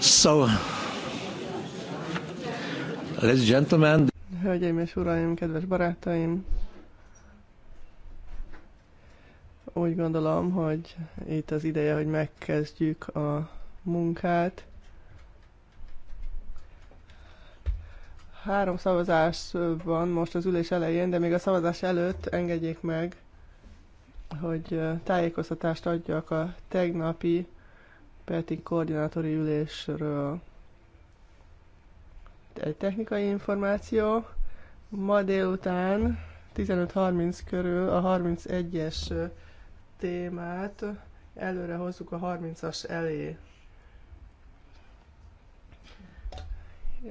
So, ladies and gentlemen. Hölgyeim és uraim, kedves barátaim, úgy gondolom, hogy itt az ideje, hogy megkezdjük a munkát. Három szavazás van most az ülés elején, de még a szavazás előtt engedjék meg, hogy tájékoztatást adjak a tegnapi Peti koordinátori ülésről. Egy technikai információ. Ma délután 15.30 körül a 31-es témát előre hozzuk a 30-as elé.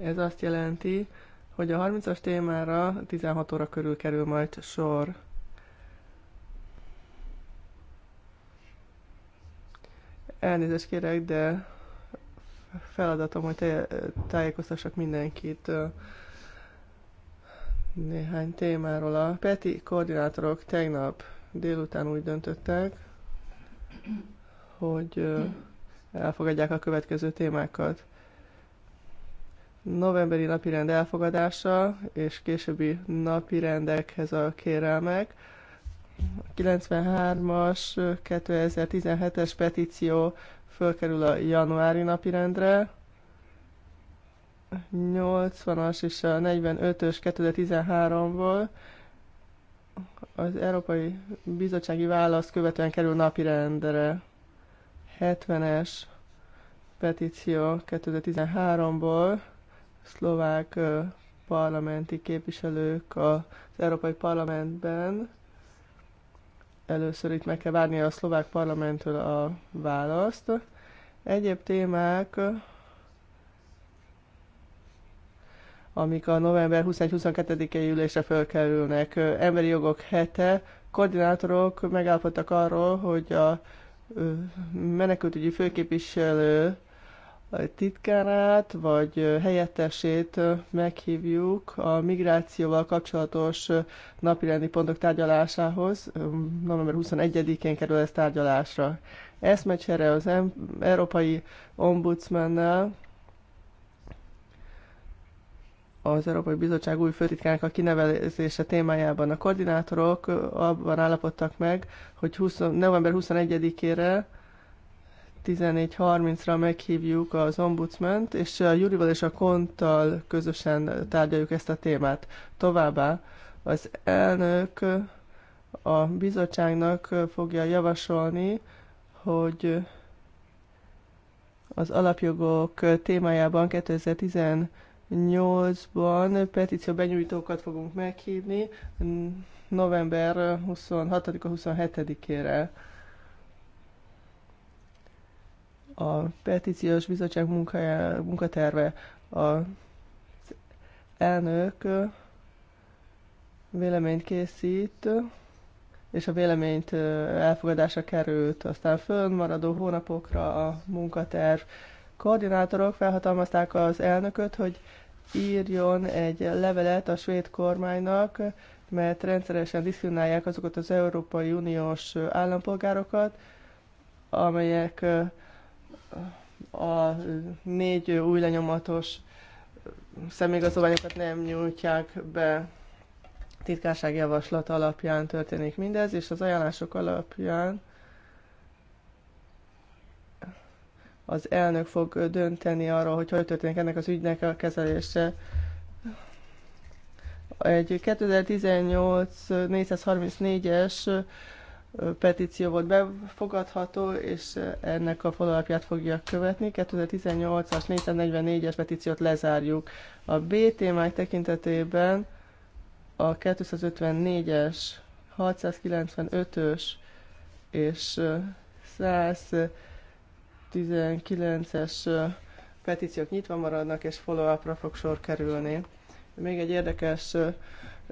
Ez azt jelenti, hogy a 30-as témára 16 óra körül kerül majd sor. Elnézést kérek, de feladatom, hogy tájékoztassak mindenkit néhány témáról. A PETI koordinátorok tegnap délután úgy döntöttek, hogy elfogadják a következő témákat. Novemberi napirend elfogadása és későbbi napirendekhez a kérelmek 93-as, 2017-es petíció fölkerül a januári napirendre. 80-as és a 45-ös 2013-ból az Európai Bizottsági Válasz követően kerül napirendre. 70-es petíció 2013-ból szlovák parlamenti képviselők az Európai Parlamentben Először itt meg kell várni a szlovák parlamenttől a választ. Egyéb témák, amik a november 21-22-i ülésre felkerülnek. Emberi jogok hete, koordinátorok megállapodtak arról, hogy a menekültügyi főképviselő titkárát vagy helyettesét meghívjuk a migrációval kapcsolatos napirendi pontok tárgyalásához. November 21-én kerül ez tárgyalásra. Eszmecsere az Európai Ombudsmannel, az Európai Bizottság új főtitkának a kinevezése témájában a koordinátorok abban állapodtak meg, hogy 20, november 21-ére 1130 ra meghívjuk az ombudsment, és a Jurival és a Konttal közösen tárgyaljuk ezt a témát. Továbbá az elnök a bizottságnak fogja javasolni, hogy az alapjogok témájában 2018-ban petíció benyújtókat fogunk meghívni november 26-27-ére. A petíciós bizottság munkája, munkaterve a elnök véleményt készít, és a véleményt elfogadása került, aztán fönnmaradó hónapokra a munkaterv. Koordinátorok felhatalmazták az elnököt, hogy írjon egy levelet a svéd kormánynak, mert rendszeresen diszkriminálják azokat az Európai Uniós állampolgárokat, amelyek a négy új lenyomatos személyigazolványokat nem nyújtják be titkárság javaslat alapján történik mindez, és az ajánlások alapján az elnök fog dönteni arról, hogy hogy történik ennek az ügynek a kezelése. Egy 2018 434-es petíció volt befogadható, és ennek a fonalapját fogja követni. 2018-as 444-es petíciót lezárjuk. A B témák tekintetében a 254-es, 695-ös és 119-es petíciók nyitva maradnak, és follow-upra fog sor kerülni. Még egy érdekes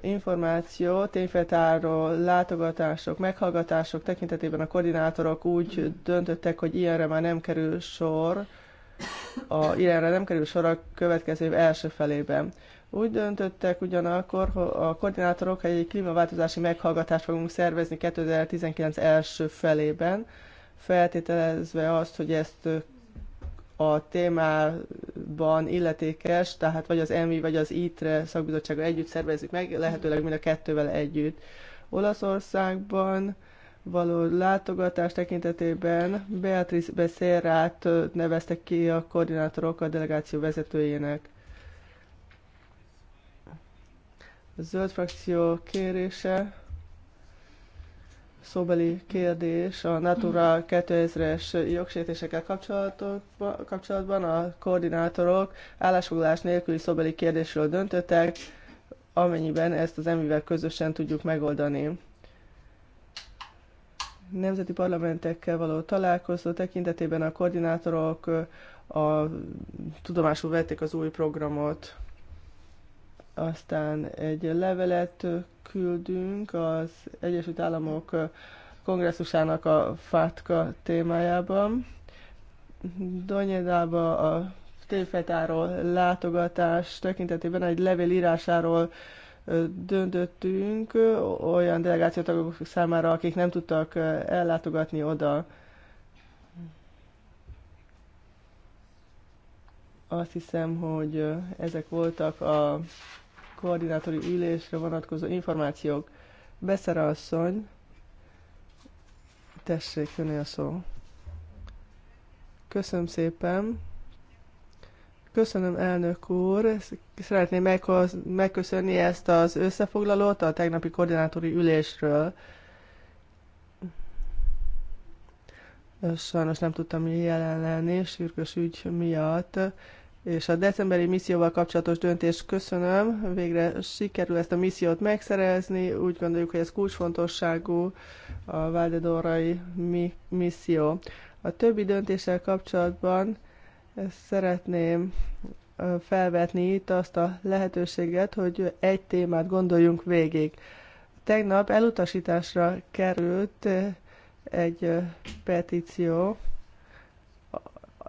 információ tényfeltáró látogatások, meghallgatások tekintetében a koordinátorok úgy döntöttek, hogy ilyenre már nem kerül sor, a, ilyenre nem kerül sor a következő év első felében. Úgy döntöttek ugyanakkor hogy a koordinátorok, egy klímaváltozási meghallgatást fogunk szervezni 2019 első felében, feltételezve azt, hogy ezt a témában illetékes, tehát vagy az EMI, vagy az ITRE szakbizottsága együtt szervezzük meg, lehetőleg mind a kettővel együtt. Olaszországban való látogatás tekintetében Beatrice Beszérát neveztek ki a koordinátorok a delegáció vezetőjének. A zöld frakció kérése szóbeli kérdés a Natura 2000-es jogsértésekkel kapcsolatban a koordinátorok állásfoglalás nélküli szóbeli kérdésről döntöttek, amennyiben ezt az emivel közösen tudjuk megoldani. Nemzeti parlamentekkel való találkozó tekintetében a koordinátorok a tudomásul vették az új programot. Aztán egy levelet küldünk az Egyesült Államok kongresszusának a FATKA témájában. Donyedába a tévfetáról látogatás tekintetében egy levél írásáról döntöttünk olyan delegációtagok számára, akik nem tudtak ellátogatni oda. Azt hiszem, hogy ezek voltak a koordinátori ülésre vonatkozó információk. Beszere asszony, tessék, öné a szó. Köszönöm szépen. Köszönöm, elnök úr. Szeretném megköszönni ezt az összefoglalót a tegnapi koordinátori ülésről. Sajnos nem tudtam jelen lenni, sürgős ügy miatt és a decemberi misszióval kapcsolatos döntést köszönöm. Végre sikerül ezt a missziót megszerezni. Úgy gondoljuk, hogy ez kulcsfontosságú a Valdedorai mi- misszió. A többi döntéssel kapcsolatban szeretném felvetni itt azt a lehetőséget, hogy egy témát gondoljunk végig. Tegnap elutasításra került egy petíció,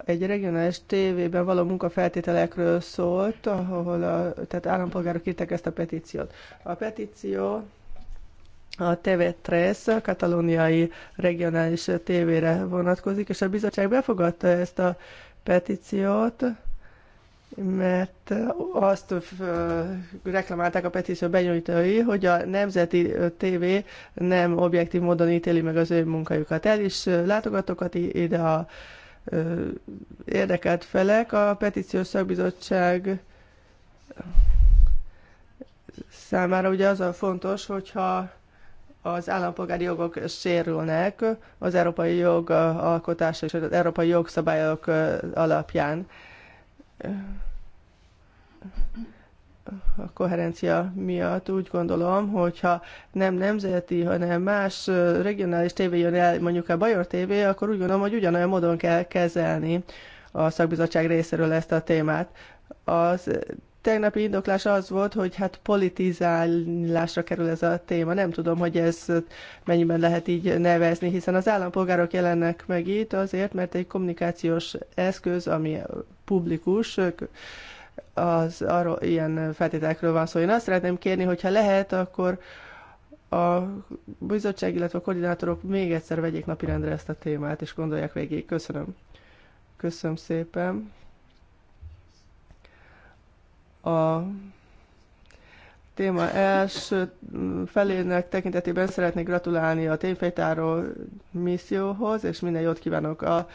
egy regionális tévében való munkafeltételekről szólt, ahol a, tehát állampolgárok írták ezt a petíciót. A petíció a TV3 katalóniai regionális tévére vonatkozik, és a bizottság befogadta ezt a petíciót, mert azt reklamálták a petíció benyújtói, hogy a nemzeti TV nem objektív módon ítéli meg az ő munkájukat. El is látogatókat ide a érdekelt felek. A petíciós szakbizottság számára ugye az a fontos, hogyha az állampolgári jogok sérülnek az európai jog alkotása és az európai jogszabályok alapján a koherencia miatt úgy gondolom, hogyha nem nemzeti, hanem más regionális tévé jön el, mondjuk a Bajor TV, akkor úgy gondolom, hogy ugyanolyan módon kell kezelni a szakbizottság részéről ezt a témát. Az tegnapi indoklás az volt, hogy hát politizálásra kerül ez a téma. Nem tudom, hogy ez mennyiben lehet így nevezni, hiszen az állampolgárok jelennek meg itt azért, mert egy kommunikációs eszköz, ami publikus, az arról, ilyen feltételekről van szó. Én azt szeretném kérni, hogyha lehet, akkor a bizottság, illetve a koordinátorok még egyszer vegyék napirendre ezt a témát, és gondolják végig. Köszönöm. Köszönöm szépen. A téma első felének tekintetében szeretnék gratulálni a tényfejtáró misszióhoz, és minden jót kívánok. A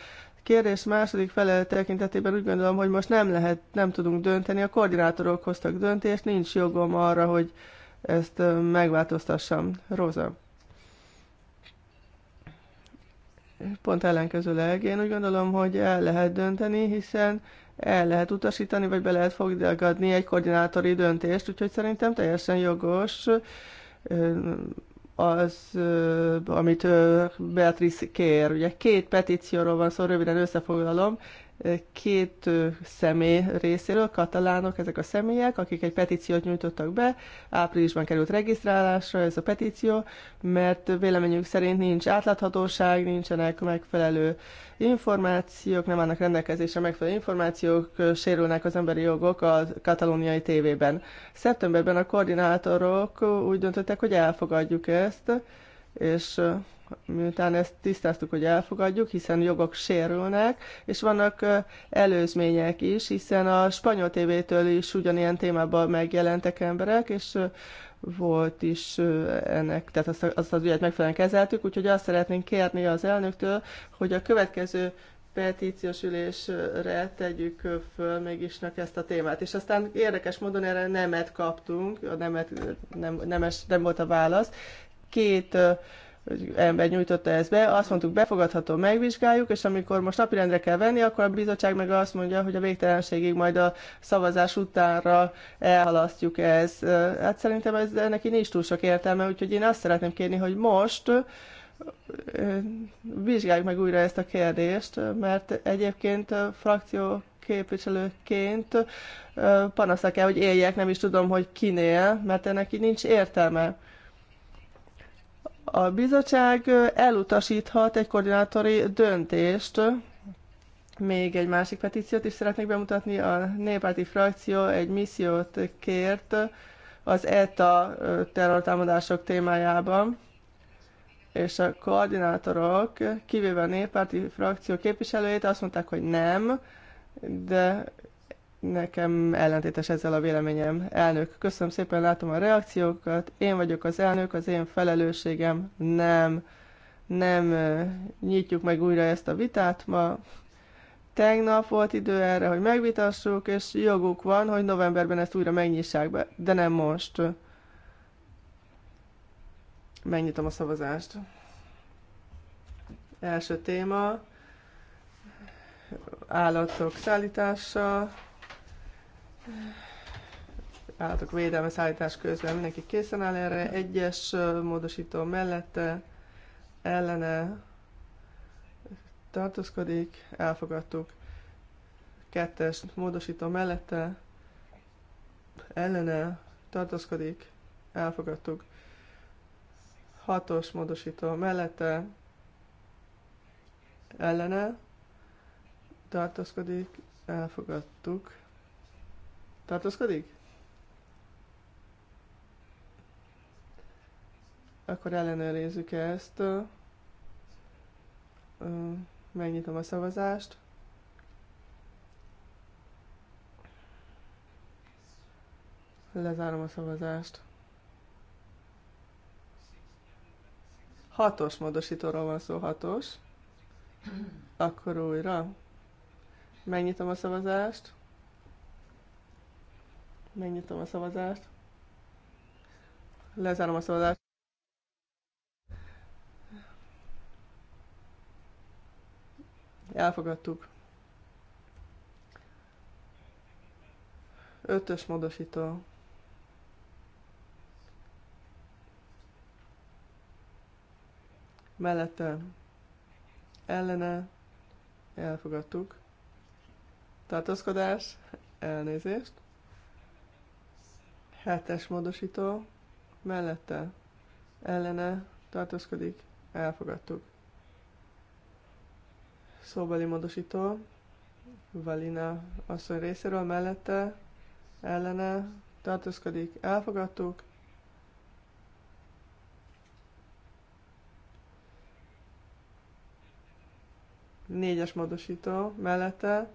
kérdés második fele tekintetében úgy gondolom, hogy most nem lehet, nem tudunk dönteni. A koordinátorok hoztak döntést, nincs jogom arra, hogy ezt megváltoztassam. Róza. Pont ellenkezőleg én úgy gondolom, hogy el lehet dönteni, hiszen el lehet utasítani, vagy be lehet fogadni egy koordinátori döntést, úgyhogy szerintem teljesen jogos az, amit Beatrice kér. Ugye két petícióról van szó, röviden összefoglalom két személy részéről, katalánok ezek a személyek, akik egy petíciót nyújtottak be, áprilisban került regisztrálásra ez a petíció, mert véleményük szerint nincs átláthatóság, nincsenek megfelelő információk, nem állnak rendelkezésre megfelelő információk, sérülnek az emberi jogok a katalóniai tévében. Szeptemberben a koordinátorok úgy döntöttek, hogy elfogadjuk ezt, és miután ezt tisztáztuk, hogy elfogadjuk, hiszen jogok sérülnek, és vannak előzmények is, hiszen a spanyol tévétől is ugyanilyen témában megjelentek emberek, és volt is ennek, tehát azt, azt az ügyet megfelelően kezeltük, úgyhogy azt szeretnénk kérni az elnöktől, hogy a következő petíciós ülésre tegyük föl mégisnek ezt a témát. És aztán érdekes módon erre nemet kaptunk, a nemet, nem, nemes, nem volt a válasz. Két ember nyújtotta ezt be, azt mondtuk, befogadható, megvizsgáljuk, és amikor most napirendre kell venni, akkor a bizottság meg azt mondja, hogy a végtelenségig majd a szavazás utánra elhalasztjuk ezt. Hát szerintem ez, neki nincs túl sok értelme, úgyhogy én azt szeretném kérni, hogy most vizsgáljuk meg újra ezt a kérdést, mert egyébként a frakció képviselőként panaszra kell, hogy éljek, nem is tudom, hogy kinél, mert ennek így nincs értelme. A bizottság elutasíthat egy koordinátori döntést, még egy másik petíciót is szeretnék bemutatni. A néppárti frakció egy missziót kért az ETA terrortámadások témájában, és a koordinátorok, kivéve a néppárti frakció képviselőjét azt mondták, hogy nem, de nekem ellentétes ezzel a véleményem. Elnök, köszönöm szépen, látom a reakciókat. Én vagyok az elnök, az én felelősségem. Nem, nem nyitjuk meg újra ezt a vitát ma. Tegnap volt idő erre, hogy megvitassuk, és joguk van, hogy novemberben ezt újra megnyissák be, de nem most. Megnyitom a szavazást. Első téma, állatok szállítása, állatok védelme szállítás közben mindenki készen áll erre, egyes módosító mellette, ellene tartózkodik, elfogadtuk. Kettes módosító mellette, ellene tartózkodik, elfogadtuk. Hatos módosító mellette, ellene tartózkodik, elfogadtuk. Tartózkodik? Akkor ellenőrizzük ezt. Megnyitom a szavazást. Lezárom a szavazást. Hatos módosítóról van szó, hatos. Akkor újra. Megnyitom a szavazást. Megnyitom a szavazást. Lezárom a szavazást. Elfogadtuk. Ötös módosító. Mellette. Ellene. Elfogadtuk. Tartózkodás. Elnézést. Hetes módosító mellette ellene tartózkodik, elfogadtuk. Szóbeli módosító Valina asszony részéről mellette ellene tartózkodik, elfogadtuk. Négyes módosító mellette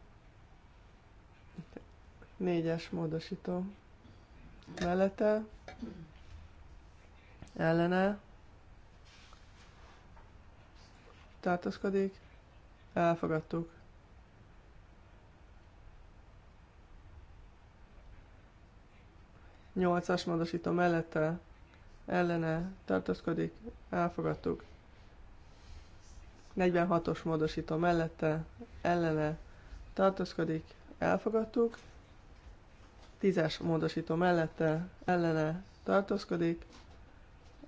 négyes módosító mellette, ellene, tartózkodik, elfogadtuk. Nyolcas módosító mellette, ellene, tartózkodik, elfogadtuk. 46-os módosító mellette, ellene, tartozkodik, elfogadtuk. Tízes módosító mellette ellene tartózkodik.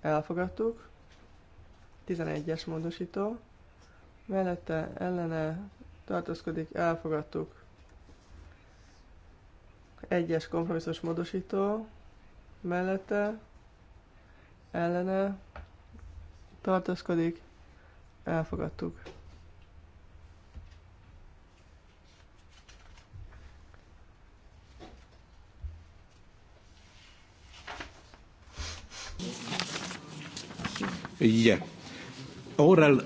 Elfogadtuk. 11-es módosító. Mellette ellene tartózkodik. Elfogadtuk. Egyes kompromisszos módosító. Mellette ellene tartózkodik. Elfogadtuk. Yeah. Oral...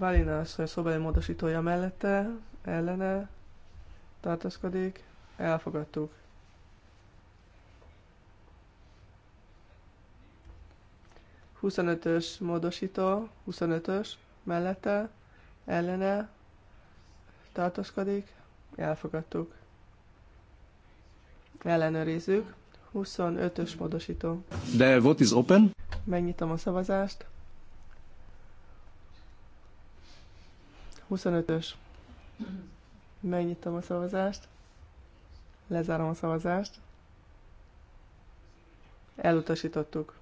Valina asszony szobeli módosítója mellette, ellene tartózkodik, elfogadtuk. Huszonötös módosító, 25-ös mellette, ellene tartózkodik, elfogadtuk. Ellenőrizzük. 25-ös módosító. De vote is open. Megnyitom a szavazást. 25-ös. Megnyitom a szavazást. Lezárom a szavazást. Elutasítottuk.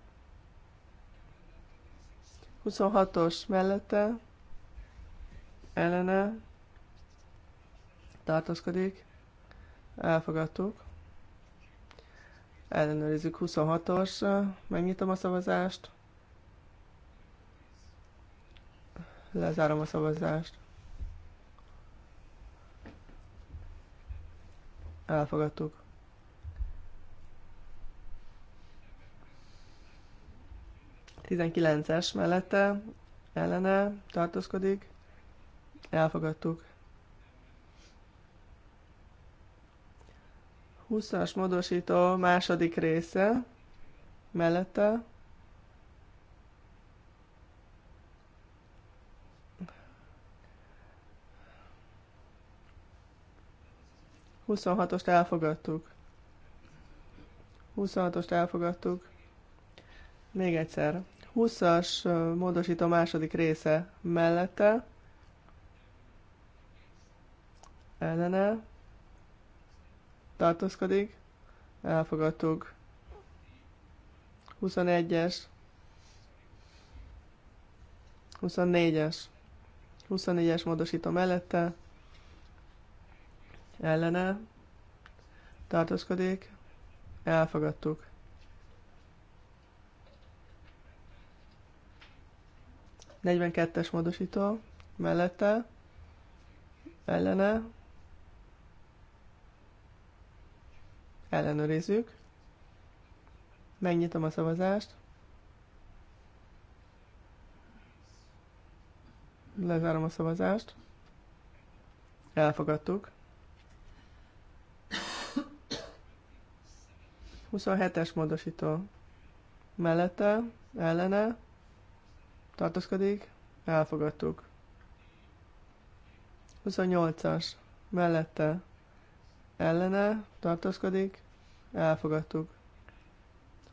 26-os mellette ellene tartózkodik. Elfogadtuk ellenőrizzük 26-os, megnyitom a szavazást, lezárom a szavazást, elfogadtuk. Tizenkilences mellette ellene tartózkodik, elfogadtuk. 20-as módosító második része mellette Huszonhatost elfogadtuk. Huszonhatost elfogadtuk. Még egyszer. 20-as módosító második része mellette. Ellene tartózkodik, elfogadtuk. 21-es, 24-es, 24-es módosító mellette, ellene, tartózkodik, elfogadtuk. Negyvenkettes módosító mellette, ellene, ellenőrizzük. Megnyitom a szavazást. Lezárom a szavazást. Elfogadtuk. 27-es módosító. Mellette, ellene, tartózkodik, elfogadtuk. 28-as. Mellette, ellene, tartózkodik, elfogadtuk.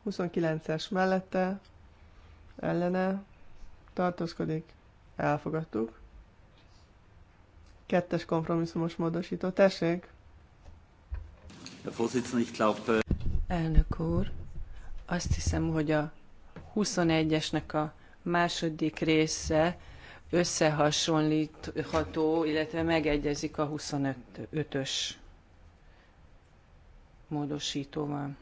29-es mellette, ellene, tartózkodik, elfogadtuk. Kettes kompromisszumos módosító, tessék! Äh, Elnök úr, azt hiszem, hogy a 21-esnek a második része összehasonlítható, illetve megegyezik a 25-ös módosítóval.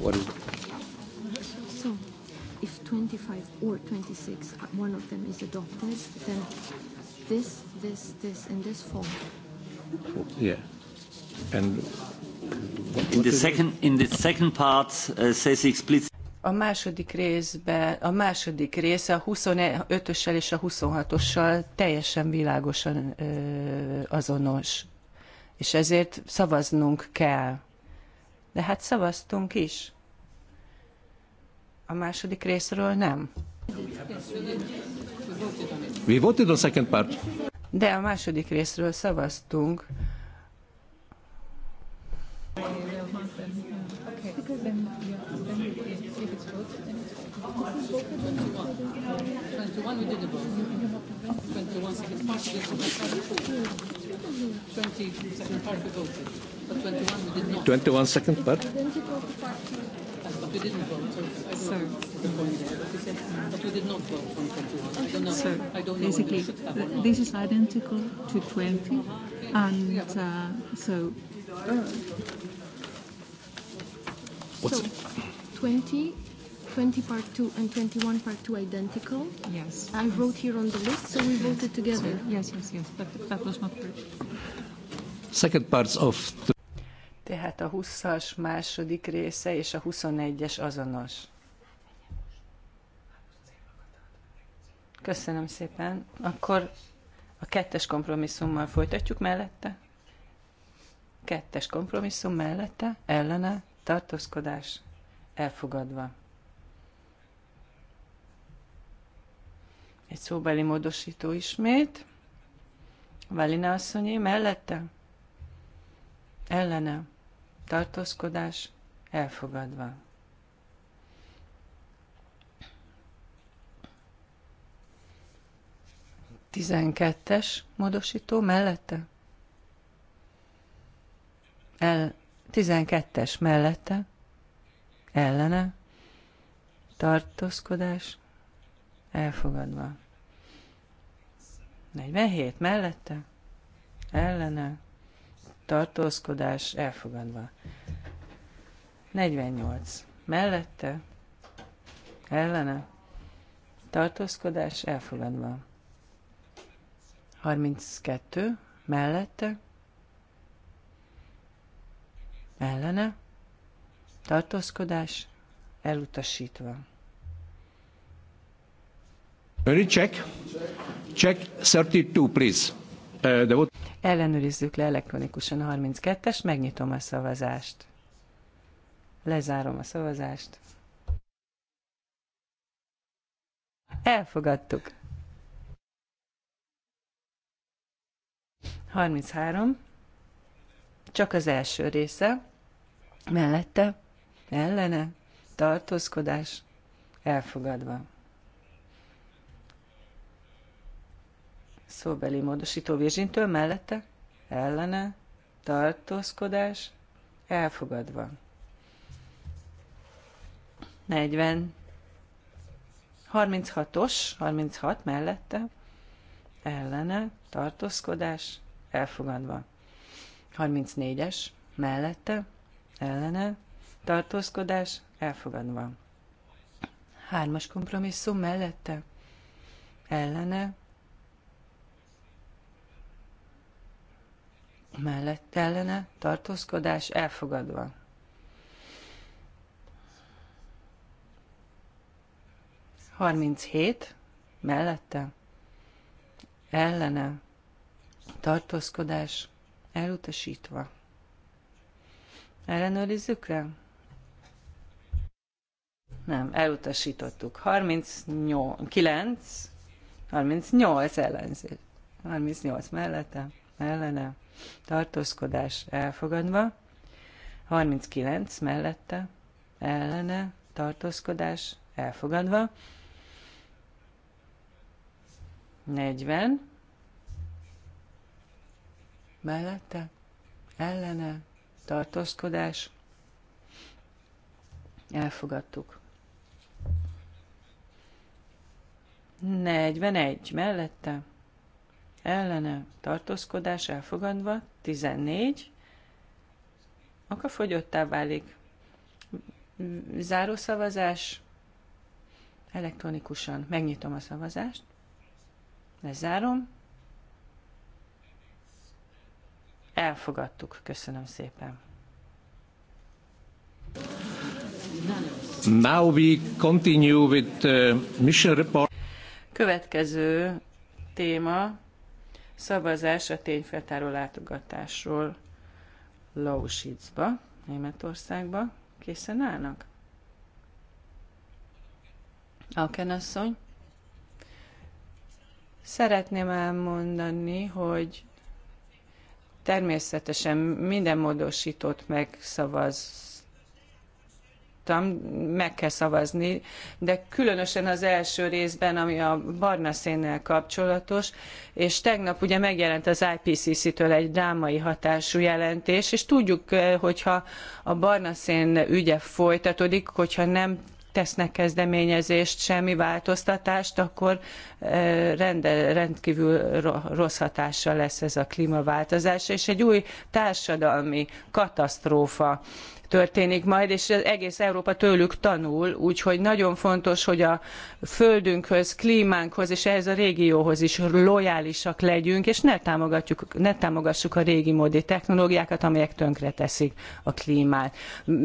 What is so, if 25 or 26, one of them is adopted, then this, this, this, and this fall. Yeah. And in the second in the second part uh, says explicitly. A második részben, a második része a 25-össel és a 26-ossal teljesen világosan ö, azonos. És ezért szavaznunk kell. De hát szavaztunk is. A második részről nem. We voted a second part. De a második részről szavaztunk. 21 21 second part 21 21 So 21. basically, this is identical to 20. And uh, so. What's so, it? 20 20 part 2 and 21 part 2 identical. Yes. I yes. wrote here on the list, so we yes. voted together. Yes, yes, yes. That, that was not correct. Second parts of the tehát a 20-as második része és a 21-es azonos. Köszönöm szépen. Akkor a kettes kompromisszummal folytatjuk mellette. Kettes kompromisszum mellette, ellene, tartózkodás, elfogadva. Egy szóbeli módosító ismét. Valina asszonyé mellette? Ellene. Tartózkodás elfogadva. Tizenkettes módosító mellette? El, tizenkettes mellette? Ellene. Tartózkodás elfogadva. 47 mellette, ellene, tartózkodás, elfogadva. 48 mellette, ellene, tartózkodás, elfogadva. 32 mellette, ellene, tartózkodás, elutasítva. Ready? Check. Check 32, please. Uh, the vote. Ellenőrizzük le elektronikusan a 32-es, megnyitom a szavazást. Lezárom a szavazást. Elfogadtuk. 33. Csak az első része. Mellette, ellene, tartózkodás, elfogadva. szóbeli módosító Virzsintől mellette, ellene, tartózkodás, elfogadva. 40, 36-os, 36 mellette, ellene, tartózkodás, elfogadva. 34-es, mellette, ellene, tartózkodás, elfogadva. Hármas kompromisszum mellette, ellene, mellett ellene tartózkodás elfogadva. Harminc hét mellette ellene tartózkodás elutasítva. Ellenőrizzük rá? Nem, elutasítottuk. 39, 38 ellenzés. 38 mellette, ellene tartózkodás elfogadva, 39 mellette, ellene, tartózkodás elfogadva, 40 mellette, ellene, tartózkodás elfogadtuk. 41 mellette, ellene tartózkodás elfogadva, 14, akkor fogyottá válik. Zárószavazás, elektronikusan megnyitom a szavazást, lezárom, elfogadtuk, köszönöm szépen. Now we continue with uh, mission report. Következő téma szavazás a tényfeltáró látogatásról Lausitzba, Németországba. Készen állnak? Alken asszony. Szeretném elmondani, hogy természetesen minden módosítót megszavaz mondtam, meg kell szavazni, de különösen az első részben, ami a barna szénnel kapcsolatos, és tegnap ugye megjelent az IPCC-től egy drámai hatású jelentés, és tudjuk, eh, hogyha a barna szén ügye folytatódik, hogyha nem tesznek kezdeményezést, semmi változtatást, akkor eh, rende, rendkívül rossz hatással lesz ez a klímaváltozás, és egy új társadalmi katasztrófa történik majd, és az egész Európa tőlük tanul, úgyhogy nagyon fontos, hogy a földünkhöz, klímánkhoz és ehhez a régióhoz is lojálisak legyünk, és ne, támogatjuk, ne támogassuk a régi módi technológiákat, amelyek tönkreteszik a klímát.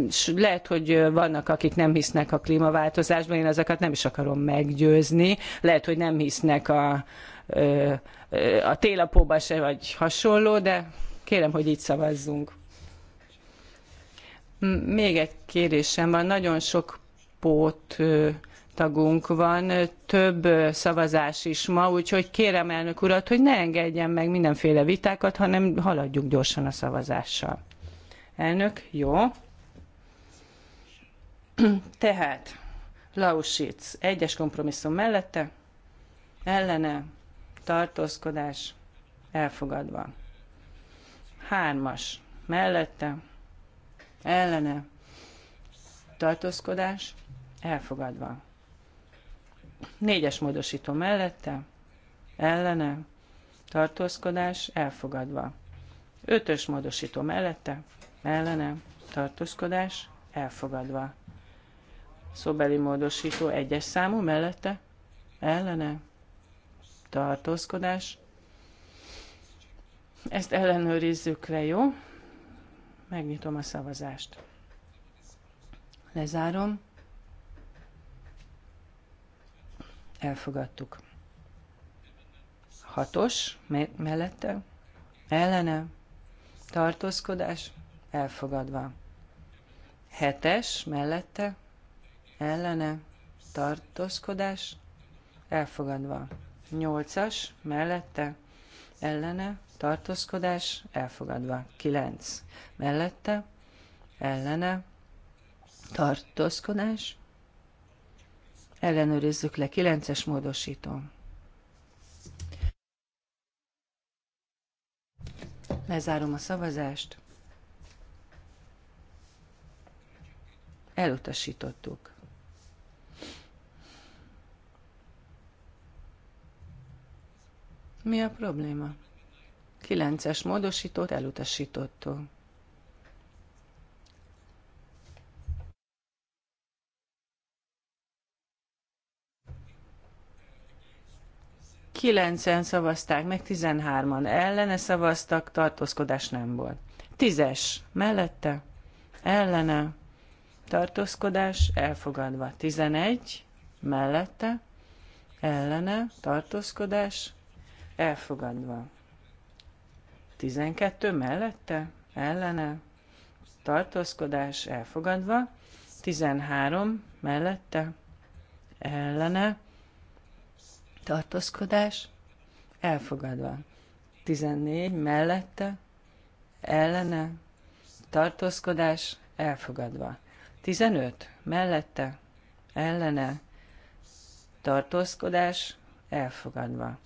S lehet, hogy vannak, akik nem hisznek a klímaváltozásban, én ezeket nem is akarom meggyőzni, lehet, hogy nem hisznek a, a télapóba se, vagy hasonló, de kérem, hogy így szavazzunk. Még egy kérésem van, nagyon sok pót tagunk van, több szavazás is ma, úgyhogy kérem elnök urat, hogy ne engedjen meg mindenféle vitákat, hanem haladjuk gyorsan a szavazással. Elnök, jó. Tehát, Lausitz, egyes kompromisszum mellette, ellene, tartózkodás, elfogadva. Hármas, mellette, ellene tartózkodás elfogadva. Négyes módosító mellette ellene tartózkodás elfogadva. Ötös módosító mellette ellene tartózkodás elfogadva. Szóbeli módosító egyes számú mellette ellene tartózkodás. Ezt ellenőrizzük le, jó? Megnyitom a szavazást. Lezárom. Elfogadtuk. Hatos me- mellette. Ellene. Tartózkodás. Elfogadva. Hetes mellette. Ellene. Tartózkodás. Elfogadva. Nyolcas mellette. Ellene tartózkodás elfogadva. 9 mellette, ellene, tartózkodás, ellenőrizzük le, 9-es módosító. Lezárom a szavazást. Elutasítottuk. Mi a probléma? Kilences módosítót elutasítottuk. Kilencen szavazták meg, 13-an ellene szavaztak, tartózkodás nem volt. Tízes mellette, ellene, tartózkodás elfogadva. Tizenegy mellette, ellene, tartózkodás elfogadva. 12 mellette, ellene, tartózkodás elfogadva, 13 mellette, ellene, tartózkodás elfogadva, 14 mellette, ellene, tartózkodás elfogadva, 15 mellette, ellene, tartózkodás elfogadva,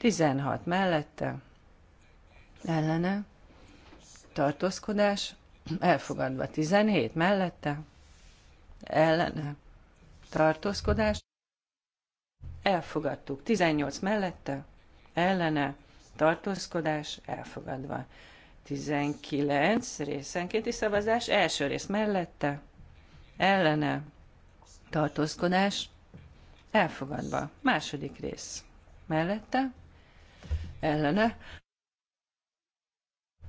16 mellette, ellene, tartózkodás, elfogadva 17 mellette, ellene, tartózkodás, elfogadtuk 18 mellette, ellene, tartózkodás, elfogadva. 19 részenkénti szavazás, első rész mellette, ellene, tartózkodás, elfogadva. Második rész mellette, ellene,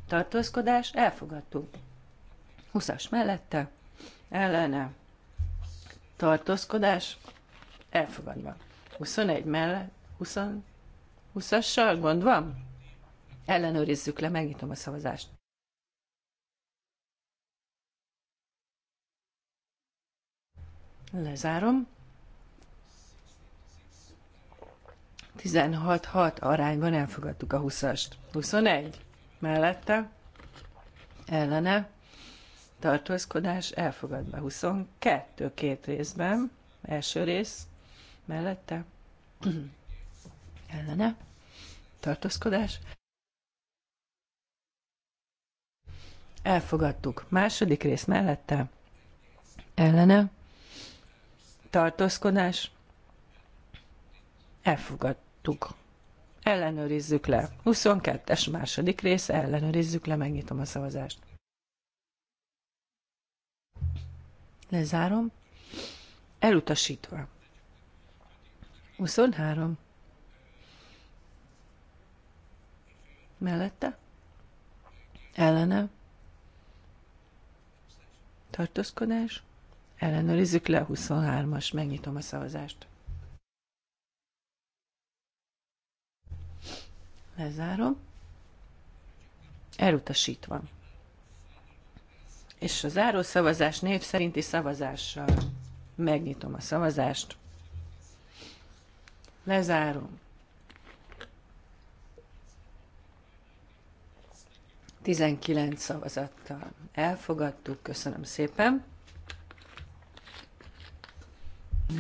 tartózkodás, elfogadtuk. 20-as mellette, ellene, tartózkodás, elfogadva. 21 mellett, 20, 20-assal gond van? Ellenőrizzük le, megnyitom a szavazást. Lezárom. 16-6 arányban elfogadtuk a 20-ast. 21 mellette, ellene, tartózkodás elfogadva. 22 két részben, első rész, mellette, ellene, tartózkodás. Elfogadtuk. Második rész mellette, ellene, tartózkodás. Elfogadtuk ellenőrizzük le. 22-es második rész, ellenőrizzük le, megnyitom a szavazást. Lezárom. Elutasítva. 23. Mellette? Ellene? Tartózkodás? Ellenőrizzük le 23-as, megnyitom a szavazást. Lezárom. Elutasítva. És a záró szavazás név szerinti szavazással megnyitom a szavazást. Lezárom. 19 szavazattal elfogadtuk. Köszönöm szépen.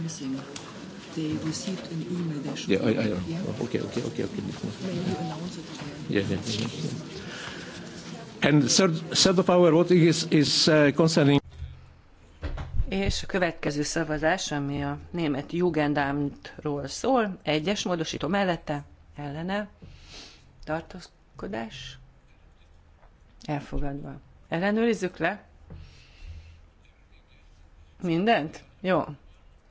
Köszönöm they received an email. They should yeah, I, I Yeah? Oh, okay, okay, okay, okay. Maybe announce it again. Yeah, yeah. yeah, yeah. And third, third of our voting is, is uh, concerning. És a következő szavazás, ami a német Jugendamtról szól, egyes módosító mellette, ellene, tartózkodás, elfogadva. Ellenőrizzük le. Mindent? Jó.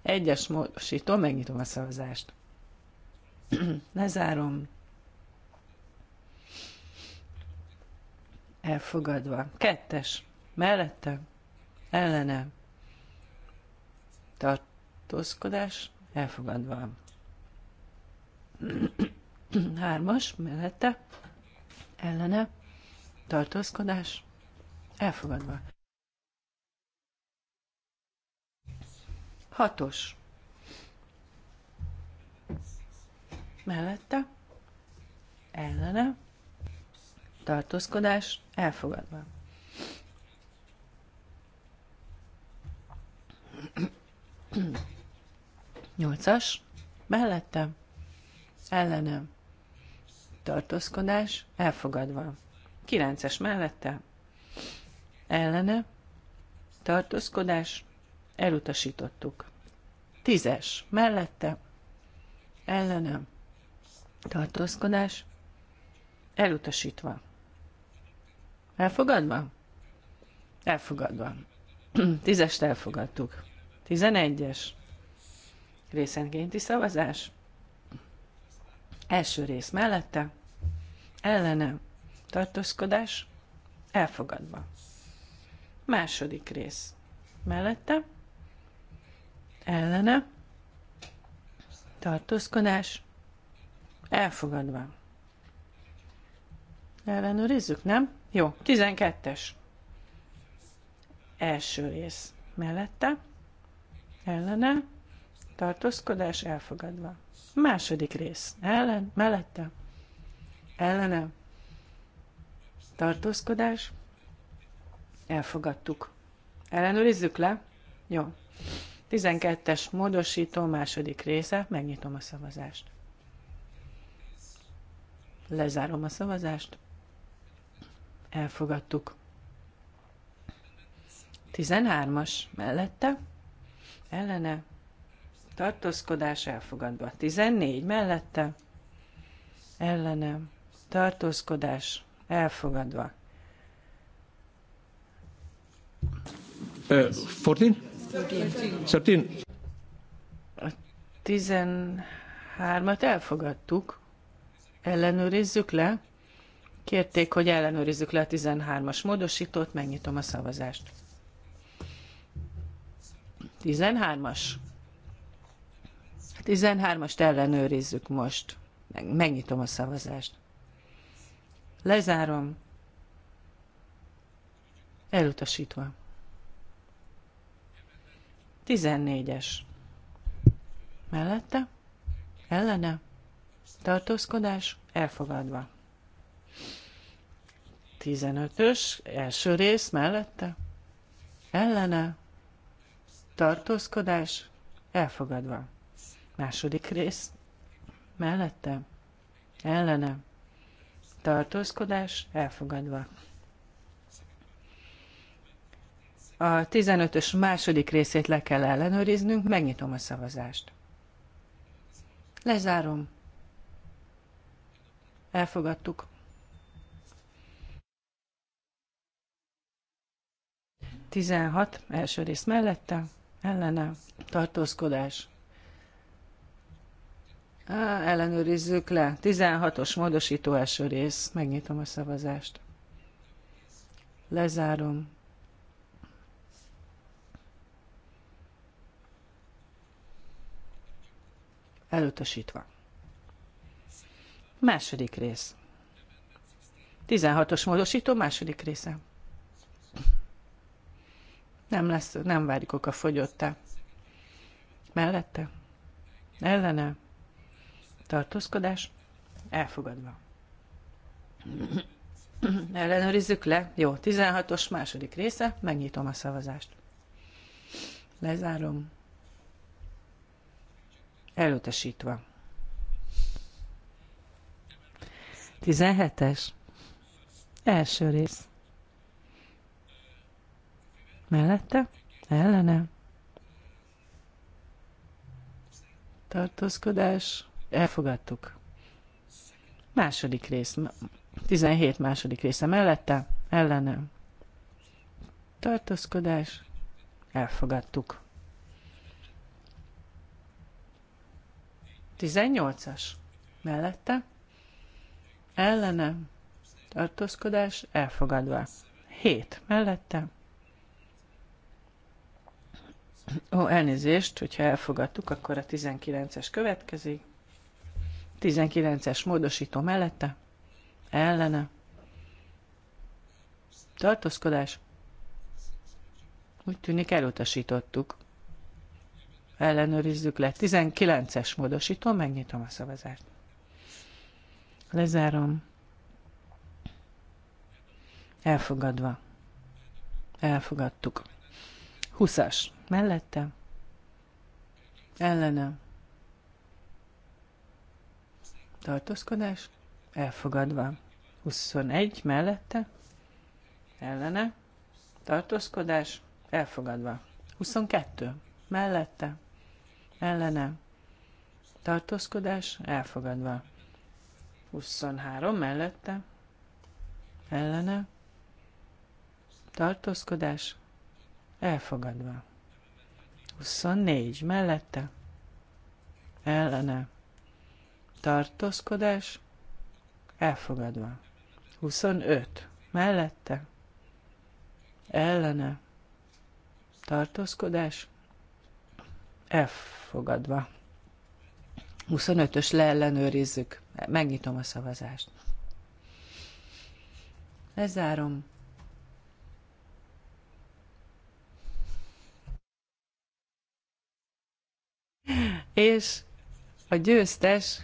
Egyes módosító, megnyitom a szavazást. Lezárom. Elfogadva. Kettes. Mellette. Ellene. Tartózkodás. Elfogadva. Hármas. Mellette. Ellene. Tartózkodás. Elfogadva. Hatos. Mellette. Ellene. Tartózkodás. Elfogadva. Nyolcas. Mellette. Ellene. Tartózkodás. Elfogadva. Kilences mellette. Ellene. Tartózkodás Elutasítottuk. Tízes. Mellette. Ellenem. Tartózkodás. Elutasítva. Elfogadva? Elfogadva. Tízest elfogadtuk. Tizenegyes. Részenkénti szavazás. Első rész mellette. Ellene. Tartózkodás. Elfogadva. Második rész. Mellette ellene, tartózkodás, elfogadva. Ellenőrizzük, nem? Jó, 12-es. Első rész mellette, ellene, tartózkodás, elfogadva. Második rész, ellen, mellette, ellene, tartózkodás, elfogadtuk. Ellenőrizzük le? Jó. 12-es módosító második része, megnyitom a szavazást. Lezárom a szavazást. Elfogadtuk. 13-as mellette, ellene, tartózkodás elfogadva. 14 mellette, ellene, tartózkodás elfogadva. Uh, 14? 13. A 13-at elfogadtuk. Ellenőrizzük le. Kérték, hogy ellenőrizzük le a 13-as módosítót, megnyitom a szavazást. 13-as. 13-ast ellenőrizzük most. Megnyitom a szavazást. Lezárom. Elutasítva. 14-es. Mellette? Ellene? Tartózkodás? Elfogadva. 15-ös, első rész mellette? Ellene? Tartózkodás? Elfogadva. Második rész mellette? Ellene? Tartózkodás? Elfogadva. A 15-ös második részét le kell ellenőriznünk, megnyitom a szavazást. Lezárom. Elfogadtuk. Tizenhat első rész mellette, ellene, tartózkodás. Á, ellenőrizzük le. 16-os módosító első rész. Megnyitom a szavazást. Lezárom. Elutasítva. Második rész. 16-os módosító második része. Nem lesz, nem várjuk a fogyottá. Mellette? Ellene? Tartózkodás? Elfogadva. Ellenőrizzük le. Jó, 16-os második része, megnyitom a szavazást. Lezárom. Elutasítva. 17-es. Első rész. Mellette? Ellene? Tartózkodás. Elfogadtuk. Második rész. 17 második része mellette? Ellene? Tartózkodás. Elfogadtuk. 18-as mellette, ellene, tartózkodás elfogadva. 7 mellette. Ó, elnézést, hogyha elfogadtuk, akkor a 19-es következik. 19-es módosító mellette, ellene, tartózkodás. Úgy tűnik elutasítottuk ellenőrizzük le. 19-es módosító, megnyitom a szavazást. Lezárom. Elfogadva. Elfogadtuk. 20-as. Mellette. Ellenem. Tartózkodás. Elfogadva. 21 mellette. Ellene. Tartózkodás. Elfogadva. 22 mellette ellene tartózkodás elfogadva. 23 mellette ellene tartózkodás elfogadva. 24 mellette ellene tartózkodás elfogadva. 25 mellette ellene tartózkodás Elfogadva. 25-ös leellenőrizzük. Megnyitom a szavazást. Lezárom. És a győztes,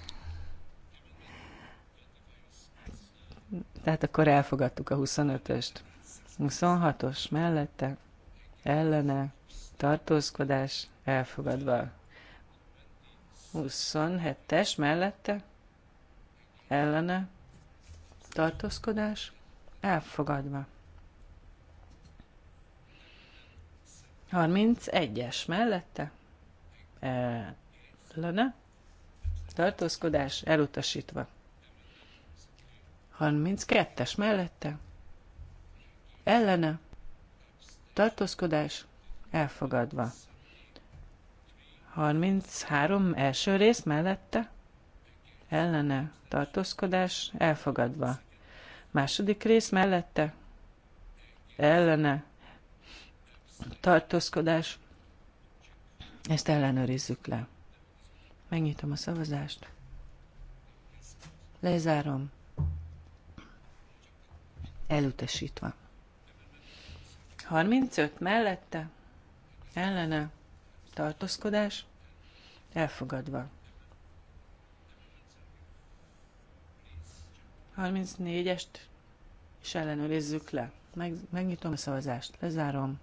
tehát akkor elfogadtuk a 25-öst. 26-os mellette, ellene, tartózkodás elfogadva. 27-es mellette ellene tartózkodás elfogadva. 31-es mellette ellene tartózkodás elutasítva. 32-es mellette ellene tartózkodás elfogadva. 33 első rész mellette, ellene tartózkodás elfogadva. Második rész mellette, ellene tartózkodás. Ezt ellenőrizzük le. Megnyitom a szavazást. Lezárom. Elutasítva. 35 mellette ellene tartózkodás elfogadva. 34-est és ellenőrizzük le. Meg, megnyitom a szavazást, lezárom.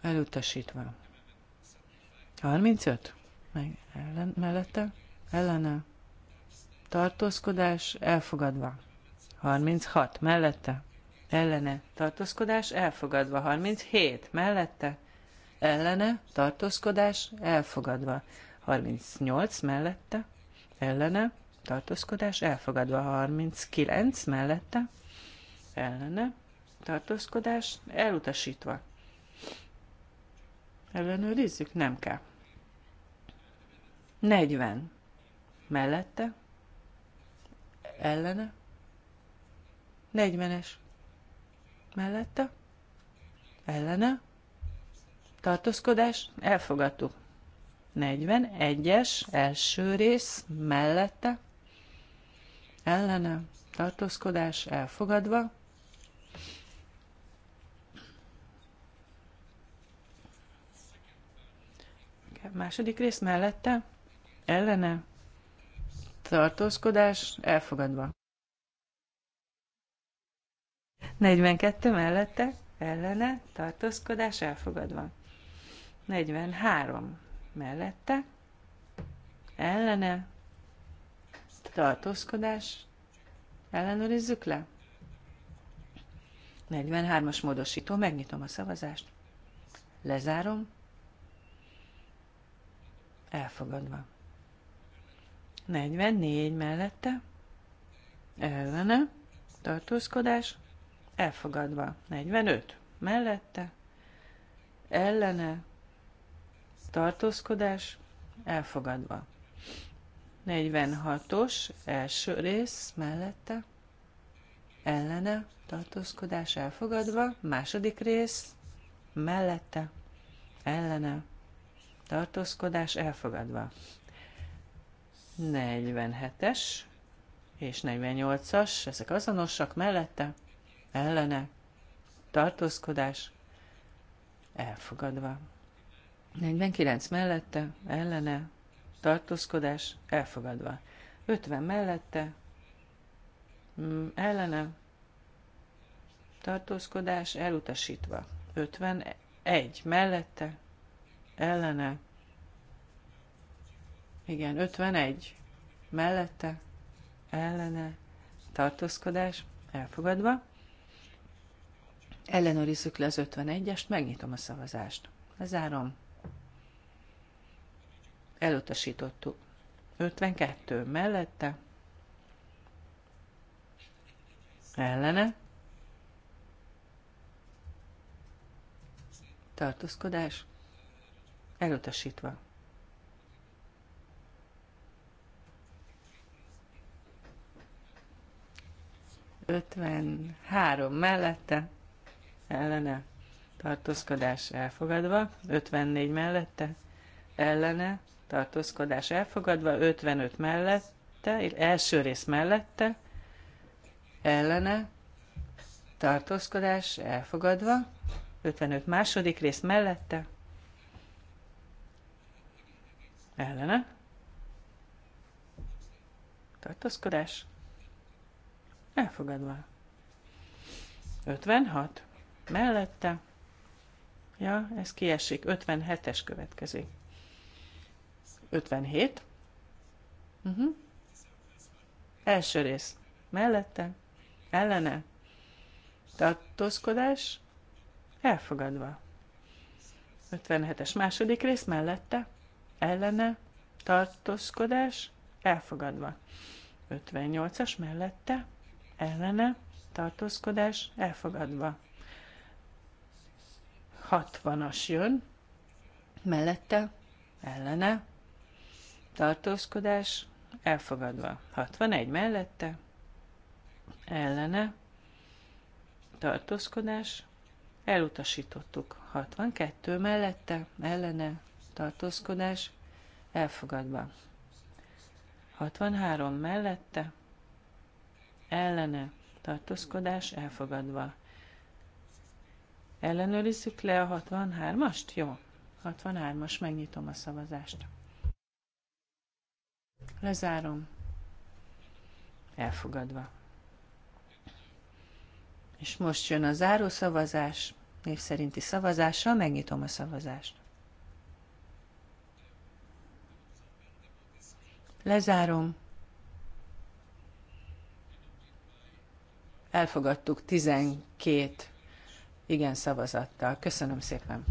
Elutasítva. 35? Meg ellen, mellette? Ellene. Tartózkodás elfogadva. 36 mellette ellene tartózkodás elfogadva. 37 mellette ellene tartózkodás elfogadva. 38 mellette ellene tartózkodás elfogadva. 39 mellette ellene tartózkodás elutasítva. Ellenőrizzük? Nem kell. 40. Mellette? Ellene? 40-es mellette, ellene, tartózkodás, elfogadtuk. 41-es, első rész, mellette, ellene, tartózkodás, elfogadva. Második rész mellette, ellene, tartózkodás, elfogadva. 42 mellette ellene tartózkodás elfogadva. 43 mellette ellene tartózkodás ellenőrizzük le. 43-as módosító, megnyitom a szavazást, lezárom, elfogadva. 44 mellette, ellene, tartózkodás, elfogadva. 45 mellette, ellene, tartózkodás, elfogadva. 46-os első rész mellette, ellene, tartózkodás, elfogadva. Második rész mellette, ellene, tartózkodás, elfogadva. 47-es és 48-as, ezek azonosak mellette, ellene tartózkodás elfogadva. 49 mellette ellene tartózkodás elfogadva. 50 mellette mm, ellene tartózkodás elutasítva. 51 mellette ellene igen, 51 mellette ellene tartózkodás elfogadva. Ellenőrizzük le az 51-est, megnyitom a szavazást. Lezárom. Elutasítottuk. 52 mellette. Ellene. Tartózkodás. Elutasítva. Ötven három mellette ellene tartózkodás elfogadva, 54 mellette ellene tartózkodás elfogadva, 55 mellette, első rész mellette ellene tartózkodás elfogadva, 55 második rész mellette ellene tartózkodás elfogadva. 56 mellette. Ja, ez kiesik. 57-es következik. 57. Uh-huh. Mhm. Első rész. Mellette. Ellene. Tartózkodás. Elfogadva. 57-es második rész mellette. Ellene. Tartózkodás. Elfogadva. 58-as mellette. Ellene. Tartózkodás. Elfogadva. 60-as jön, mellette, ellene, tartózkodás, elfogadva. 61 mellette, ellene, tartózkodás, elutasítottuk. 62 mellette, ellene, tartózkodás, elfogadva. 63 mellette, ellene, tartózkodás, elfogadva. Ellenőrizzük le a 63-ast? Jó. 63-as, megnyitom a szavazást. Lezárom. Elfogadva. És most jön a záró szavazás, név szerinti szavazásra, megnyitom a szavazást. Lezárom. Elfogadtuk 12 igen szavazattal. Köszönöm szépen!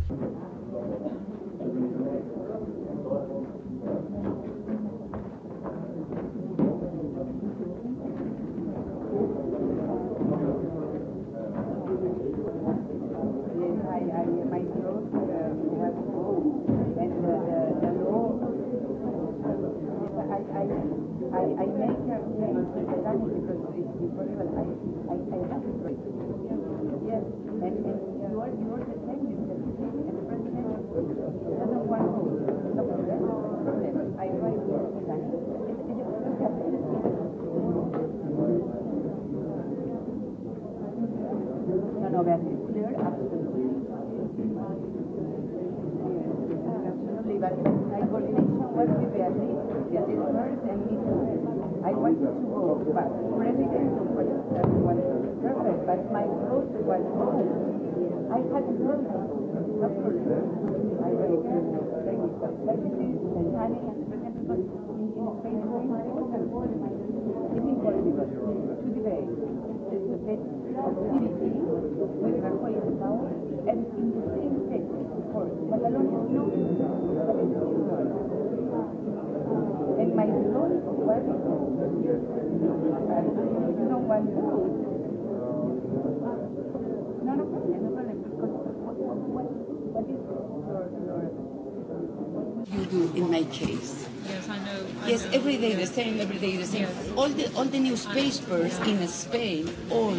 chase. Yes, I know. I yes, know. every day yes. the same, every day the same. Yes. All the all the newspapers yeah. in Spain, all.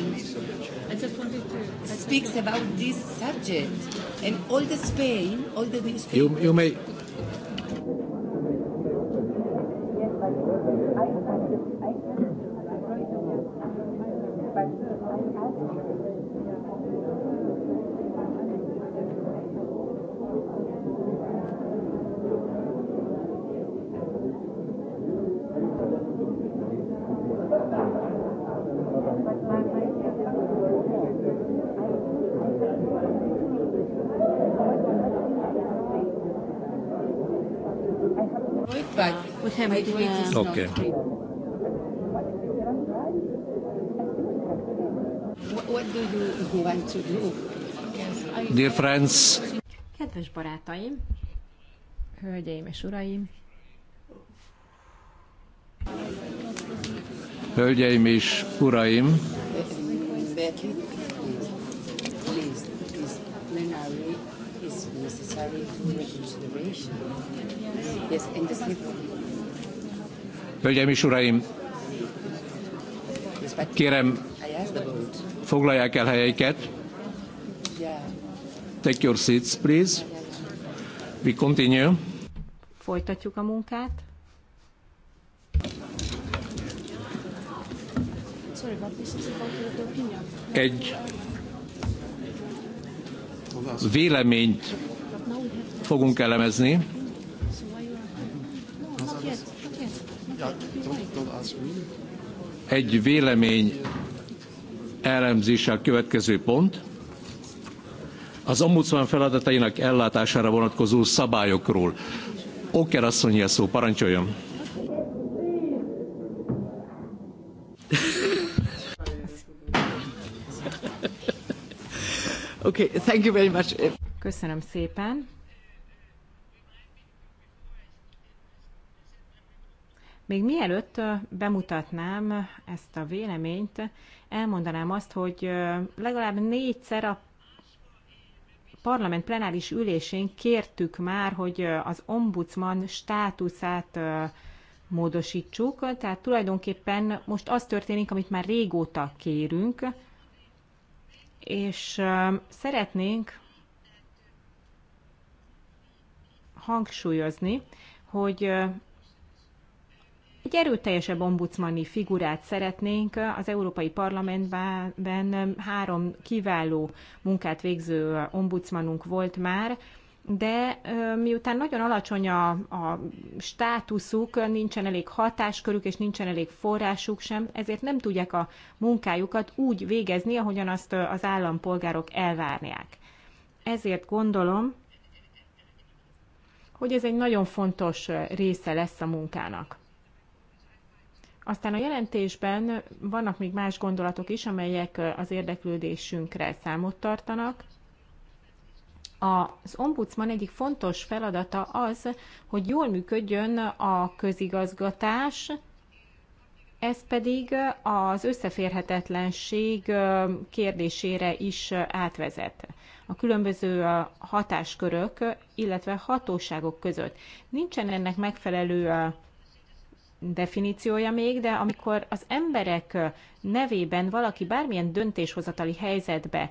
I just wanted to. Speaks about this subject, and all the Spain, all the newspapers. You, you may Okay. Dear friends. Kedves barátaim, hölgyeim és uraim, Hölgyeim és uraim, Yes, in the sleep. Hölgyeim és Uraim, kérem, foglalják el helyeiket. Take your seats, please. We continue. Folytatjuk a munkát. Egy véleményt fogunk elemezni. Egy vélemény elemzése a következő pont. Az ombudsman feladatainak ellátására vonatkozó szabályokról. Oker asszonyi a szó, parancsoljon! Okay, thank you very much. Köszönöm szépen. Még mielőtt bemutatnám ezt a véleményt, elmondanám azt, hogy legalább négyszer a parlament plenáris ülésén kértük már, hogy az ombudsman státuszát módosítsuk, tehát tulajdonképpen most az történik, amit már régóta kérünk, és szeretnénk hangsúlyozni, hogy egy erőteljesebb ombudsmani figurát szeretnénk az Európai Parlamentben három kiváló munkát végző ombudsmanunk volt már, de miután nagyon alacsony a, a státuszuk, nincsen elég hatáskörük és nincsen elég forrásuk sem, ezért nem tudják a munkájukat úgy végezni, ahogyan azt az állampolgárok elvárják. Ezért gondolom, hogy ez egy nagyon fontos része lesz a munkának. Aztán a jelentésben vannak még más gondolatok is, amelyek az érdeklődésünkre számot tartanak. Az ombudsman egyik fontos feladata az, hogy jól működjön a közigazgatás, ez pedig az összeférhetetlenség kérdésére is átvezet. A különböző hatáskörök, illetve hatóságok között nincsen ennek megfelelő definíciója még, de amikor az emberek nevében valaki bármilyen döntéshozatali helyzetbe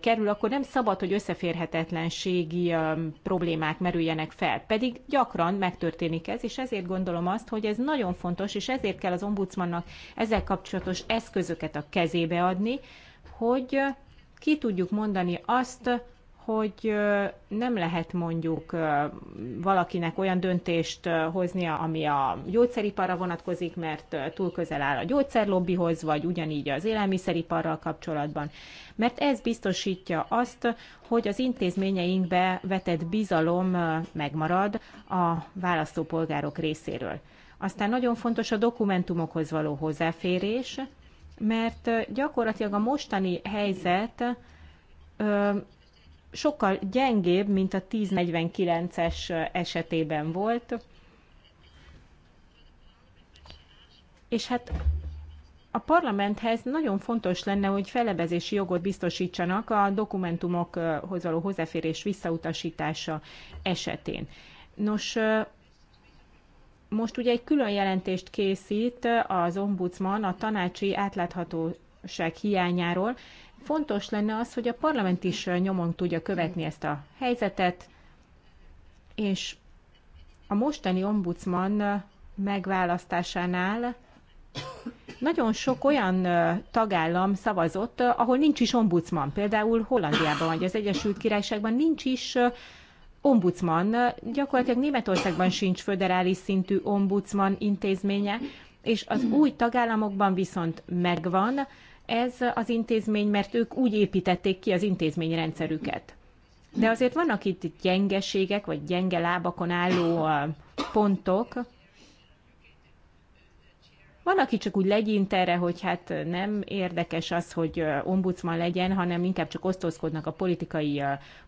kerül, akkor nem szabad, hogy összeférhetetlenségi problémák merüljenek fel. Pedig gyakran megtörténik ez, és ezért gondolom azt, hogy ez nagyon fontos, és ezért kell az ombudsmannak ezzel kapcsolatos eszközöket a kezébe adni, hogy ki tudjuk mondani azt, hogy nem lehet mondjuk valakinek olyan döntést hoznia, ami a gyógyszeriparra vonatkozik, mert túl közel áll a gyógyszerlobbihoz, vagy ugyanígy az élelmiszeriparral kapcsolatban. Mert ez biztosítja azt, hogy az intézményeinkbe vetett bizalom megmarad a választópolgárok részéről. Aztán nagyon fontos a dokumentumokhoz való hozzáférés, mert gyakorlatilag a mostani helyzet sokkal gyengébb, mint a 1049-es esetében volt. És hát a parlamenthez nagyon fontos lenne, hogy felebezési jogot biztosítsanak a dokumentumokhoz való hozzáférés visszautasítása esetén. Nos, most ugye egy külön jelentést készít az ombudsman a tanácsi átláthatóság hiányáról, Fontos lenne az, hogy a parlament is nyomon tudja követni ezt a helyzetet, és a mostani ombudsman megválasztásánál nagyon sok olyan tagállam szavazott, ahol nincs is ombudsman. Például Hollandiában vagy az Egyesült Királyságban nincs is ombudsman. Gyakorlatilag Németországban sincs föderális szintű ombudsman intézménye, és az új tagállamokban viszont megvan, ez az intézmény, mert ők úgy építették ki az intézményrendszerüket. De azért vannak itt gyengeségek, vagy gyenge lábakon álló pontok. Van, aki csak úgy legyint erre, hogy hát nem érdekes az, hogy ombudsman legyen, hanem inkább csak osztozkodnak a politikai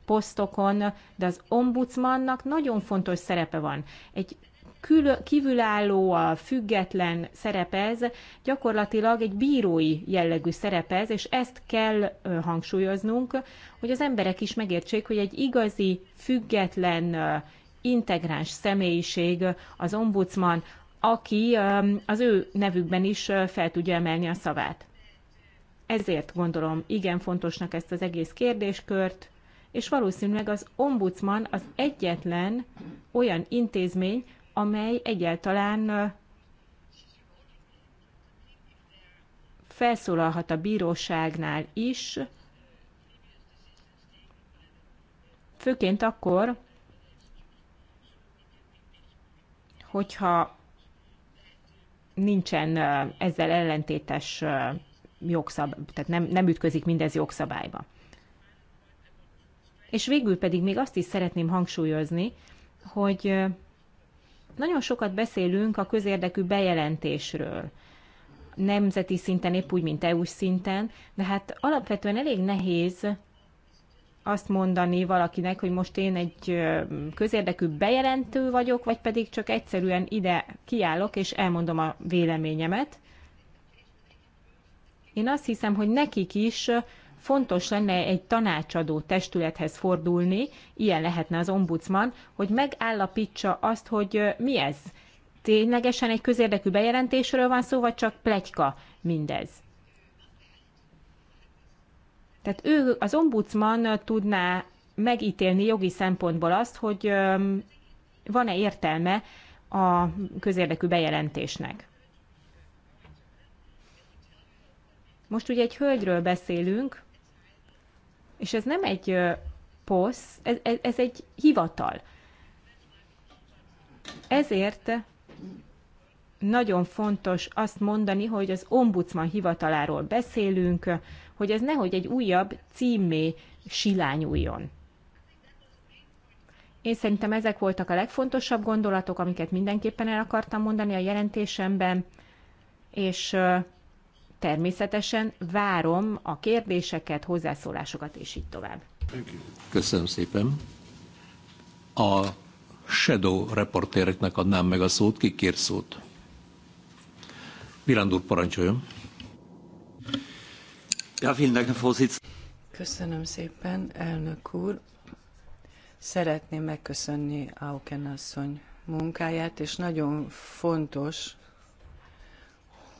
posztokon, de az ombudsmannak nagyon fontos szerepe van. Egy kül- kívülálló, a független szerepez, gyakorlatilag egy bírói jellegű szerepez, és ezt kell hangsúlyoznunk, hogy az emberek is megértsék, hogy egy igazi, független, integráns személyiség az ombudsman, aki az ő nevükben is fel tudja emelni a szavát. Ezért gondolom igen fontosnak ezt az egész kérdéskört, és valószínűleg az ombudsman az egyetlen olyan intézmény, amely egyáltalán felszólalhat a bíróságnál is, főként akkor, hogyha nincsen ezzel ellentétes jogszab, tehát nem, nem ütközik mindez jogszabályba. És végül pedig még azt is szeretném hangsúlyozni, hogy nagyon sokat beszélünk a közérdekű bejelentésről, nemzeti szinten, épp úgy, mint EU-s szinten, de hát alapvetően elég nehéz azt mondani valakinek, hogy most én egy közérdekű bejelentő vagyok, vagy pedig csak egyszerűen ide kiállok és elmondom a véleményemet. Én azt hiszem, hogy nekik is fontos lenne egy tanácsadó testülethez fordulni, ilyen lehetne az ombudsman, hogy megállapítsa azt, hogy mi ez. Ténylegesen egy közérdekű bejelentésről van szó, vagy csak plegyka mindez? Tehát ő, az ombudsman tudná megítélni jogi szempontból azt, hogy van-e értelme a közérdekű bejelentésnek. Most ugye egy hölgyről beszélünk, és ez nem egy posz ez, ez, ez egy hivatal. Ezért nagyon fontos azt mondani, hogy az ombudsman hivataláról beszélünk, hogy ez nehogy egy újabb címé silányuljon. Én szerintem ezek voltak a legfontosabb gondolatok, amiket mindenképpen el akartam mondani a jelentésemben, és természetesen várom a kérdéseket, hozzászólásokat és így tovább. Köszönöm szépen. A shadow reportéreknek adnám meg a szót, ki kér szót. Virándúr parancsoljon. Ja, Köszönöm szépen, elnök úr. Szeretném megköszönni Auken asszony munkáját, és nagyon fontos,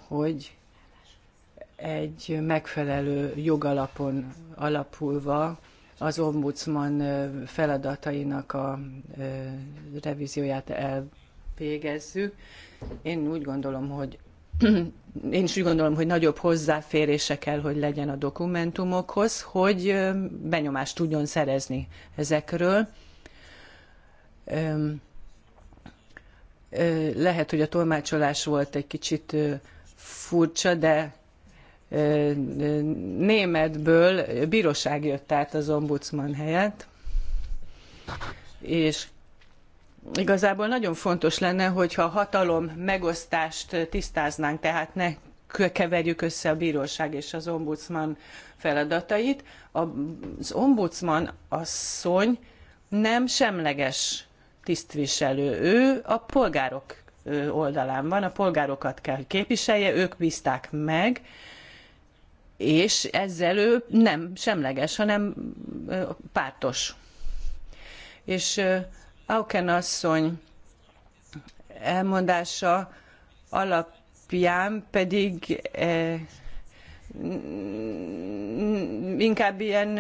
hogy egy megfelelő jogalapon alapulva az ombudsman feladatainak a revízióját elvégezzük. Én úgy gondolom, hogy én is úgy gondolom, hogy nagyobb hozzáférése kell, hogy legyen a dokumentumokhoz, hogy benyomást tudjon szerezni ezekről. Lehet, hogy a tolmácsolás volt egy kicsit furcsa, de németből bíróság jött át az ombudsman helyett, és igazából nagyon fontos lenne, hogyha a hatalom megosztást tisztáznánk, tehát ne keverjük össze a bíróság és az ombudsman feladatait. Az ombudsman asszony nem semleges tisztviselő, ő a polgárok oldalán van, a polgárokat kell képviselje, ők bízták meg, és ezzel ő nem semleges, hanem pártos. És Auken asszony elmondása alapján pedig e, inkább ilyen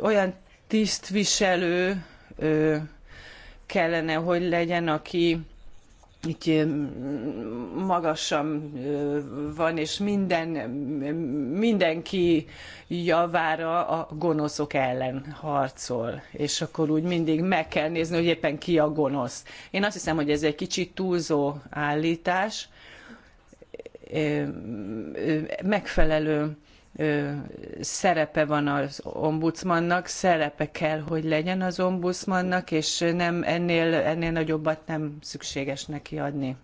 olyan tisztviselő kellene, hogy legyen, aki így magasan van, és minden, mindenki javára a gonoszok ellen harcol, és akkor úgy mindig meg kell nézni, hogy éppen ki a gonosz. Én azt hiszem, hogy ez egy kicsit túlzó állítás, megfelelő szerepe van az ombudsmannak, szerepe kell, hogy legyen az ombudsmannak, és nem ennél, ennél nagyobbat nem szükséges neki adni.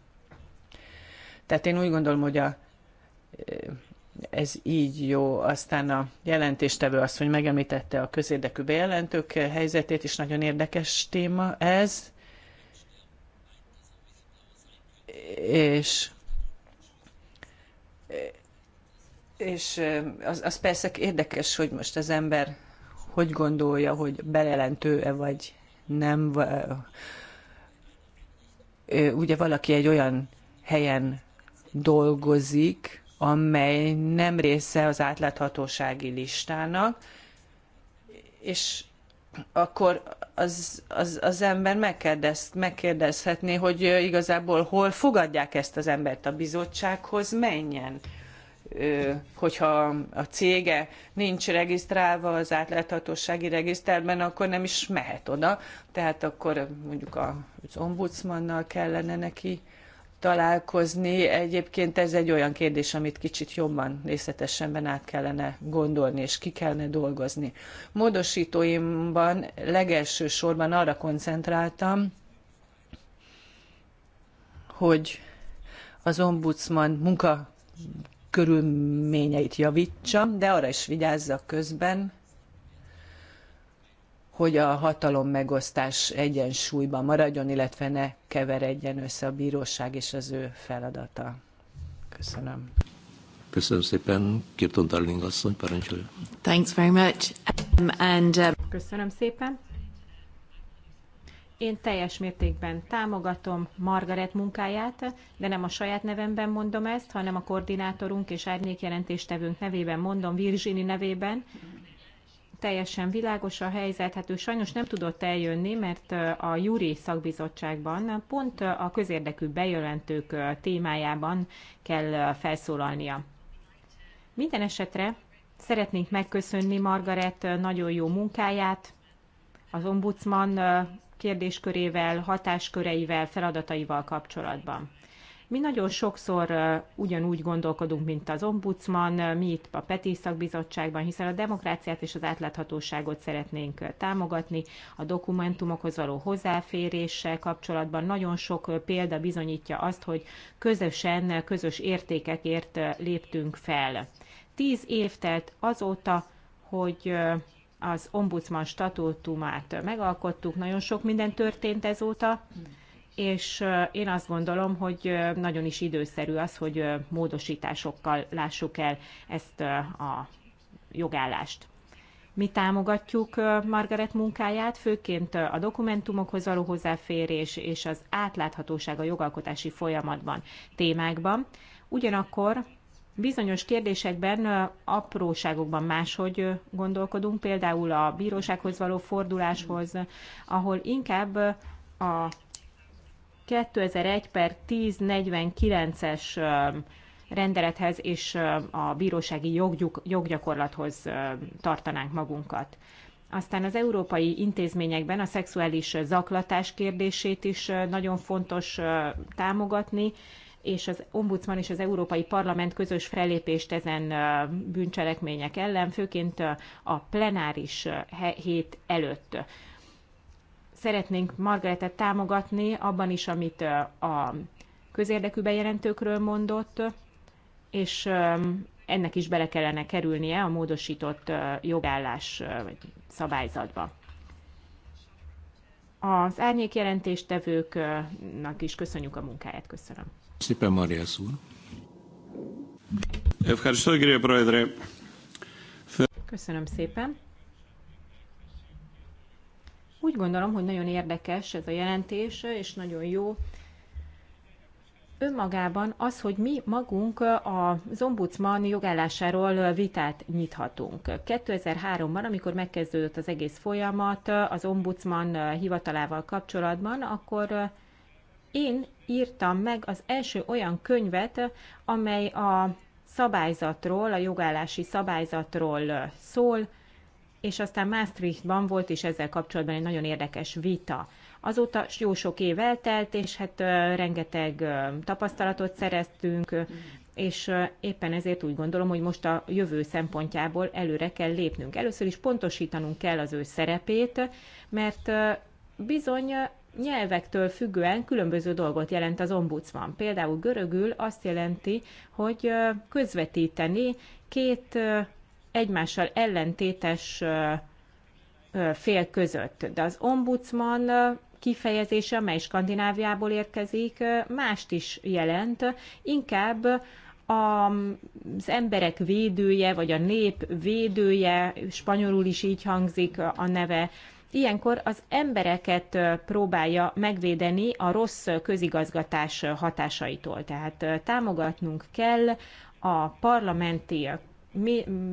Tehát én úgy gondolom, hogy a, ez így jó. Aztán a jelentéstevő azt, hogy megemlítette a közérdekű bejelentők helyzetét, is nagyon érdekes téma ez. És és az, az persze érdekes, hogy most az ember hogy gondolja, hogy belelentő-e vagy nem. Ugye valaki egy olyan helyen dolgozik, amely nem része az átláthatósági listának, és akkor az, az, az ember megkérdez, megkérdezhetné, hogy igazából hol fogadják ezt az embert a bizottsághoz, menjen hogyha a cége nincs regisztrálva az átláthatósági regiszterben, akkor nem is mehet oda. Tehát akkor mondjuk az ombudsmannal kellene neki találkozni. Egyébként ez egy olyan kérdés, amit kicsit jobban részletesebben át kellene gondolni, és ki kellene dolgozni. Módosítóimban legelső sorban arra koncentráltam, hogy az ombudsman munka körülményeit javítsa, de arra is vigyázza közben, hogy a hatalom megosztás egyensúlyban maradjon, illetve ne keveredjen össze a bíróság és az ő feladata. Köszönöm. Köszönöm szépen. Kirton Darling asszony, parancsolja. Thanks very much. Um, and, uh... Köszönöm szépen. Én teljes mértékben támogatom Margaret munkáját, de nem a saját nevemben mondom ezt, hanem a koordinátorunk és árnyékjelentéstevőnk nevében mondom, Virginie nevében. Teljesen világos a helyzet, hát ő sajnos nem tudott eljönni, mert a Júri szakbizottságban pont a közérdekű bejelentők témájában kell felszólalnia. Minden esetre szeretnénk megköszönni Margaret nagyon jó munkáját, az ombudsman kérdéskörével, hatásköreivel, feladataival kapcsolatban. Mi nagyon sokszor ugyanúgy gondolkodunk, mint az ombudsman, mi itt a PETI szakbizottságban, hiszen a demokráciát és az átláthatóságot szeretnénk támogatni. A dokumentumokhoz való hozzáféréssel kapcsolatban nagyon sok példa bizonyítja azt, hogy közösen, közös értékekért léptünk fel. Tíz év telt azóta, hogy az ombudsman statútumát megalkottuk, nagyon sok minden történt ezóta, és én azt gondolom, hogy nagyon is időszerű az, hogy módosításokkal lássuk el ezt a jogállást. Mi támogatjuk Margaret munkáját, főként a dokumentumokhoz való hozzáférés és az átláthatóság a jogalkotási folyamatban témákban. Ugyanakkor bizonyos kérdésekben, apróságokban máshogy gondolkodunk, például a bírósághoz való forduláshoz, ahol inkább a 2001 per 1049-es rendelethez és a bírósági joggyakorlathoz tartanánk magunkat. Aztán az európai intézményekben a szexuális zaklatás kérdését is nagyon fontos támogatni, és az ombudsman és az Európai Parlament közös fellépést ezen bűncselekmények ellen, főként a plenáris hét előtt. Szeretnénk Margaretet támogatni abban is, amit a közérdekű bejelentőkről mondott, és ennek is bele kellene kerülnie a módosított jogállás vagy szabályzatba. Az árnyék jelentéstevőknek is köszönjük a munkáját, köszönöm. Szépen Marias úr. Köszönöm szépen. Úgy gondolom, hogy nagyon érdekes ez a jelentés, és nagyon jó. Önmagában az, hogy mi magunk az ombudsman jogállásáról vitát nyithatunk. 2003-ban, amikor megkezdődött az egész folyamat az ombudsman hivatalával kapcsolatban, akkor én írtam meg az első olyan könyvet, amely a szabályzatról, a jogállási szabályzatról szól, és aztán Maastrichtban volt is ezzel kapcsolatban egy nagyon érdekes vita. Azóta jó sok év eltelt, és hát rengeteg tapasztalatot szereztünk, és éppen ezért úgy gondolom, hogy most a jövő szempontjából előre kell lépnünk. Először is pontosítanunk kell az ő szerepét, mert bizony nyelvektől függően különböző dolgot jelent az ombudsman. Például görögül azt jelenti, hogy közvetíteni két egymással ellentétes fél között. De az ombudsman kifejezése, amely Skandináviából érkezik, mást is jelent, inkább az emberek védője, vagy a nép védője, spanyolul is így hangzik a neve, Ilyenkor az embereket próbálja megvédeni a rossz közigazgatás hatásaitól. Tehát támogatnunk kell a parlamenti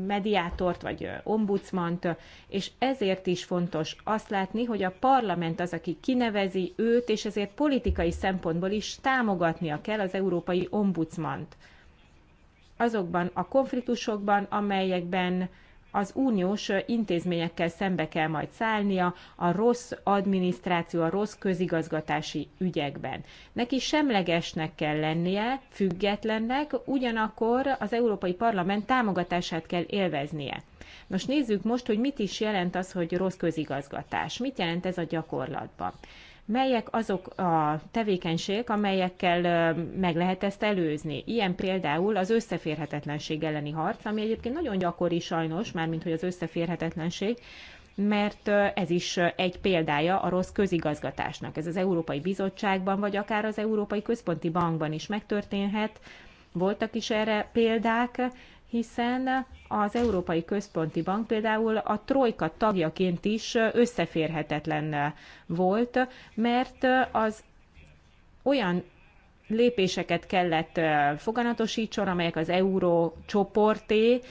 mediátort vagy ombudsmant, és ezért is fontos azt látni, hogy a parlament az, aki kinevezi őt, és ezért politikai szempontból is támogatnia kell az európai ombudsmant. Azokban a konfliktusokban, amelyekben az uniós intézményekkel szembe kell majd szállnia a rossz adminisztráció, a rossz közigazgatási ügyekben. Neki semlegesnek kell lennie, függetlennek, ugyanakkor az Európai Parlament támogatását kell élveznie. Most nézzük most, hogy mit is jelent az, hogy rossz közigazgatás. Mit jelent ez a gyakorlatban? melyek azok a tevékenységek, amelyekkel meg lehet ezt előzni. Ilyen például az összeférhetetlenség elleni harc, ami egyébként nagyon gyakori sajnos, mármint hogy az összeférhetetlenség, mert ez is egy példája a rossz közigazgatásnak. Ez az Európai Bizottságban, vagy akár az Európai Központi Bankban is megtörténhet. Voltak is erre példák, hiszen az Európai Központi Bank például a trojka tagjaként is összeférhetetlen volt, mert az olyan lépéseket kellett foganatosítson, amelyek az euró csoporté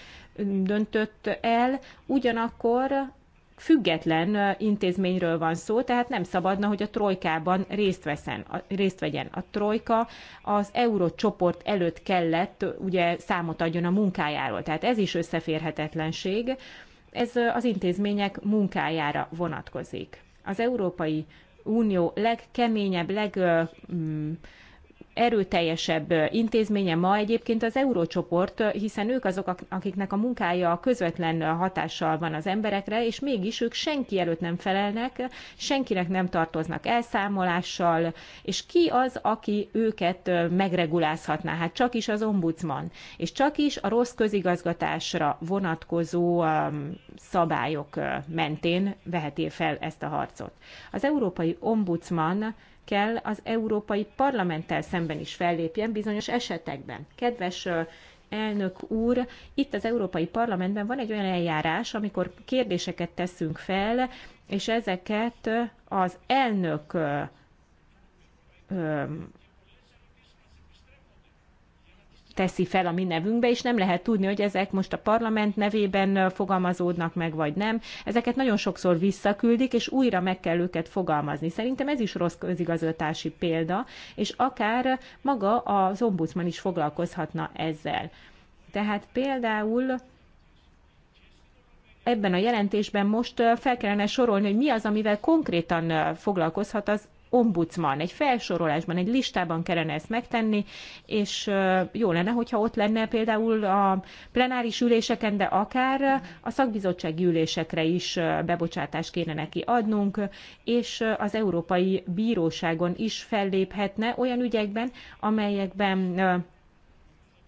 döntött el, ugyanakkor független intézményről van szó, tehát nem szabadna, hogy a trojkában részt, veszen, a, részt vegyen. A trojka az eurócsoport előtt kellett ugye számot adjon a munkájáról, tehát ez is összeférhetetlenség. Ez az intézmények munkájára vonatkozik. Az Európai Unió legkeményebb, leg... Mm, erőteljesebb intézménye ma egyébként az eurócsoport, hiszen ők azok, akiknek a munkája közvetlen hatással van az emberekre, és mégis ők senki előtt nem felelnek, senkinek nem tartoznak elszámolással, és ki az, aki őket megregulázhatná? Hát csak is az ombudsman, és csak is a rossz közigazgatásra vonatkozó szabályok mentén veheti fel ezt a harcot. Az európai ombudsman kell az Európai Parlamenttel szemben is fellépjen bizonyos esetekben. Kedves elnök úr, itt az Európai Parlamentben van egy olyan eljárás, amikor kérdéseket teszünk fel, és ezeket az elnök teszi fel a mi nevünkbe, és nem lehet tudni, hogy ezek most a parlament nevében fogalmazódnak meg, vagy nem. Ezeket nagyon sokszor visszaküldik, és újra meg kell őket fogalmazni. Szerintem ez is rossz közigazgatási példa, és akár maga az ombudsman is foglalkozhatna ezzel. Tehát például ebben a jelentésben most fel kellene sorolni, hogy mi az, amivel konkrétan foglalkozhat az ombudsman, egy felsorolásban, egy listában kellene ezt megtenni, és jó lenne, hogyha ott lenne például a plenáris üléseken, de akár a szakbizottsági ülésekre is bebocsátást kéne neki adnunk, és az Európai Bíróságon is felléphetne olyan ügyekben, amelyekben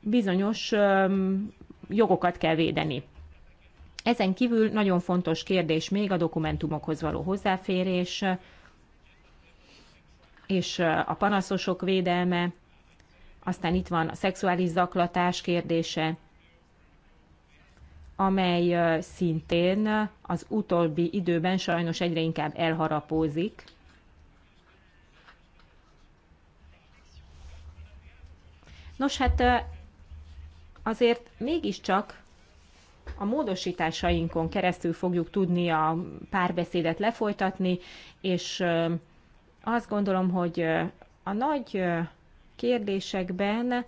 bizonyos jogokat kell védeni. Ezen kívül nagyon fontos kérdés még a dokumentumokhoz való hozzáférés, és a panaszosok védelme, aztán itt van a szexuális zaklatás kérdése, amely szintén az utóbbi időben sajnos egyre inkább elharapózik. Nos, hát azért mégiscsak a módosításainkon keresztül fogjuk tudni a párbeszédet lefolytatni, és azt gondolom, hogy a nagy kérdésekben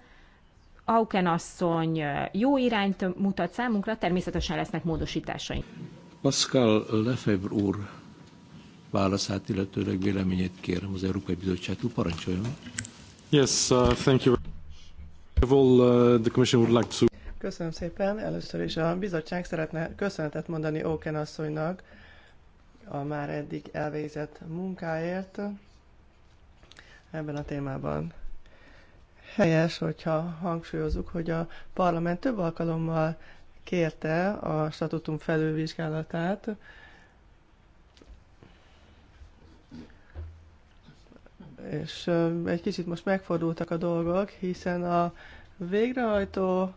Auken asszony jó irányt mutat számunkra, természetesen lesznek módosításai. Pascal Lefebvre úr válaszát, illetőleg véleményét kérem az Európai Bizottságtól. Parancsoljon! Yes, uh, thank you. All, uh, the commission would like to... Köszönöm szépen. Először is a bizottság szeretne köszönetet mondani Auken asszonynak, a már eddig elvégzett munkáért ebben a témában. Helyes, hogyha hangsúlyozzuk, hogy a parlament több alkalommal kérte a statutum felülvizsgálatát, és egy kicsit most megfordultak a dolgok, hiszen a végrehajtó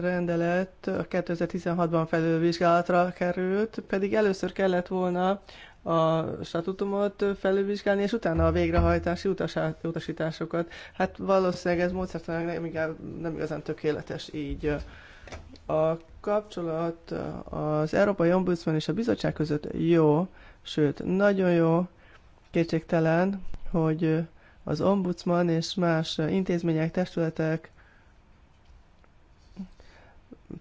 rendelet a 2016-ban felülvizsgálatra került, pedig először kellett volna a statutumot felülvizsgálni, és utána a végrehajtási utasá, utasításokat. Hát valószínűleg ez módszertanak nem, nem igazán tökéletes így. A kapcsolat az Európai Ombudsman és a bizottság között jó, sőt, nagyon jó, kétségtelen, hogy az ombudsman és más intézmények, testületek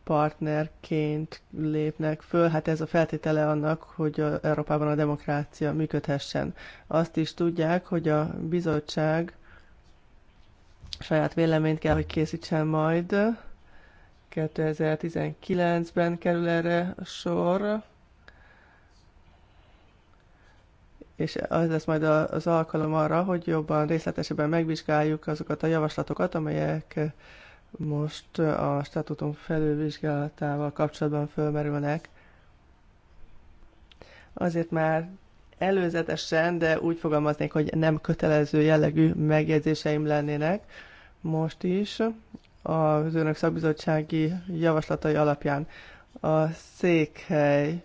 partnerként lépnek föl. Hát ez a feltétele annak, hogy a Európában a demokrácia működhessen. Azt is tudják, hogy a bizottság saját véleményt kell, hogy készítsen majd. 2019-ben kerül erre sor. és az lesz majd az alkalom arra, hogy jobban részletesebben megvizsgáljuk azokat a javaslatokat, amelyek most a statutum felülvizsgálatával kapcsolatban fölmerülnek. Azért már előzetesen, de úgy fogalmaznék, hogy nem kötelező jellegű megjegyzéseim lennének most is az önök szakbizottsági javaslatai alapján. A székhely,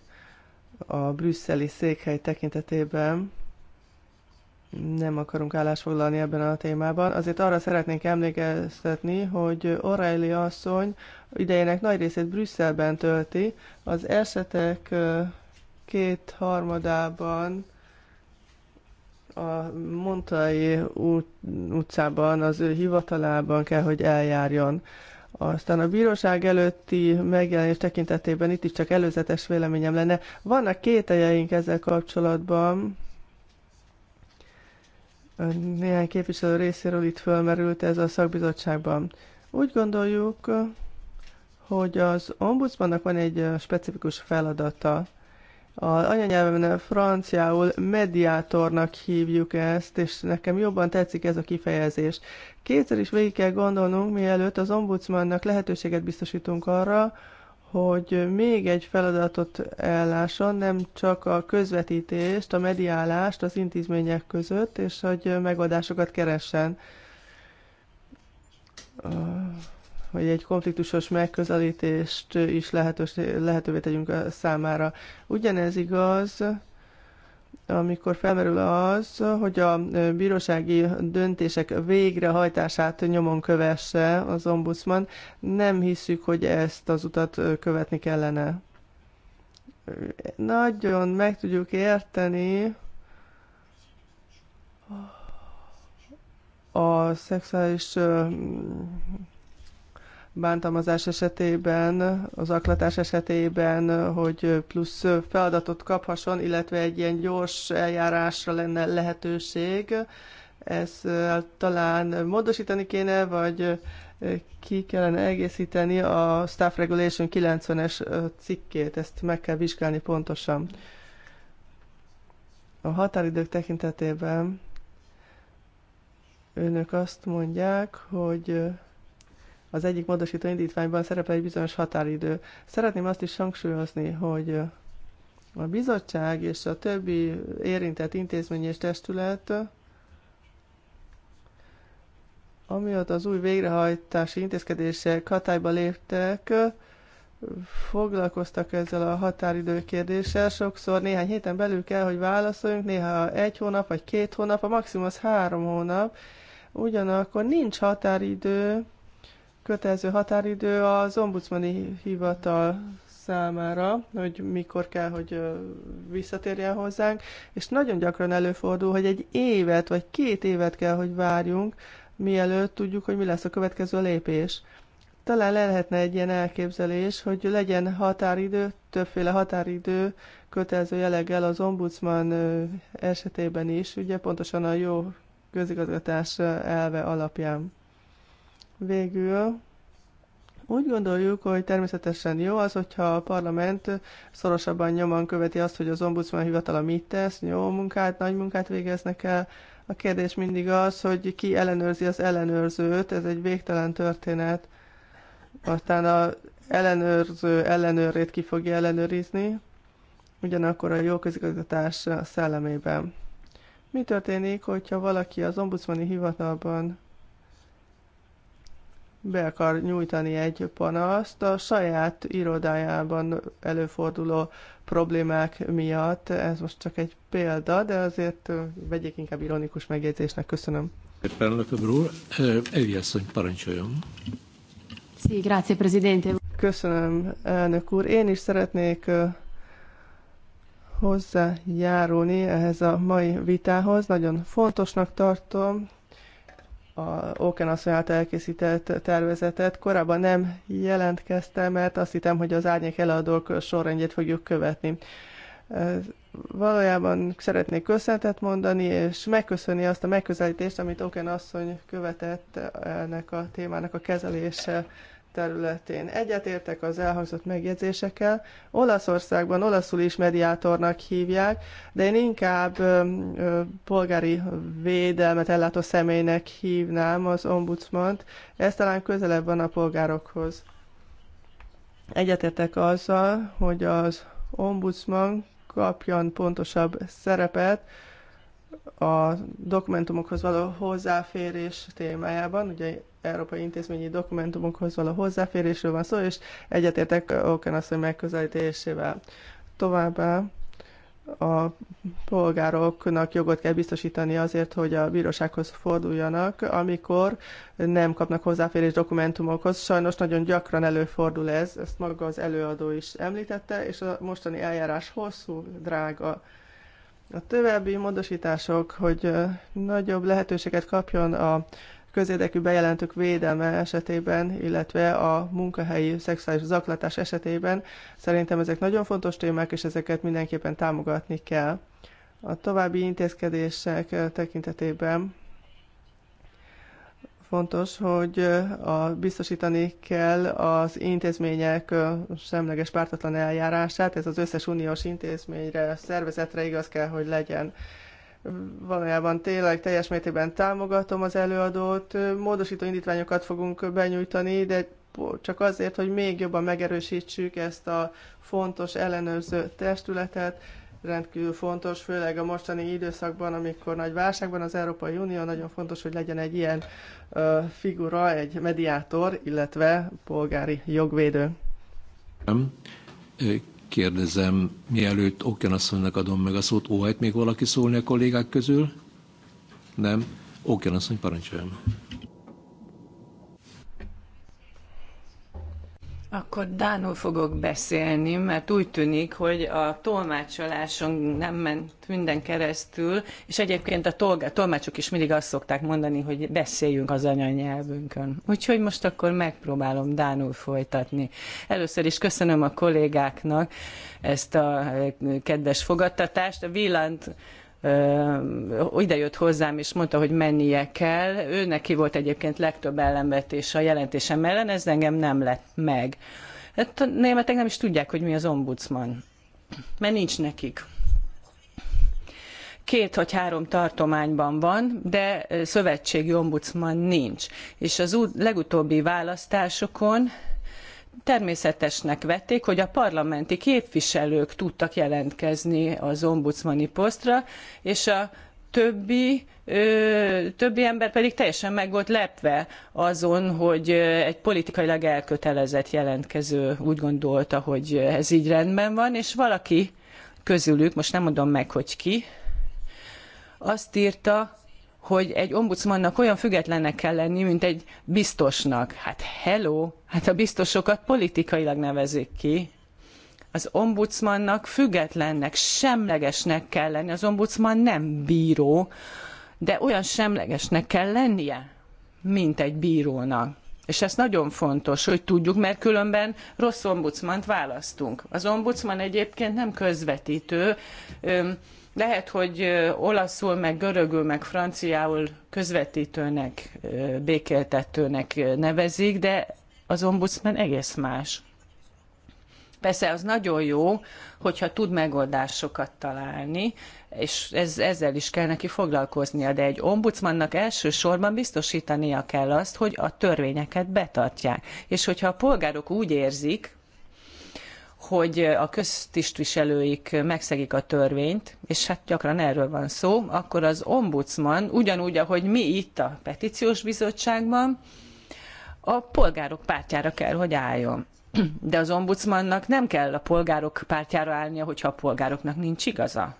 a brüsszeli székhely tekintetében nem akarunk állásfoglalni ebben a témában. Azért arra szeretnénk emlékeztetni, hogy O'Reilly asszony idejének nagy részét Brüsszelben tölti. Az esetek kétharmadában a Montai út, utcában, az ő hivatalában kell, hogy eljárjon. Aztán a bíróság előtti megjelenés tekintetében itt is csak előzetes véleményem lenne. Vannak kételjeink ezzel kapcsolatban, néhány képviselő részéről itt fölmerült ez a szakbizottságban. Úgy gondoljuk, hogy az ombudsmannak van egy specifikus feladata. A anyanyelvemen franciául mediátornak hívjuk ezt, és nekem jobban tetszik ez a kifejezés. Kétszer is végig kell gondolnunk, mielőtt az ombudsmannak lehetőséget biztosítunk arra, hogy még egy feladatot ellásson, nem csak a közvetítést, a mediálást az intézmények között, és hogy megoldásokat keressen, hogy egy konfliktusos megközelítést is lehetős, lehetővé tegyünk a számára. Ugyanez igaz amikor felmerül az, hogy a bírósági döntések végrehajtását nyomon kövesse az ombudsman, nem hiszük, hogy ezt az utat követni kellene. Nagyon meg tudjuk érteni a szexuális bántalmazás esetében, az aklatás esetében, hogy plusz feladatot kaphasson, illetve egy ilyen gyors eljárásra lenne lehetőség. Ez eh, talán módosítani kéne, vagy eh, ki kellene egészíteni a Staff Regulation 90-es eh, cikkét, ezt meg kell vizsgálni pontosan. A határidők tekintetében önök azt mondják, hogy az egyik módosító indítványban szerepel egy bizonyos határidő. Szeretném azt is hangsúlyozni, hogy a bizottság és a többi érintett intézmény és testület amiatt az új végrehajtási intézkedések hatályba léptek, foglalkoztak ezzel a határidő kérdéssel. Sokszor néhány héten belül kell, hogy válaszoljunk, néha egy hónap vagy két hónap, a maximum az három hónap. Ugyanakkor nincs határidő kötelező határidő az ombudsmani hivatal számára, hogy mikor kell, hogy visszatérjen hozzánk, és nagyon gyakran előfordul, hogy egy évet vagy két évet kell, hogy várjunk, mielőtt tudjuk, hogy mi lesz a következő lépés. Talán le lehetne egy ilyen elképzelés, hogy legyen határidő, többféle határidő kötelező jelleggel az ombudsman esetében is, ugye pontosan a jó közigazgatás elve alapján. Végül úgy gondoljuk, hogy természetesen jó az, hogyha a parlament szorosabban nyomon követi azt, hogy az ombudsman hivatala mit tesz, jó munkát, nagy munkát végeznek el. A kérdés mindig az, hogy ki ellenőrzi az ellenőrzőt, ez egy végtelen történet. Aztán a ellenőrző ellenőrét ki fogja ellenőrizni, ugyanakkor a jó közigazgatás szellemében. Mi történik, hogyha valaki az ombudsmani hivatalban be akar nyújtani egy panaszt a saját irodájában előforduló problémák miatt. Ez most csak egy példa, de azért vegyék inkább ironikus megjegyzésnek. Köszönöm. Köszönöm, elnök úr. Én is szeretnék hozzájárulni ehhez a mai vitához. Nagyon fontosnak tartom, a Oken asszony által elkészített tervezetet. Korábban nem jelentkeztem, mert azt hittem, hogy az árnyék eladók sorrendjét fogjuk követni. Valójában szeretnék köszönetet mondani, és megköszönni azt a megközelítést, amit Oken asszony követett ennek a témának a kezelése területén. Egyetértek az elhangzott megjegyzésekkel. Olaszországban olaszul is mediátornak hívják, de én inkább ö, ö, polgári védelmet ellátó személynek hívnám az ombudsmant. Ez talán közelebb van a polgárokhoz. Egyetértek azzal, hogy az ombudsman kapjon pontosabb szerepet a dokumentumokhoz való hozzáférés témájában. Ugye európai intézményi dokumentumokhoz való hozzáférésről van szó, és egyetértek Oken asszony megközelítésével. Továbbá a polgároknak jogot kell biztosítani azért, hogy a bírósághoz forduljanak, amikor nem kapnak hozzáférés dokumentumokhoz. Sajnos nagyon gyakran előfordul ez, ezt maga az előadó is említette, és a mostani eljárás hosszú, drága. A további módosítások, hogy nagyobb lehetőséget kapjon a közérdekű bejelentők védelme esetében, illetve a munkahelyi szexuális zaklatás esetében. Szerintem ezek nagyon fontos témák, és ezeket mindenképpen támogatni kell. A további intézkedések tekintetében fontos, hogy a, biztosítani kell az intézmények semleges pártatlan eljárását, ez az összes uniós intézményre, szervezetre igaz kell, hogy legyen valójában tényleg teljes mértékben támogatom az előadót. Módosító indítványokat fogunk benyújtani, de csak azért, hogy még jobban megerősítsük ezt a fontos ellenőrző testületet, rendkívül fontos, főleg a mostani időszakban, amikor nagy válságban az Európai Unió, nagyon fontos, hogy legyen egy ilyen ö, figura, egy mediátor, illetve polgári jogvédő kérdezem, mielőtt Okjanasszonynak adom meg a szót, óhajt még valaki szólni a kollégák közül? Nem? Okjanasszony, parancsoljon. Akkor Dánul fogok beszélni, mert úgy tűnik, hogy a tolmácsoláson nem ment minden keresztül, és egyébként a tolga, tolmácsok is mindig azt szokták mondani, hogy beszéljünk az anyanyelvünkön. Úgyhogy most akkor megpróbálom Dánul folytatni. Először is köszönöm a kollégáknak ezt a eh, kedves fogadtatást. A Villant ide jött hozzám, és mondta, hogy mennie kell. Ő neki volt egyébként legtöbb ellenvetés a jelentésem ellen, ez engem nem lett meg. Hát a németek nem is tudják, hogy mi az ombudsman, mert nincs nekik két vagy három tartományban van, de szövetségi ombudsman nincs. És az legutóbbi választásokon természetesnek vették, hogy a parlamenti képviselők tudtak jelentkezni az ombudsmani posztra, és a többi, ö, többi ember pedig teljesen meg volt lepve azon, hogy egy politikailag elkötelezett jelentkező úgy gondolta, hogy ez így rendben van, és valaki közülük, most nem mondom meg, hogy ki, azt írta, hogy egy ombudsmannak olyan függetlennek kell lenni, mint egy biztosnak. Hát hello, hát a biztosokat politikailag nevezik ki. Az ombudsmannak függetlennek, semlegesnek kell lenni. Az ombudsman nem bíró, de olyan semlegesnek kell lennie, mint egy bírónak. És ez nagyon fontos, hogy tudjuk, mert különben rossz ombudsmant választunk. Az ombudsman egyébként nem közvetítő, lehet, hogy olaszul, meg görögül, meg franciául közvetítőnek, békéltetőnek nevezik, de az ombudsman egész más. Persze az nagyon jó, hogyha tud megoldásokat találni, és ez, ezzel is kell neki foglalkoznia, de egy ombudsmannak elsősorban biztosítania kell azt, hogy a törvényeket betartják. És hogyha a polgárok úgy érzik, hogy a köztisztviselőik megszegik a törvényt, és hát gyakran erről van szó, akkor az ombudsman, ugyanúgy, ahogy mi itt a petíciós bizottságban, a polgárok pártjára kell, hogy álljon. De az ombudsmannak nem kell a polgárok pártjára állnia, hogyha a polgároknak nincs igaza.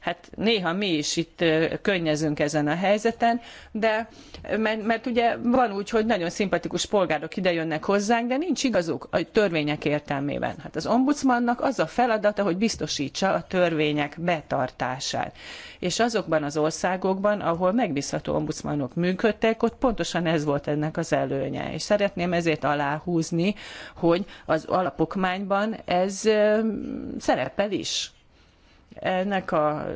Hát néha mi is itt könnyezünk ezen a helyzeten, de mert, mert ugye van úgy, hogy nagyon szimpatikus polgárok idejönnek hozzánk, de nincs igazuk a törvények értelmében. Hát az ombudsmannak az a feladata, hogy biztosítsa a törvények betartását. És azokban az országokban, ahol megbízható ombudsmanok működtek, ott pontosan ez volt ennek az előnye. És szeretném ezért aláhúzni, hogy az alapokmányban ez szerepel is ennek a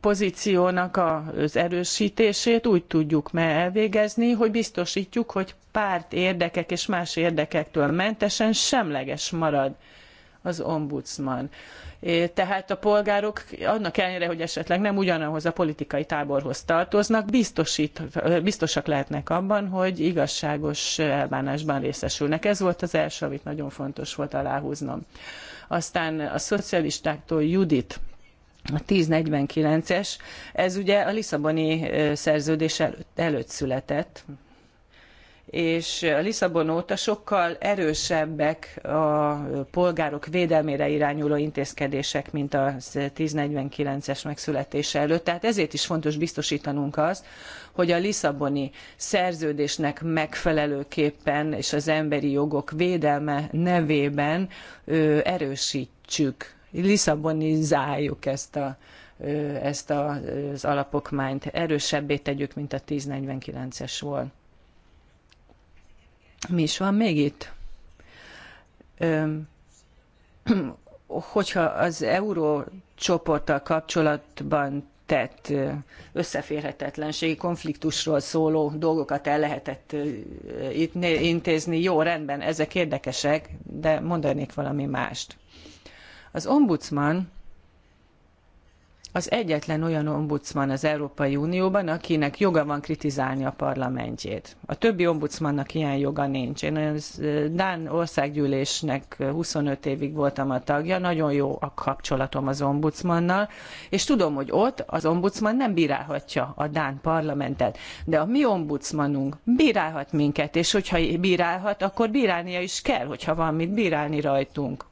pozíciónak az erősítését úgy tudjuk elvégezni, hogy biztosítjuk, hogy párt érdekek és más érdekektől mentesen semleges marad az ombudsman. Tehát a polgárok annak ellenére, hogy esetleg nem ugyanahoz a politikai táborhoz tartoznak, biztosít, biztosak lehetnek abban, hogy igazságos elbánásban részesülnek. Ez volt az első, amit nagyon fontos volt aláhúznom aztán a szocialistáktól Judit a 1049-es, ez ugye a Lisszaboni szerződés előtt, született, és a Lisszabon óta sokkal erősebbek a polgárok védelmére irányuló intézkedések, mint a 1049-es megszületése előtt. Tehát ezért is fontos biztosítanunk azt, hogy a Lisszaboni szerződésnek megfelelőképpen és az emberi jogok védelme nevében ö, erősítsük, lisszabonizáljuk ezt a ezt az alapokmányt erősebbé tegyük, mint a 1049-es volt. Mi is van még itt? hogyha az eurócsoporttal kapcsolatban tett összeférhetetlenségi konfliktusról szóló dolgokat el lehetett itt intézni. Jó, rendben, ezek érdekesek, de mondanék valami mást. Az ombudsman az egyetlen olyan ombudsman az Európai Unióban, akinek joga van kritizálni a parlamentjét. A többi ombudsmannak ilyen joga nincs. Én az Dán országgyűlésnek 25 évig voltam a tagja, nagyon jó a kapcsolatom az ombudsmannal, és tudom, hogy ott az ombudsman nem bírálhatja a Dán parlamentet, de a mi ombudsmanunk bírálhat minket, és hogyha bírálhat, akkor bírálnia is kell, hogyha van mit bírálni rajtunk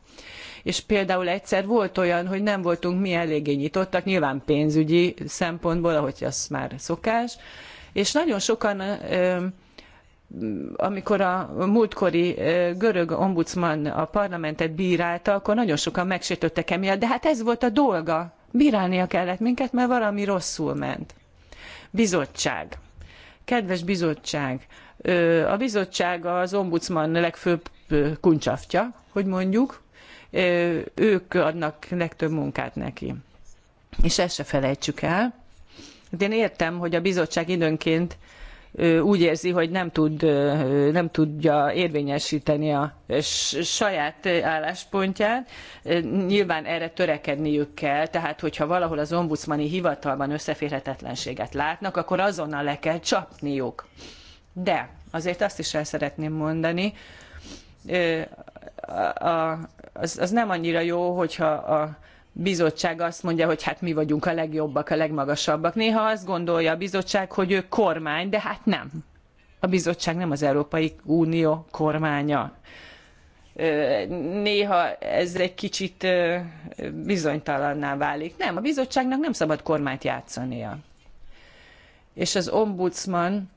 és például egyszer volt olyan, hogy nem voltunk mi eléggé nyitottak, nyilván pénzügyi szempontból, ahogy az már szokás, és nagyon sokan amikor a múltkori görög ombudsman a parlamentet bírálta, akkor nagyon sokan megsértődtek emiatt, de hát ez volt a dolga. Bírálnia kellett minket, mert valami rosszul ment. Bizottság. Kedves bizottság, a bizottság az ombudsman legfőbb kuncsaftja, hogy mondjuk, ők adnak legtöbb munkát neki. És ezt se felejtsük el. De hát én értem, hogy a bizottság időnként úgy érzi, hogy nem, tud, nem tudja érvényesíteni a saját álláspontját. Nyilván erre törekedniük kell, tehát hogyha valahol az ombudsmani hivatalban összeférhetetlenséget látnak, akkor azonnal le kell csapniuk. De azért azt is el szeretném mondani, az, az nem annyira jó, hogyha a bizottság azt mondja, hogy hát mi vagyunk a legjobbak, a legmagasabbak. Néha azt gondolja a bizottság, hogy ő kormány, de hát nem. A bizottság nem az Európai Unió kormánya. Néha ez egy kicsit bizonytalanná válik. Nem, a bizottságnak nem szabad kormányt játszania. És az ombudsman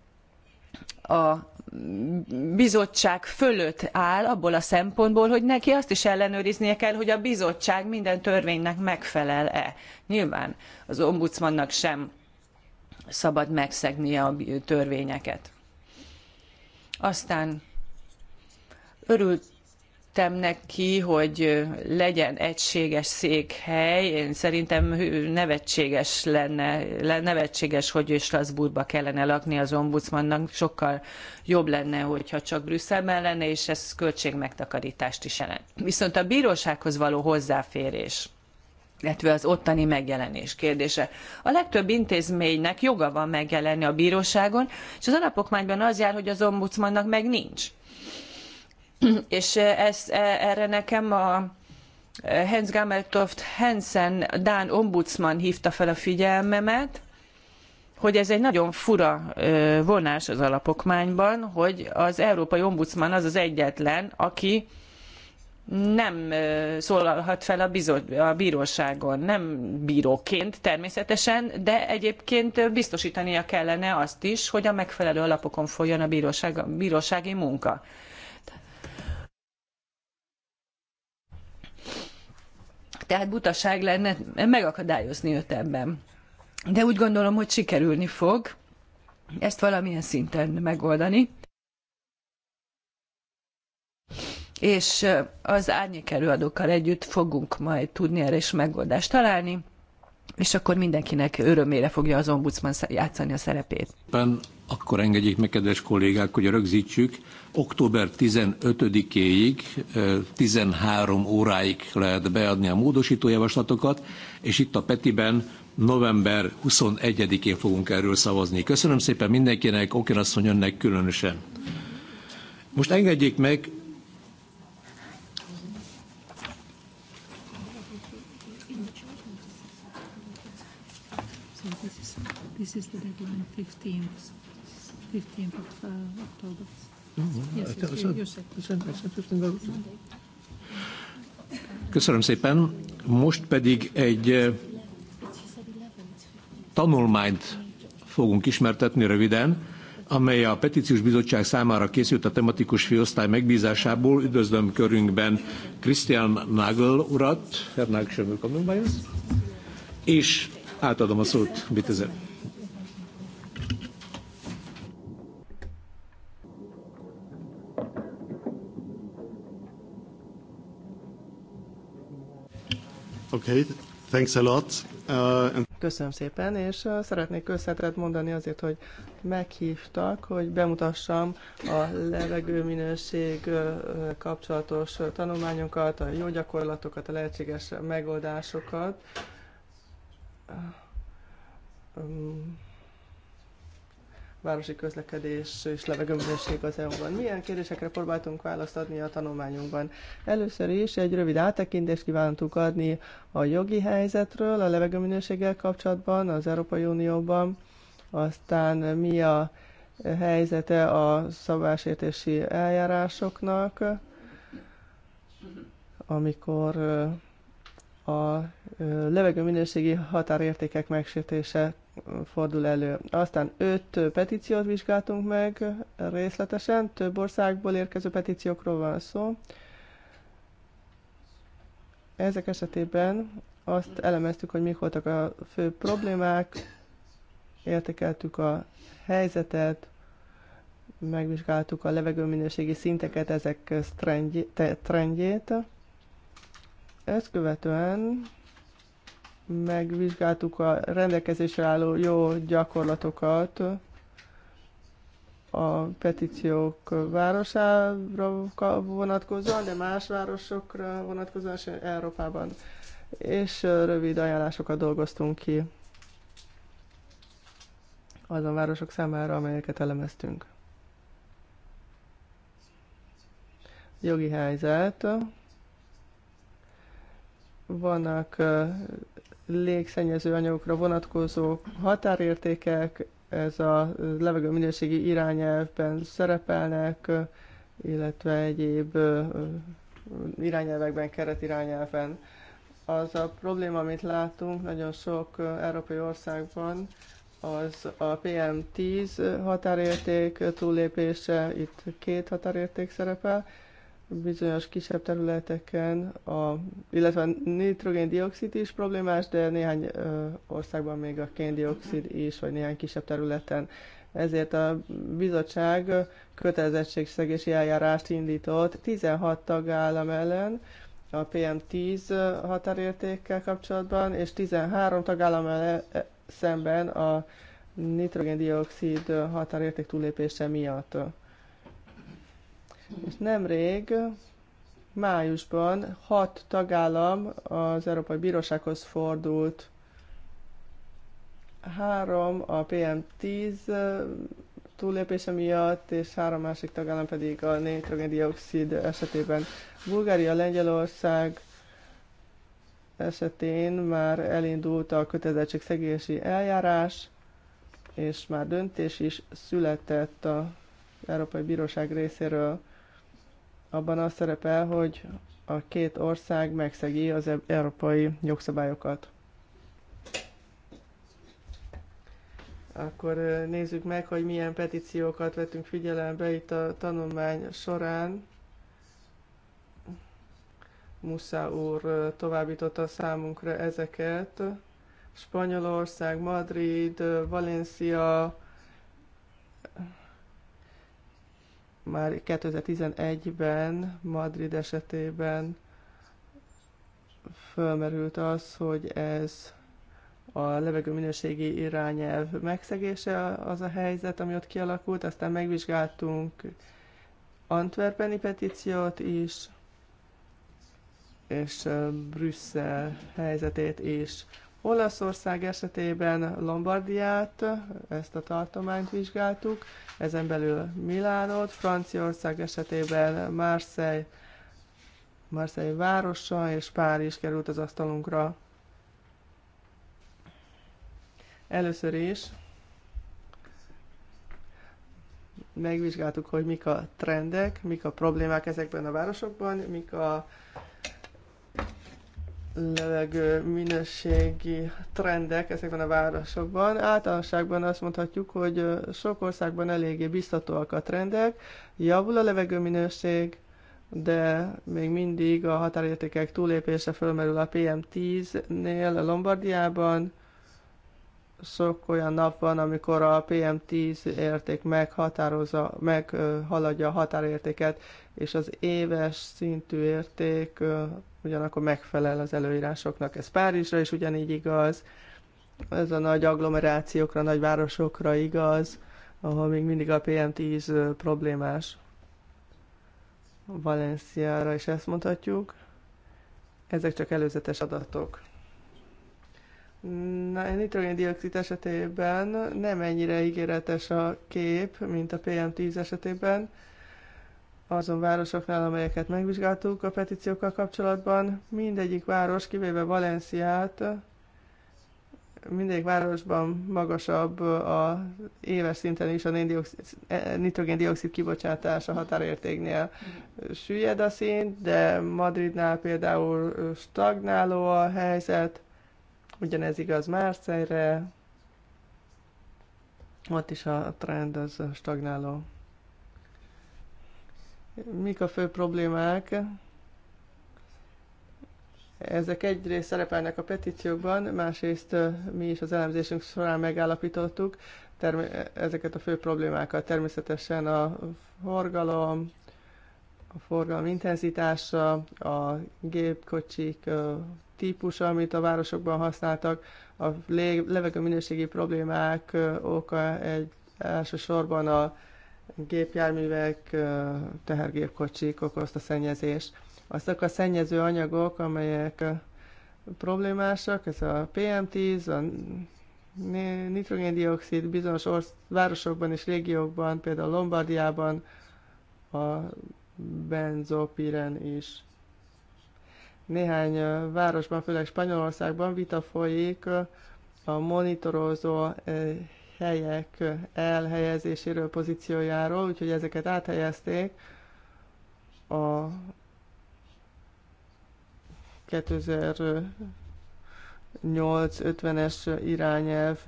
a bizottság fölött áll abból a szempontból, hogy neki azt is ellenőriznie kell, hogy a bizottság minden törvénynek megfelel-e. Nyilván az ombudsmannak sem szabad megszegnie a törvényeket. Aztán örült örültem neki, hogy legyen egységes székhely. Én szerintem nevetséges lenne, nevetséges, hogy Strasbourgba kellene lakni az ombudsmannak. Sokkal jobb lenne, hogyha csak Brüsszelben lenne, és ez költségmegtakarítást is jelent. Viszont a bírósághoz való hozzáférés illetve az ottani megjelenés kérdése. A legtöbb intézménynek joga van megjelenni a bíróságon, és az alapokmányban az jár, hogy az ombudsmannak meg nincs. és eh, ez, eh, erre nekem a eh, Hans Gameltoft Hansen Dán ombudsman hívta fel a figyelmemet, hogy ez egy nagyon fura vonás az alapokmányban, hogy az Európai Ombudsman az az egyetlen, aki nem szólalhat fel a, bizot, a bíróságon, nem bíróként természetesen, de egyébként biztosítania kellene azt is, hogy a megfelelő alapokon folyjon a bíróság, bírósági munka. Tehát butaság lenne megakadályozni őt ebben. De úgy gondolom, hogy sikerülni fog ezt valamilyen szinten megoldani. És az árnyék előadókkal együtt fogunk majd tudni erre is megoldást találni, és akkor mindenkinek örömére fogja az ombudsman játszani a szerepét akkor engedjék meg, kedves kollégák, hogy rögzítsük, október 15-éig 13 óráig lehet beadni a módosító javaslatokat, és itt a Petiben november 21-én fogunk erről szavazni. Köszönöm szépen mindenkinek, Oken önnek különösen. Most engedjék meg, This is the deadline, 15th. 15th of uh, October. Köszönöm szépen. Most pedig egy eh, tanulmányt fogunk ismertetni röviden, amely a Petíciós Bizottság számára készült a tematikus főosztály megbízásából. Üdvözlöm körünkben Christian Nagel urat, és átadom a szót, Bitezett. Okay, thanks a lot. Uh, and... Köszönöm szépen, és uh, szeretnék köszönetet mondani azért, hogy meghívtak, hogy bemutassam a levegőminőség uh, kapcsolatos tanulmányokat, a jó gyakorlatokat, a lehetséges megoldásokat. Uh, um, városi közlekedés és levegőminőség az EU-ban. Milyen kérdésekre próbáltunk választ adni a tanulmányunkban? Először is egy rövid áttekintést kívántunk adni a jogi helyzetről, a levegőminőséggel kapcsolatban az Európai Unióban, aztán mi a helyzete a szabásértési eljárásoknak, amikor a levegőminőségi határértékek megsértése fordul elő. Aztán öt petíciót vizsgáltunk meg részletesen, több országból érkező petíciókról van szó. Ezek esetében azt elemeztük, hogy mik voltak a fő problémák, értékeltük a helyzetet, megvizsgáltuk a levegőminőségi szinteket, ezek trendjét. Ezt követően megvizsgáltuk a rendelkezésre álló jó gyakorlatokat a petíciók városára vonatkozóan, de más városokra vonatkozóan és Európában. És rövid ajánlásokat dolgoztunk ki azon városok számára, amelyeket elemeztünk. Jogi helyzet. Vannak légszennyező anyagokra vonatkozó határértékek, ez a levegő minőségi irányelvben szerepelnek, illetve egyéb irányelvekben, keretirányelven. Az a probléma, amit látunk nagyon sok európai országban, az a PM10 határérték túllépése, itt két határérték szerepel, bizonyos kisebb területeken, a, illetve a nitrogén-dioxid is problémás, de néhány ö, országban még a kén-dioxid is, vagy néhány kisebb területen. Ezért a bizottság kötelezettségszegési eljárást indított 16 tagállam ellen a PM10 határértékkel kapcsolatban, és 13 tagállam ellen e, szemben a nitrogén-dioxid határérték túlépése miatt. És nemrég, májusban hat tagállam az Európai Bírósághoz fordult. Három a PM10 túllépése miatt, és három másik tagállam pedig a nitrogéndioxid esetében. Bulgária, Lengyelország esetén már elindult a kötelezettségszegési eljárás, és már döntés is született az Európai Bíróság részéről abban az szerepel, hogy a két ország megszegi az európai jogszabályokat. Akkor nézzük meg, hogy milyen petíciókat vettünk figyelembe itt a tanulmány során. Musza úr továbbította számunkra ezeket. Spanyolország, Madrid, Valencia, már 2011-ben Madrid esetében fölmerült az, hogy ez a levegő minőségi irányelv megszegése az a helyzet, ami ott kialakult, aztán megvizsgáltunk Antwerpeni petíciót is, és Brüsszel helyzetét is. Olaszország esetében Lombardiát, ezt a tartományt vizsgáltuk, ezen belül Milánot, Franciaország esetében Marseille, Marseille városa és Párizs került az asztalunkra. Először is megvizsgáltuk, hogy mik a trendek, mik a problémák ezekben a városokban, mik a levegő minőségi trendek ezekben a városokban. Általánosságban azt mondhatjuk, hogy sok országban eléggé biztatóak a trendek, javul a levegő minőség, de még mindig a határértékek túlépése fölmerül a PM10-nél a Lombardiában, sok olyan nap van, amikor a PM10 érték meghatározza, meghaladja a határértéket, és az éves szintű érték ugyanakkor megfelel az előírásoknak. Ez Párizsra is ugyanígy igaz, ez a nagy agglomerációkra, nagy városokra igaz, ahol még mindig a PM10 problémás. Valenciára is ezt mondhatjuk. Ezek csak előzetes adatok nitrogén-dioxid esetében nem ennyire ígéretes a kép, mint a PM10 esetében. Azon városoknál, amelyeket megvizsgáltuk a petíciókkal kapcsolatban, mindegyik város, kivéve Valenciát, mindegyik városban magasabb a éves szinten is a e, nitrogén-dioxid kibocsátás a határértéknél. Süllyed a szint, de Madridnál például stagnáló a helyzet, Ugyanez igaz Márszerre, ott is a trend az stagnáló. Mik a fő problémák? Ezek egyrészt szerepelnek a petíciókban, másrészt mi is az elemzésünk során megállapítottuk ezeket a fő problémákat. Természetesen a forgalom, a forgalom intenzitása, a gépkocsik típusa, amit a városokban használtak, a levegő minőségi problémák oka egy elsősorban a gépjárművek, tehergépkocsik okozta szennyezés. Azok a szennyező anyagok, amelyek problémásak, ez a PM10, a nitrogéndioxid bizonyos orsz- városokban és régiókban, például Lombardiában, a benzopiren is. Néhány városban, főleg Spanyolországban vita folyik a monitorozó helyek elhelyezéséről, pozíciójáról, úgyhogy ezeket áthelyezték a 2008-50-es irányelv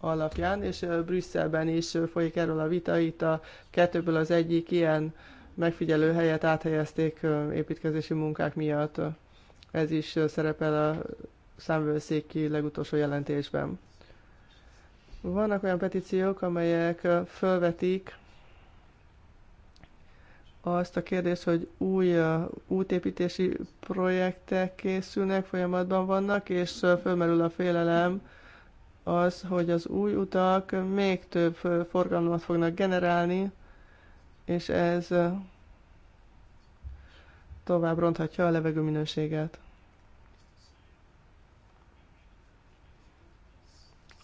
alapján, és Brüsszelben is folyik erről a vita, itt a kettőből az egyik ilyen megfigyelő helyet áthelyezték építkezési munkák miatt. Ez is szerepel a számvőszéki legutolsó jelentésben. Vannak olyan petíciók, amelyek fölvetik azt a kérdést, hogy új útépítési projektek készülnek, folyamatban vannak, és fölmerül a félelem az, hogy az új utak még több forgalmat fognak generálni, és ez tovább ronthatja a levegő minőséget.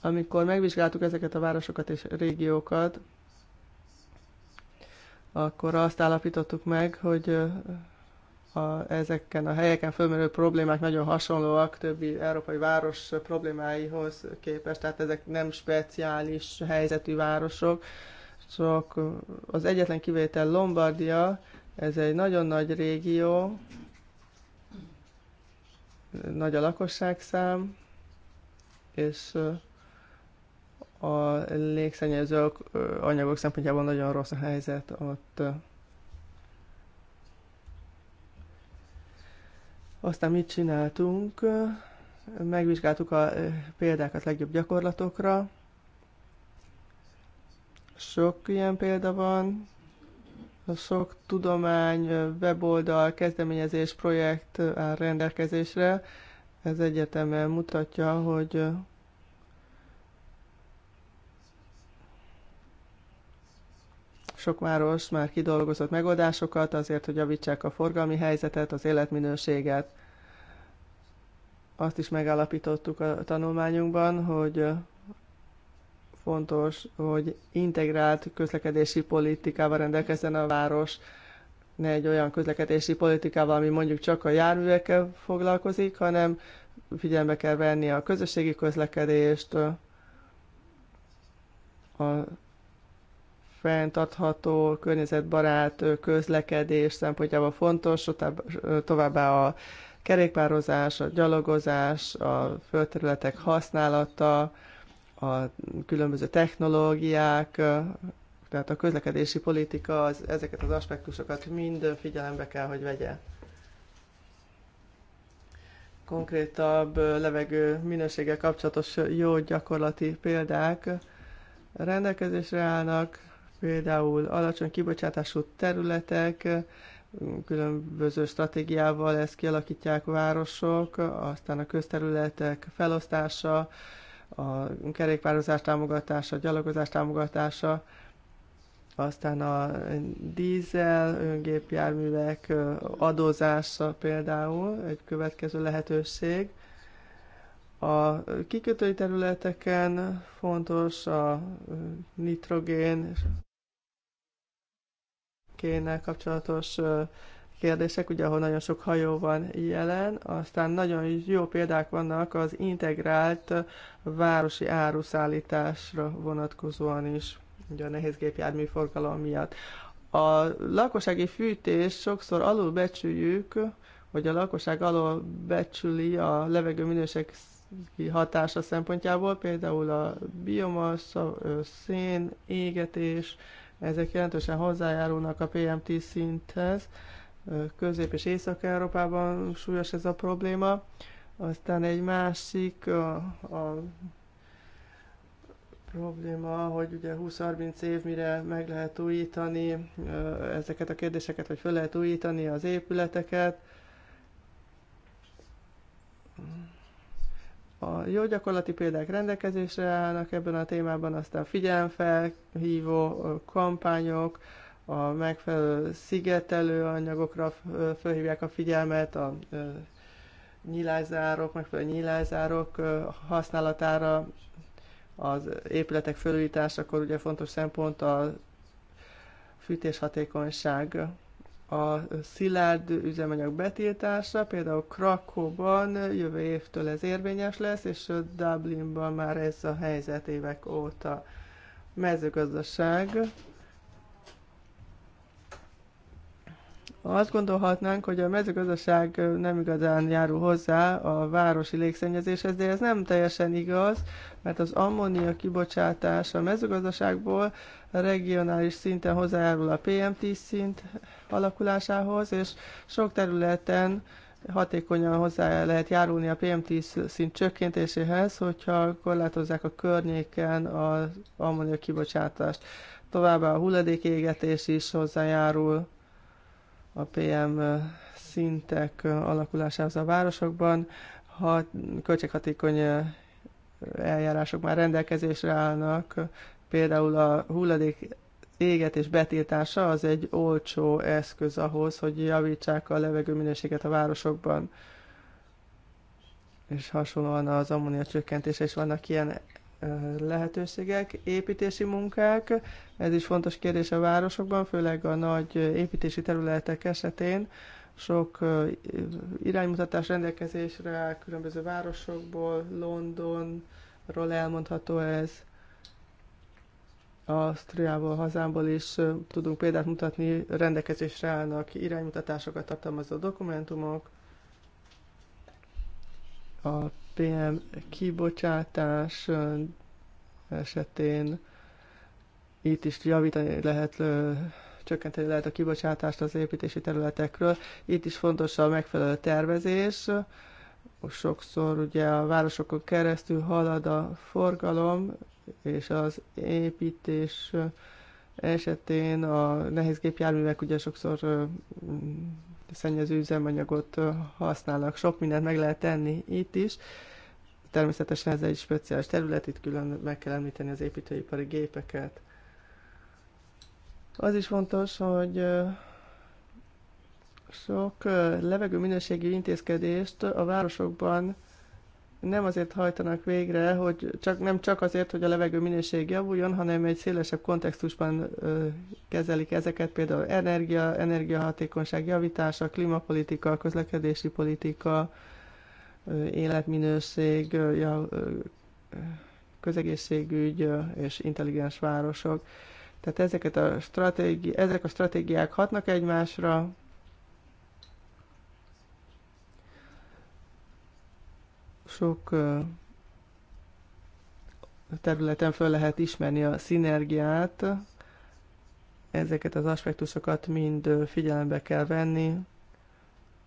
Amikor megvizsgáltuk ezeket a városokat és régiókat, akkor azt állapítottuk meg, hogy a, ezeken a helyeken fölmerülő problémák nagyon hasonlóak többi európai város problémáihoz képest, tehát ezek nem speciális helyzetű városok, csak az egyetlen kivétel Lombardia, ez egy nagyon nagy régió, nagy a lakosságszám, és a légszennyező anyagok szempontjából nagyon rossz a helyzet ott. Aztán mit csináltunk? Megvizsgáltuk a példákat legjobb gyakorlatokra, sok ilyen példa van, sok tudomány, weboldal, kezdeményezés, projekt áll rendelkezésre. Ez egyetemen mutatja, hogy sok város már kidolgozott megoldásokat azért, hogy javítsák a forgalmi helyzetet, az életminőséget. Azt is megállapítottuk a tanulmányunkban, hogy fontos, hogy integrált közlekedési politikával rendelkezzen a város, ne egy olyan közlekedési politikával, ami mondjuk csak a járművekkel foglalkozik, hanem figyelme kell venni a közösségi közlekedést, a fenntartható, környezetbarát közlekedés szempontjából fontos, továbbá a kerékpározás, a gyalogozás, a földterületek használata, a különböző technológiák, tehát a közlekedési politika az, ezeket az aspektusokat mind figyelembe kell, hogy vegye. Konkrétabb levegő minősége kapcsolatos jó gyakorlati példák rendelkezésre állnak, például alacsony kibocsátású területek, különböző stratégiával ezt kialakítják városok, aztán a közterületek felosztása, a kerékpározás támogatása, a gyalogozás támogatása, aztán a dízel öngépjárművek adózása például egy következő lehetőség. A kikötői területeken fontos a nitrogén kénnel kapcsolatos kérdések, ugye ahol nagyon sok hajó van jelen, aztán nagyon jó példák vannak az integrált városi áruszállításra vonatkozóan is, ugye a nehéz gépjármű forgalom miatt. A lakossági fűtés sokszor alul becsüljük, hogy a lakosság alól becsüli a levegő minőség hatása szempontjából, például a biomassa, szén, égetés, ezek jelentősen hozzájárulnak a PM10 szinthez, Közép- és Észak-Európában súlyos ez a probléma. Aztán egy másik a, a probléma, hogy ugye 20-30 év mire meg lehet újítani ezeket a kérdéseket, hogy fel lehet újítani az épületeket. A jó gyakorlati példák rendelkezésre állnak ebben a témában, aztán figyelemfelhívó kampányok, a megfelelő szigetelő anyagokra felhívják a figyelmet, a nyilázárok, megfelelő nyilázárok használatára, az épületek felújításakor ugye fontos szempont a fűtéshatékonyság a szilárd üzemanyag betiltása, például Krakóban jövő évtől ez érvényes lesz, és Dublinban már ez a helyzet évek óta. Mezőgazdaság, Azt gondolhatnánk, hogy a mezőgazdaság nem igazán járul hozzá a városi légszennyezéshez, de ez nem teljesen igaz, mert az ammónia kibocsátás a mezőgazdaságból regionális szinten hozzájárul a PM10 szint alakulásához, és sok területen hatékonyan hozzá lehet járulni a PM10 szint csökkentéséhez, hogyha korlátozzák a környéken az ammónia kibocsátást. Továbbá a hulladékégetés is hozzájárul a PM szintek alakulásához a városokban. Ha költséghatékony eljárások már rendelkezésre állnak, például a hulladék égetés betiltása az egy olcsó eszköz ahhoz, hogy javítsák a levegő minőséget a városokban. És hasonlóan az ammónia csökkentése is vannak ilyen lehetőségek, építési munkák, ez is fontos kérdés a városokban, főleg a nagy építési területek esetén. Sok iránymutatás rendelkezésre áll különböző városokból, Londonról elmondható ez. Ausztriából, hazámból is tudunk példát mutatni, rendelkezésre állnak iránymutatásokat tartalmazó dokumentumok, a PM kibocsátás esetén itt is javítani lehet, csökkenteni lehet a kibocsátást az építési területekről. Itt is fontos a megfelelő tervezés. Sokszor ugye a városokon keresztül halad a forgalom, és az építés esetén a nehéz gépjárművek ugye sokszor szennyező üzemanyagot használnak. Sok mindent meg lehet tenni itt is. Természetesen ez egy speciális terület, itt külön meg kell említeni az építőipari gépeket. Az is fontos, hogy sok levegő minőségi intézkedést a városokban nem azért hajtanak végre, hogy csak, nem csak azért, hogy a levegő minőség javuljon, hanem egy szélesebb kontextusban ö, kezelik ezeket, például energia, energiahatékonyság javítása, klímapolitika, közlekedési politika, ö, életminőség, ö, ö, közegészségügy ö, és intelligens városok. Tehát ezeket a ezek a stratégiák hatnak egymásra, sok területen föl lehet ismerni a szinergiát, ezeket az aspektusokat mind figyelembe kell venni,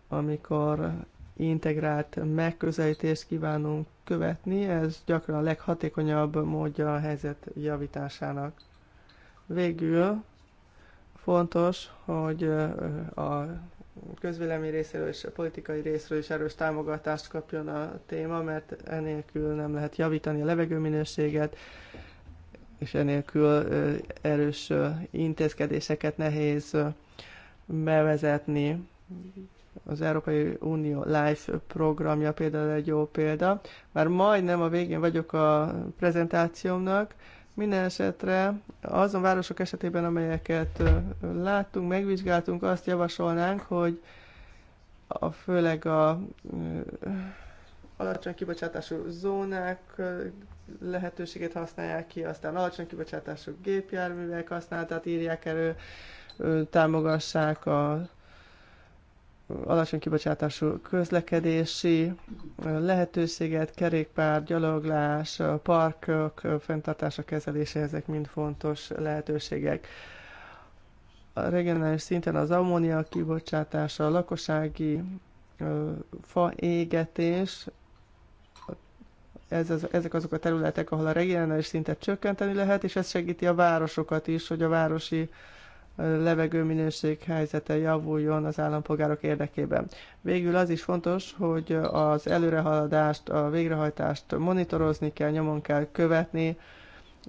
amikor integrált megközelítést kívánunk követni, ez gyakran a leghatékonyabb módja a helyzet javításának. Végül fontos, hogy a közvélemény részéről és a politikai részről is erős támogatást kapjon a téma, mert enélkül nem lehet javítani a levegőminőséget, és enélkül erős intézkedéseket nehéz bevezetni. Az Európai Unió Life programja például egy jó példa. Már majdnem a végén vagyok a prezentációmnak, minden esetre azon városok esetében, amelyeket láttunk, megvizsgáltunk, azt javasolnánk, hogy a, főleg a alacsony kibocsátású zónák lehetőségét használják ki, aztán alacsony kibocsátású gépjárművek használatát írják elő, támogassák a alacsony kibocsátású közlekedési lehetőséget, kerékpár, gyaloglás, parkok fenntartása, kezelése, ezek mind fontos lehetőségek. A regionális szinten az ammónia kibocsátása, a lakossági fa égetés, ez az, ezek azok a területek, ahol a regionális szintet csökkenteni lehet, és ez segíti a városokat is, hogy a városi levegőminőség helyzete javuljon az állampolgárok érdekében. Végül az is fontos, hogy az előrehaladást, a végrehajtást monitorozni kell, nyomon kell követni,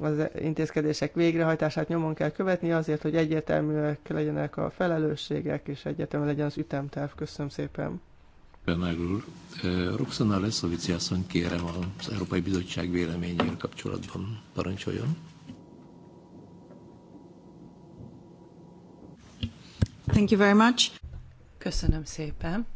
az intézkedések végrehajtását nyomon kell követni azért, hogy egyértelműek legyenek a felelősségek, és egyértelmű legyen az ütemterv. Köszönöm szépen. Bernár úr, eh, Roxana Leszovici asszony kérem az Európai Bizottság véleményével kapcsolatban parancsoljon. Thank you very much. Köszönöm szépen.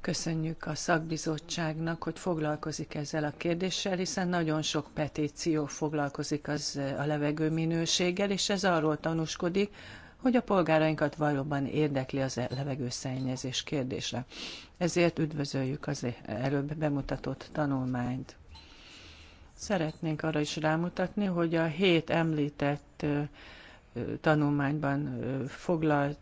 Köszönjük a szakbizottságnak, hogy foglalkozik ezzel a kérdéssel, hiszen nagyon sok petíció foglalkozik az a levegő minőséggel, és ez arról tanúskodik, hogy a polgárainkat valóban érdekli az levegőszennyezés kérdése. Ezért üdvözöljük az előbb bemutatott tanulmányt. Szeretnénk arra is rámutatni, hogy a hét említett tanulmányban foglalt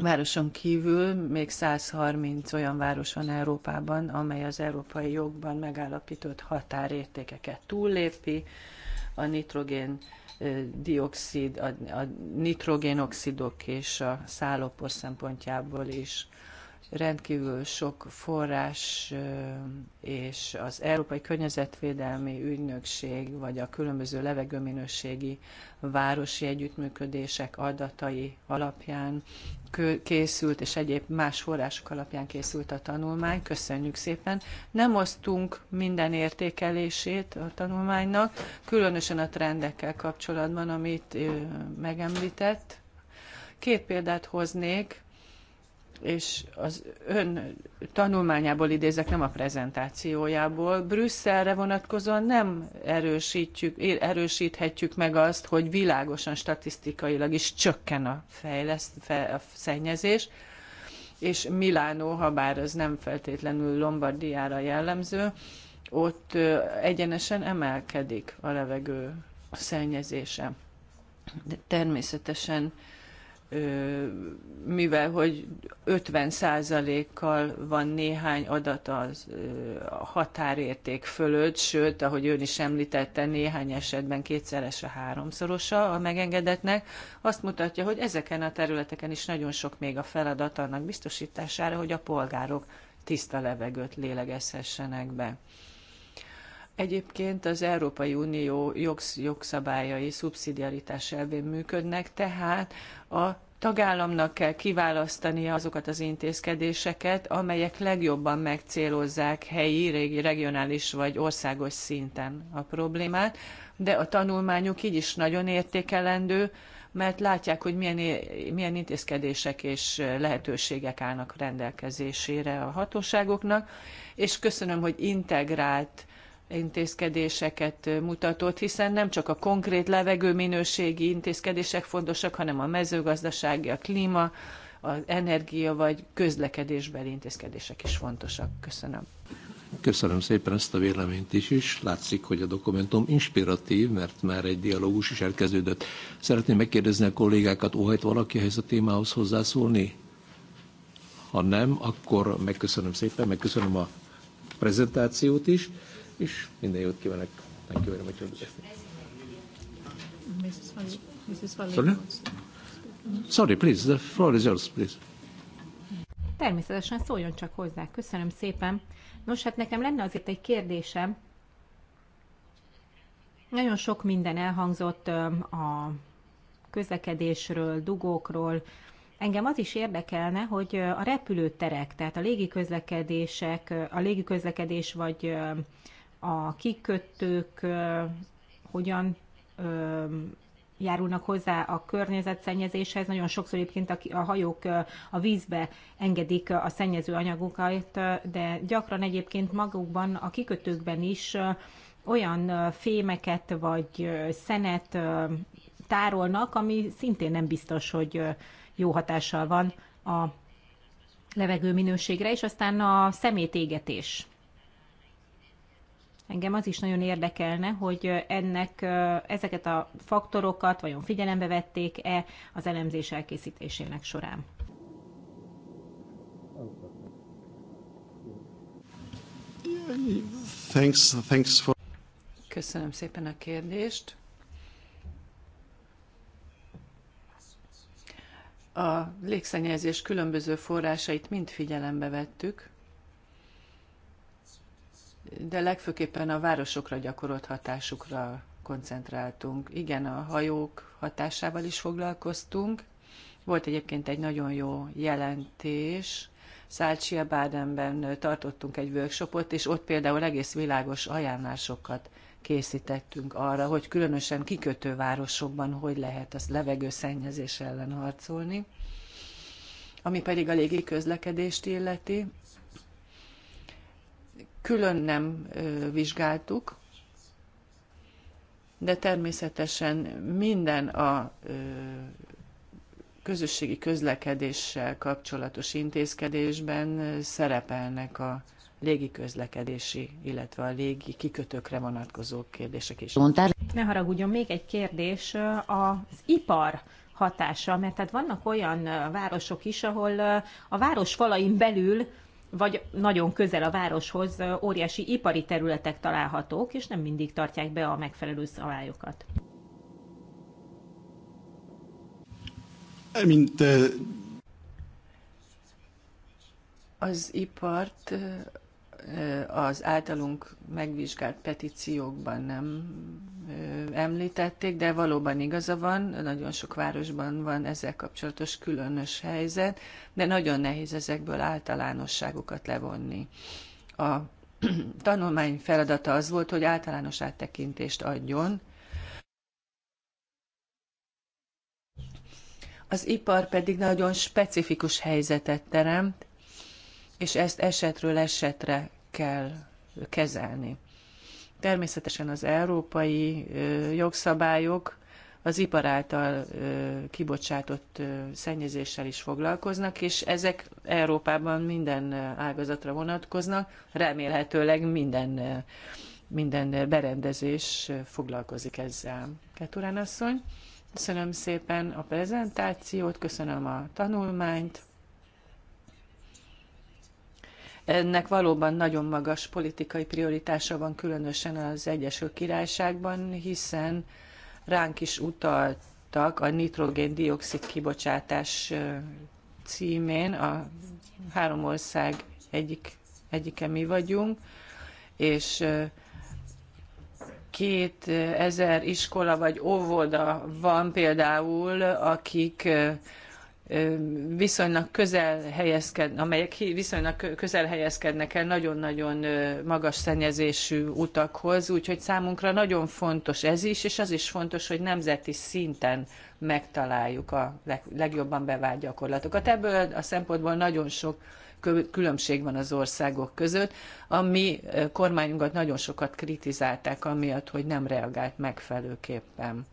városon kívül még 130 olyan város van Európában, amely az európai jogban megállapított határértékeket túllépi. A nitrogén dioxid, a, a nitrogénoxidok és a szállópor szempontjából is rendkívül sok forrás és az Európai Környezetvédelmi Ügynökség, vagy a különböző levegőminőségi városi együttműködések adatai alapján készült, és egyéb más források alapján készült a tanulmány. Köszönjük szépen. Nem osztunk minden értékelését a tanulmánynak, különösen a trendekkel kapcsolatban, amit megemlített. Két példát hoznék és az ön tanulmányából idézek, nem a prezentációjából, Brüsszelre vonatkozóan nem erősítjük, erősíthetjük meg azt, hogy világosan statisztikailag is csökken a, fejleszt, fe, a szennyezés, és Milánó, ha bár az nem feltétlenül Lombardiára jellemző, ott egyenesen emelkedik a levegő szennyezése. De természetesen mivel hogy 50%-kal van néhány adat az a határérték fölött, sőt, ahogy ön is említette, néhány esetben kétszeres a háromszorosa a megengedetnek, azt mutatja, hogy ezeken a területeken is nagyon sok még a feladat annak biztosítására, hogy a polgárok tiszta levegőt lélegezhessenek be. Egyébként az Európai Unió jogsz, jogszabályai szubszidiaritás elvén működnek, tehát a tagállamnak kell kiválasztania azokat az intézkedéseket, amelyek legjobban megcélozzák helyi, regionális vagy országos szinten a problémát, de a tanulmányuk így is nagyon értékelendő, mert látják, hogy milyen, milyen intézkedések és lehetőségek állnak rendelkezésére a hatóságoknak, és köszönöm, hogy integrált intézkedéseket mutatott, hiszen nem csak a konkrét levegőminőségi intézkedések fontosak, hanem a mezőgazdasági, a klíma, az energia vagy közlekedésbeli intézkedések is fontosak. Köszönöm. Köszönöm szépen ezt a véleményt is, és látszik, hogy a dokumentum inspiratív, mert már egy dialógus is elkezdődött. Szeretném megkérdezni a kollégákat, óhajt valaki ehhez a témához hozzászólni? Ha nem, akkor megköszönöm szépen, megköszönöm a prezentációt is és minden jót kívánok. Thank you very much for Mrs. Valli, Mrs. Valli Sorry? Sorry, please, the floor is yours, please. Természetesen szóljon csak hozzá. Köszönöm szépen. Nos, hát nekem lenne azért egy kérdésem. Nagyon sok minden elhangzott a közlekedésről, dugókról. Engem az is érdekelne, hogy a repülőterek, tehát a légiközlekedések, a légiközlekedés vagy a kikötők hogyan járulnak hozzá a környezetszennyezéshez. Nagyon sokszor egyébként a hajók a vízbe engedik a szennyező anyagokat, de gyakran egyébként magukban a kikötőkben is olyan fémeket vagy szenet tárolnak, ami szintén nem biztos, hogy jó hatással van a levegő minőségre, és aztán a szemétégetés Engem az is nagyon érdekelne, hogy ennek ezeket a faktorokat vajon figyelembe vették-e az elemzés elkészítésének során. Thanks, thanks for... Köszönöm szépen a kérdést. A légszennyezés különböző forrásait mind figyelembe vettük de legfőképpen a városokra gyakorolt hatásukra koncentráltunk. Igen, a hajók hatásával is foglalkoztunk. Volt egyébként egy nagyon jó jelentés. Szálcsia Bádenben tartottunk egy workshopot, és ott például egész világos ajánlásokat készítettünk arra, hogy különösen kikötővárosokban hogy lehet az levegőszennyezés ellen harcolni. Ami pedig a légi közlekedést illeti, külön nem vizsgáltuk, de természetesen minden a közösségi közlekedéssel kapcsolatos intézkedésben szerepelnek a légi közlekedési, illetve a légi kikötőkre vonatkozó kérdések is. Ne haragudjon, még egy kérdés. Az ipar hatása, mert tehát vannak olyan városok is, ahol a város falain belül vagy nagyon közel a városhoz óriási ipari területek találhatók, és nem mindig tartják be a megfelelő szabályokat. Mint az ipart az általunk megvizsgált petíciókban nem említették, de valóban igaza van, nagyon sok városban van ezzel kapcsolatos különös helyzet, de nagyon nehéz ezekből általánosságokat levonni. A tanulmány feladata az volt, hogy általános áttekintést adjon, az ipar pedig nagyon specifikus helyzetet teremt, és ezt esetről esetre kell kezelni. Természetesen az európai jogszabályok az ipar által kibocsátott szennyezéssel is foglalkoznak, és ezek Európában minden ágazatra vonatkoznak, remélhetőleg minden, minden berendezés foglalkozik ezzel. Keturán asszony, köszönöm szépen a prezentációt, köszönöm a tanulmányt, ennek valóban nagyon magas politikai prioritása van, különösen az Egyesült Királyságban, hiszen ránk is utaltak a nitrogén-dioxid kibocsátás címén, a három ország egyik, egyike mi vagyunk, és két ezer iskola vagy óvoda van például, akik viszonylag közel helyezkednek, amelyek viszonylag közel helyezkednek el nagyon-nagyon magas szennyezésű utakhoz, úgyhogy számunkra nagyon fontos ez is, és az is fontos, hogy nemzeti szinten megtaláljuk a legjobban bevált gyakorlatokat. Ebből a szempontból nagyon sok különbség van az országok között. A mi kormányunkat nagyon sokat kritizálták, amiatt, hogy nem reagált megfelelőképpen.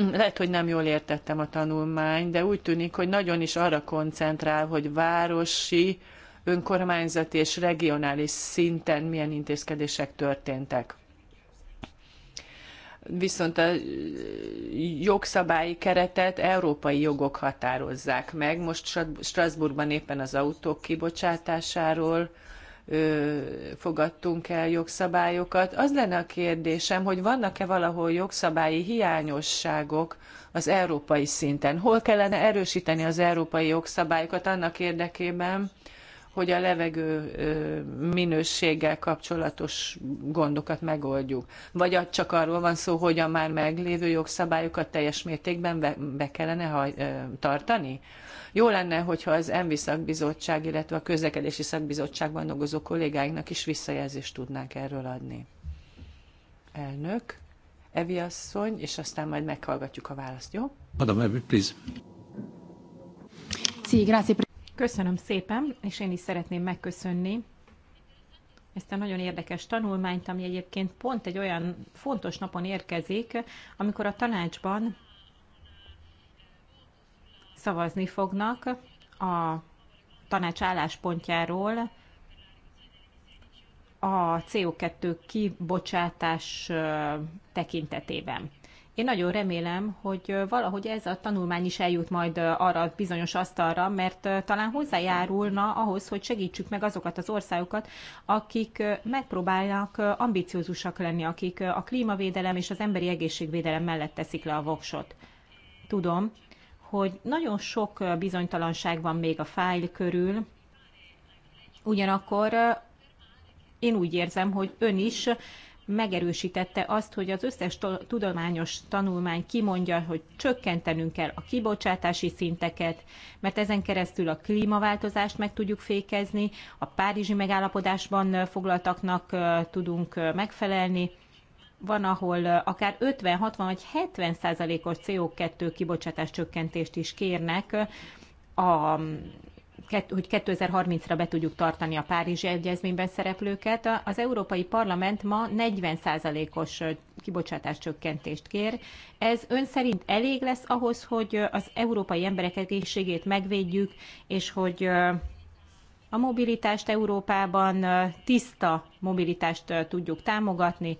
lehet, hogy nem jól értettem a tanulmány, de úgy tűnik, hogy nagyon is arra koncentrál, hogy városi, önkormányzati és regionális szinten milyen intézkedések történtek. Viszont a jogszabályi keretet európai jogok határozzák meg. Most Strasbourgban éppen az autók kibocsátásáról, fogadtunk el jogszabályokat. Az lenne a kérdésem, hogy vannak-e valahol jogszabályi hiányosságok az európai szinten? Hol kellene erősíteni az európai jogszabályokat annak érdekében, hogy a levegő minőséggel kapcsolatos gondokat megoldjuk. Vagy csak arról van szó, hogy a már meglévő jogszabályokat teljes mértékben be, kellene tartani? Jó lenne, hogyha az ENVI szakbizottság, illetve a közlekedési szakbizottságban dolgozó kollégáinknak is visszajelzést tudnánk erről adni. Elnök, Evi asszony, és aztán majd meghallgatjuk a választ, jó? Adam, Evi, please. Köszönöm szépen, és én is szeretném megköszönni ezt a nagyon érdekes tanulmányt, ami egyébként pont egy olyan fontos napon érkezik, amikor a tanácsban szavazni fognak a tanács álláspontjáról a CO2 kibocsátás tekintetében. Én nagyon remélem, hogy valahogy ez a tanulmány is eljut majd arra a bizonyos asztalra, mert talán hozzájárulna ahhoz, hogy segítsük meg azokat az országokat, akik megpróbálnak ambiciózusak lenni, akik a klímavédelem és az emberi egészségvédelem mellett teszik le a voksot. Tudom, hogy nagyon sok bizonytalanság van még a fájl körül, ugyanakkor én úgy érzem, hogy ön is megerősítette azt, hogy az összes tudományos tanulmány kimondja, hogy csökkentenünk kell a kibocsátási szinteket, mert ezen keresztül a klímaváltozást meg tudjuk fékezni, a Párizsi megállapodásban foglaltaknak tudunk megfelelni, van, ahol akár 50, 60 vagy 70 százalékos CO2 kibocsátás csökkentést is kérnek, a, hogy 2030-ra be tudjuk tartani a Párizsi Egyezményben szereplőket. Az Európai Parlament ma 40 százalékos kibocsátás csökkentést kér. Ez ön szerint elég lesz ahhoz, hogy az európai emberek egészségét megvédjük, és hogy a mobilitást Európában tiszta mobilitást tudjuk támogatni,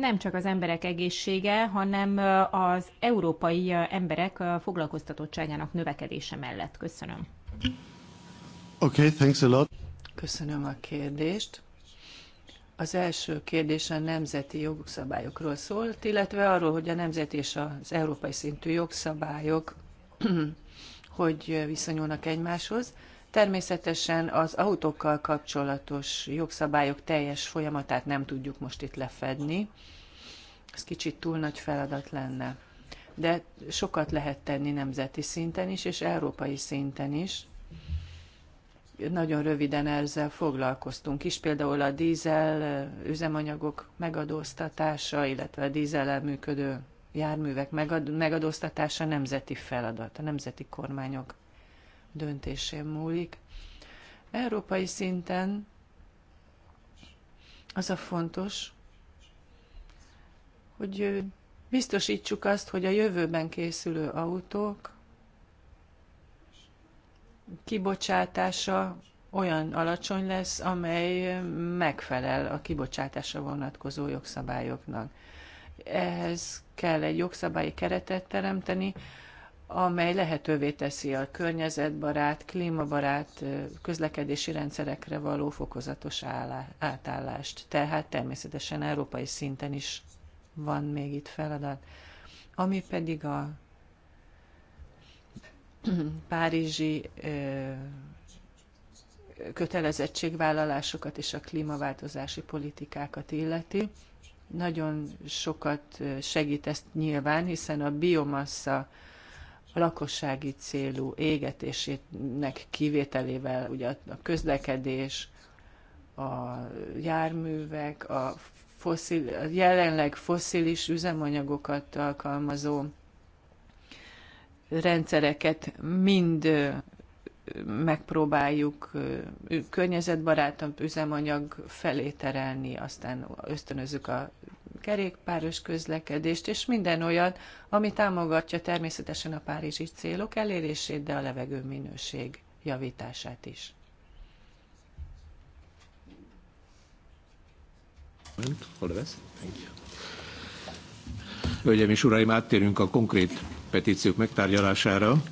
nem csak az emberek egészsége, hanem az európai emberek foglalkoztatottságának növekedése mellett. Köszönöm. Okay, thanks a lot. Köszönöm a kérdést. Az első kérdés a nemzeti jogszabályokról szólt, illetve arról, hogy a nemzeti és az európai szintű jogszabályok hogy viszonyulnak egymáshoz. Természetesen az autókkal kapcsolatos jogszabályok teljes folyamatát nem tudjuk most itt lefedni. Ez kicsit túl nagy feladat lenne. De sokat lehet tenni nemzeti szinten is, és európai szinten is. Nagyon röviden ezzel foglalkoztunk is, például a dízel üzemanyagok megadóztatása, illetve a dízellel működő járművek megadóztatása nemzeti feladat, a nemzeti kormányok döntésén múlik. Európai szinten az a fontos, hogy biztosítsuk azt, hogy a jövőben készülő autók kibocsátása olyan alacsony lesz, amely megfelel a kibocsátásra vonatkozó jogszabályoknak. Ehhez kell egy jogszabályi keretet teremteni, amely lehetővé teszi a környezetbarát, klímabarát közlekedési rendszerekre való fokozatos átállást. Tehát természetesen európai szinten is van még itt feladat. Ami pedig a párizsi kötelezettségvállalásokat és a klímaváltozási politikákat illeti. Nagyon sokat segít ezt nyilván, hiszen a biomassa a lakossági célú égetésének kivételével ugye a közlekedés, a járművek, a, foszil, a jelenleg foszilis üzemanyagokat alkalmazó rendszereket mind megpróbáljuk környezetbarátabb üzemanyag felé terelni, aztán ösztönözzük a kerékpáros közlekedést, és minden olyan, ami támogatja természetesen a párizsi célok elérését, de a levegő minőség javítását is. Hölgyeim és Uraim, áttérünk a konkrét petíciók megtárgyalására.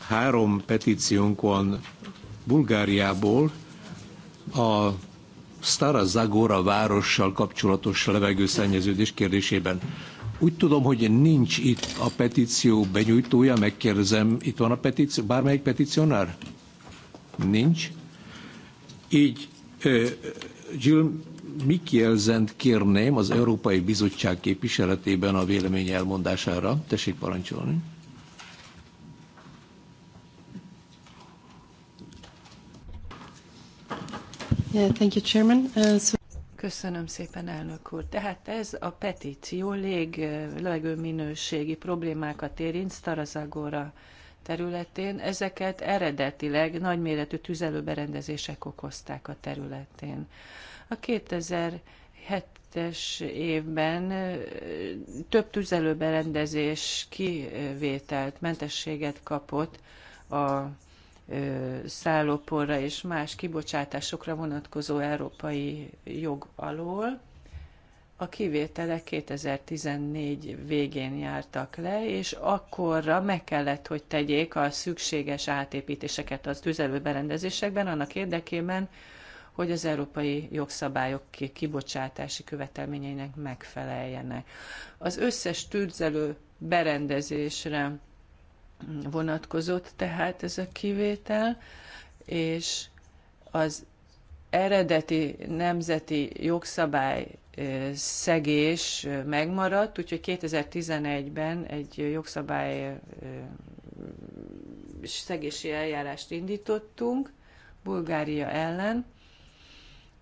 Három petíciónk van Bulgáriából, a Stara Zagora várossal kapcsolatos levegőszennyeződés kérdésében. Úgy tudom, hogy nincs itt a petíció benyújtója, megkérdezem, itt van a petíció, bármelyik petícionár? Nincs. Így uh, Jill Mikielzent kérném az Európai Bizottság képviseletében a vélemény elmondására. Tessék parancsolni. thank you, Chairman. Uh, so... Köszönöm szépen, elnök úr. Tehát ez a petíció lég, levegőminőségi problémákat érint Starazagora területén. Ezeket eredetileg nagyméretű tüzelőberendezések okozták a területén. A 2007-es évben több tüzelőberendezés kivételt, mentességet kapott a szállóporra és más kibocsátásokra vonatkozó európai jog alól. A kivételek 2014 végén jártak le, és akkorra meg kellett, hogy tegyék a szükséges átépítéseket az tüzelőberendezésekben annak érdekében, hogy az európai jogszabályok kibocsátási követelményeinek megfeleljenek. Az összes tüzelő berendezésre vonatkozott tehát ez a kivétel, és az eredeti nemzeti jogszabály szegés megmaradt, úgyhogy 2011-ben egy jogszabály szegési eljárást indítottunk Bulgária ellen,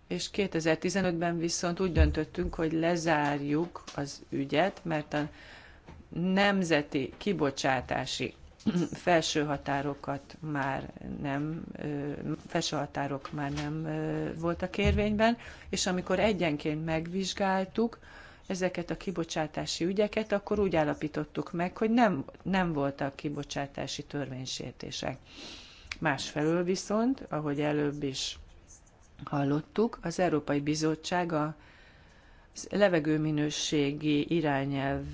és 2015-ben viszont úgy döntöttünk, hogy lezárjuk az ügyet, mert a nemzeti kibocsátási felső határokat már nem, felső határok már nem voltak érvényben, és amikor egyenként megvizsgáltuk ezeket a kibocsátási ügyeket, akkor úgy állapítottuk meg, hogy nem, nem voltak kibocsátási törvénysértések. Másfelől viszont, ahogy előbb is hallottuk, az Európai Bizottság a levegőminőségi irányelv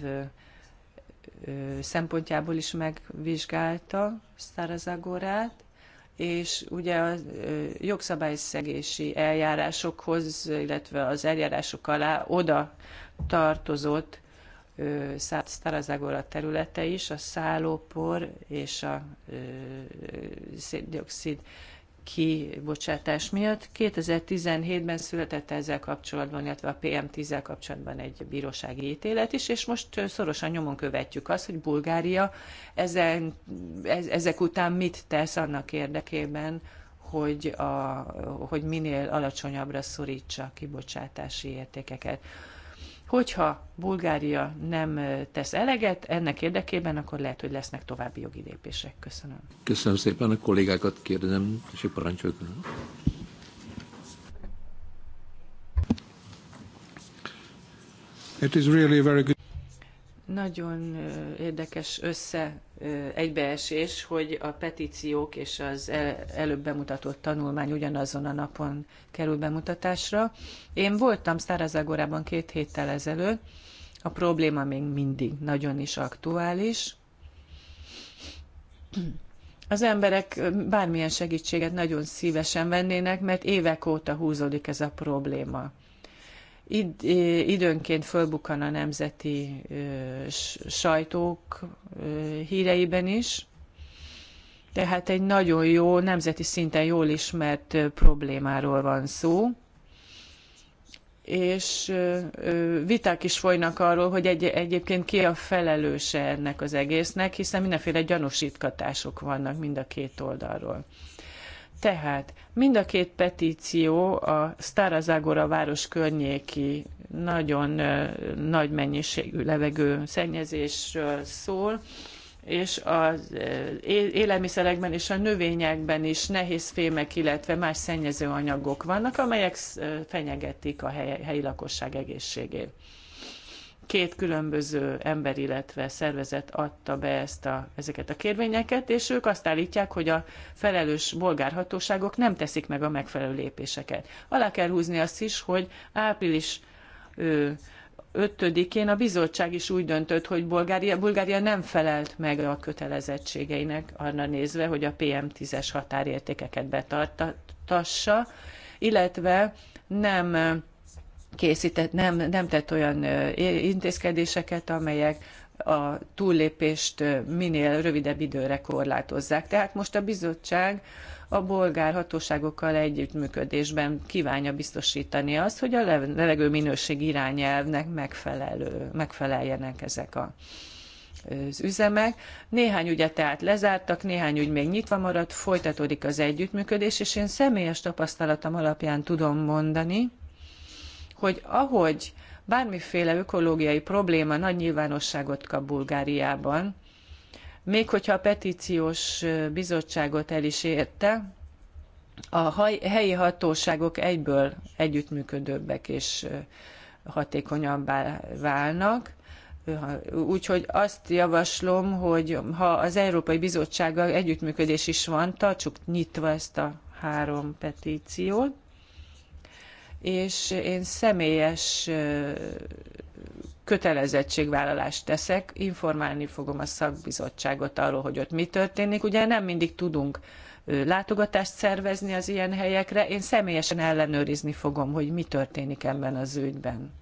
szempontjából is megvizsgálta Szárazagorát, és ugye a jogszabályszegési eljárásokhoz, illetve az eljárások alá oda tartozott Starazagora területe is, a szállópor és a széndiokszid kibocsátás miatt. 2017-ben született ezzel kapcsolatban, illetve a PM10-zel kapcsolatban egy bírósági ítélet is, és most szorosan nyomon követjük azt, hogy Bulgária ezen, ezek után mit tesz annak érdekében, hogy, a, hogy minél alacsonyabbra szorítsa a kibocsátási értékeket. Hogyha Bulgária nem tesz eleget ennek érdekében, akkor lehet, hogy lesznek további jogi lépések. Köszönöm. Köszönöm szépen. A kollégákat kérdezem, és parancsoljuk. It is really a very good nagyon érdekes össze egybeesés, hogy a petíciók és az előbb bemutatott tanulmány ugyanazon a napon kerül bemutatásra. Én voltam Szárazagorában két héttel ezelőtt, a probléma még mindig nagyon is aktuális. Az emberek bármilyen segítséget nagyon szívesen vennének, mert évek óta húzódik ez a probléma id, időnként fölbukkan a nemzeti sajtók híreiben is. Tehát egy nagyon jó, nemzeti szinten jól ismert problémáról van szó és viták is folynak arról, hogy egy, egyébként ki a felelőse ennek az egésznek, hiszen mindenféle gyanúsítgatások vannak mind a két oldalról. Tehát mind a két petíció a Zagora város környéki nagyon nagy mennyiségű levegő szennyezésről szól, és az élelmiszerekben és a növényekben is nehéz fémek, illetve más szennyező anyagok vannak, amelyek fenyegetik a helyi lakosság egészségét két különböző ember, illetve szervezet adta be ezt a, ezeket a kérvényeket, és ők azt állítják, hogy a felelős bolgárhatóságok nem teszik meg a megfelelő lépéseket. Alá kell húzni azt is, hogy április ő, 5-én a bizottság is úgy döntött, hogy Bulgária, Bulgária nem felelt meg a kötelezettségeinek arra nézve, hogy a PM10-es határértékeket betartassa, illetve nem készített, nem, nem tett olyan intézkedéseket, amelyek a túllépést minél rövidebb időre korlátozzák. Tehát most a bizottság a bolgár hatóságokkal együttműködésben kívánja biztosítani azt, hogy a levegő minőség irányelvnek megfelelő, megfeleljenek ezek a az üzemek. Néhány ügyet tehát lezártak, néhány ügy még nyitva maradt, folytatódik az együttműködés, és én személyes tapasztalatom alapján tudom mondani, hogy ahogy bármiféle ökológiai probléma nagy nyilvánosságot kap Bulgáriában, még hogyha a petíciós bizottságot el is érte, a helyi hatóságok egyből együttműködőbbek és hatékonyabbá válnak. Úgyhogy azt javaslom, hogy ha az Európai Bizottsággal együttműködés is van, tartsuk nyitva ezt a három petíciót és én személyes kötelezettségvállalást teszek, informálni fogom a szakbizottságot arról, hogy ott mi történik. Ugye nem mindig tudunk látogatást szervezni az ilyen helyekre, én személyesen ellenőrizni fogom, hogy mi történik ebben az ügyben.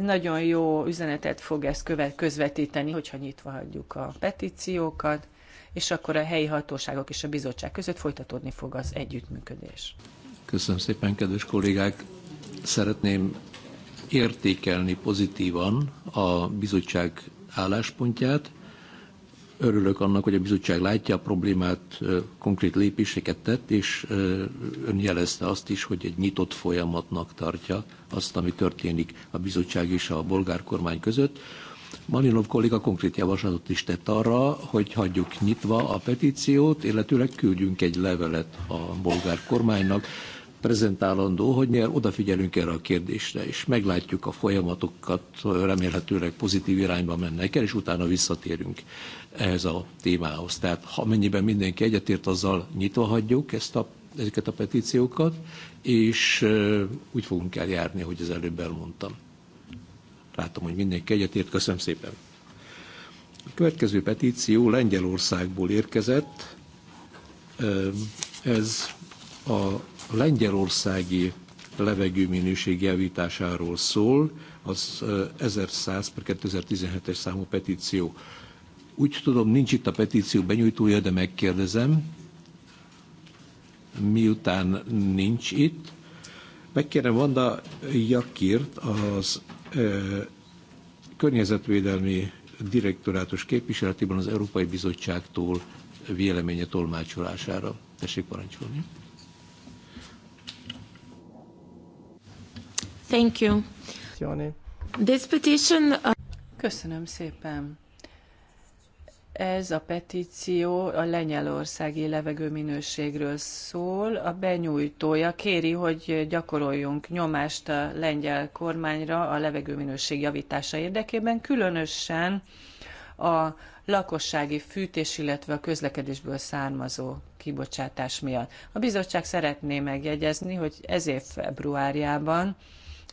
Nagyon jó üzenetet fog ez közvetíteni, hogyha nyitva hagyjuk a petíciókat és akkor a helyi hatóságok és a bizottság között folytatódni fog az együttműködés. Köszönöm szépen, kedves kollégák! Szeretném értékelni pozitívan a bizottság álláspontját. Örülök annak, hogy a bizottság látja a problémát, konkrét lépéseket tett, és ön jelezte azt is, hogy egy nyitott folyamatnak tartja azt, ami történik a bizottság és a bolgár kormány között. Malinov kolléga konkrét javaslatot is tett arra, hogy hagyjuk nyitva a petíciót, illetőleg küldjünk egy levelet a bolgár kormánynak, prezentálandó, hogy mi odafigyelünk erre a kérdésre, és meglátjuk a folyamatokat, remélhetőleg pozitív irányba mennek el, és utána visszatérünk ehhez a témához. Tehát amennyiben mindenki egyetért, azzal nyitva hagyjuk ezt a, ezeket a petíciókat, és úgy fogunk eljárni, hogy az előbb elmondtam. Látom, hogy mindenki egyetért. Köszönöm szépen. A következő petíció Lengyelországból érkezett. Ez a lengyelországi minőség javításáról szól, az 1100 per 2017-es számú petíció. Úgy tudom, nincs itt a petíció benyújtója, de megkérdezem. Miután nincs itt, megkérem Vanda Jakirt, az környezetvédelmi direktorátus képviseletében az Európai Bizottságtól véleménye tolmácsolására. Tessék parancsolni. Thank you. This petition... Uh, Köszönöm szépen. Ez a petíció a lengyelországi levegőminőségről szól. A benyújtója kéri, hogy gyakoroljunk nyomást a lengyel kormányra a levegőminőség javítása érdekében, különösen a lakossági fűtés, illetve a közlekedésből származó kibocsátás miatt. A bizottság szeretné megjegyezni, hogy ez év februárjában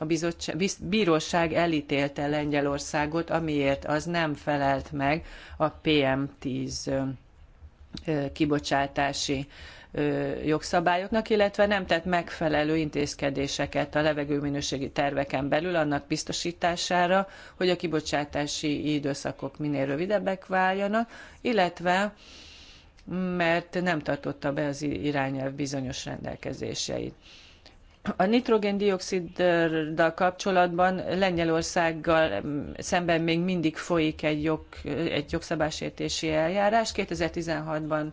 a bizottság, bíróság elítélte Lengyelországot, amiért az nem felelt meg a PM10 kibocsátási jogszabályoknak, illetve nem tett megfelelő intézkedéseket a levegőminőségi terveken belül annak biztosítására, hogy a kibocsátási időszakok minél rövidebbek váljanak, illetve mm, mert nem tartotta be az irányelv bizonyos rendelkezéseit. A nitrogéndioksziddal kapcsolatban Lengyelországgal szemben még mindig folyik egy, jog, egy jogszabásértési eljárás. 2016-ban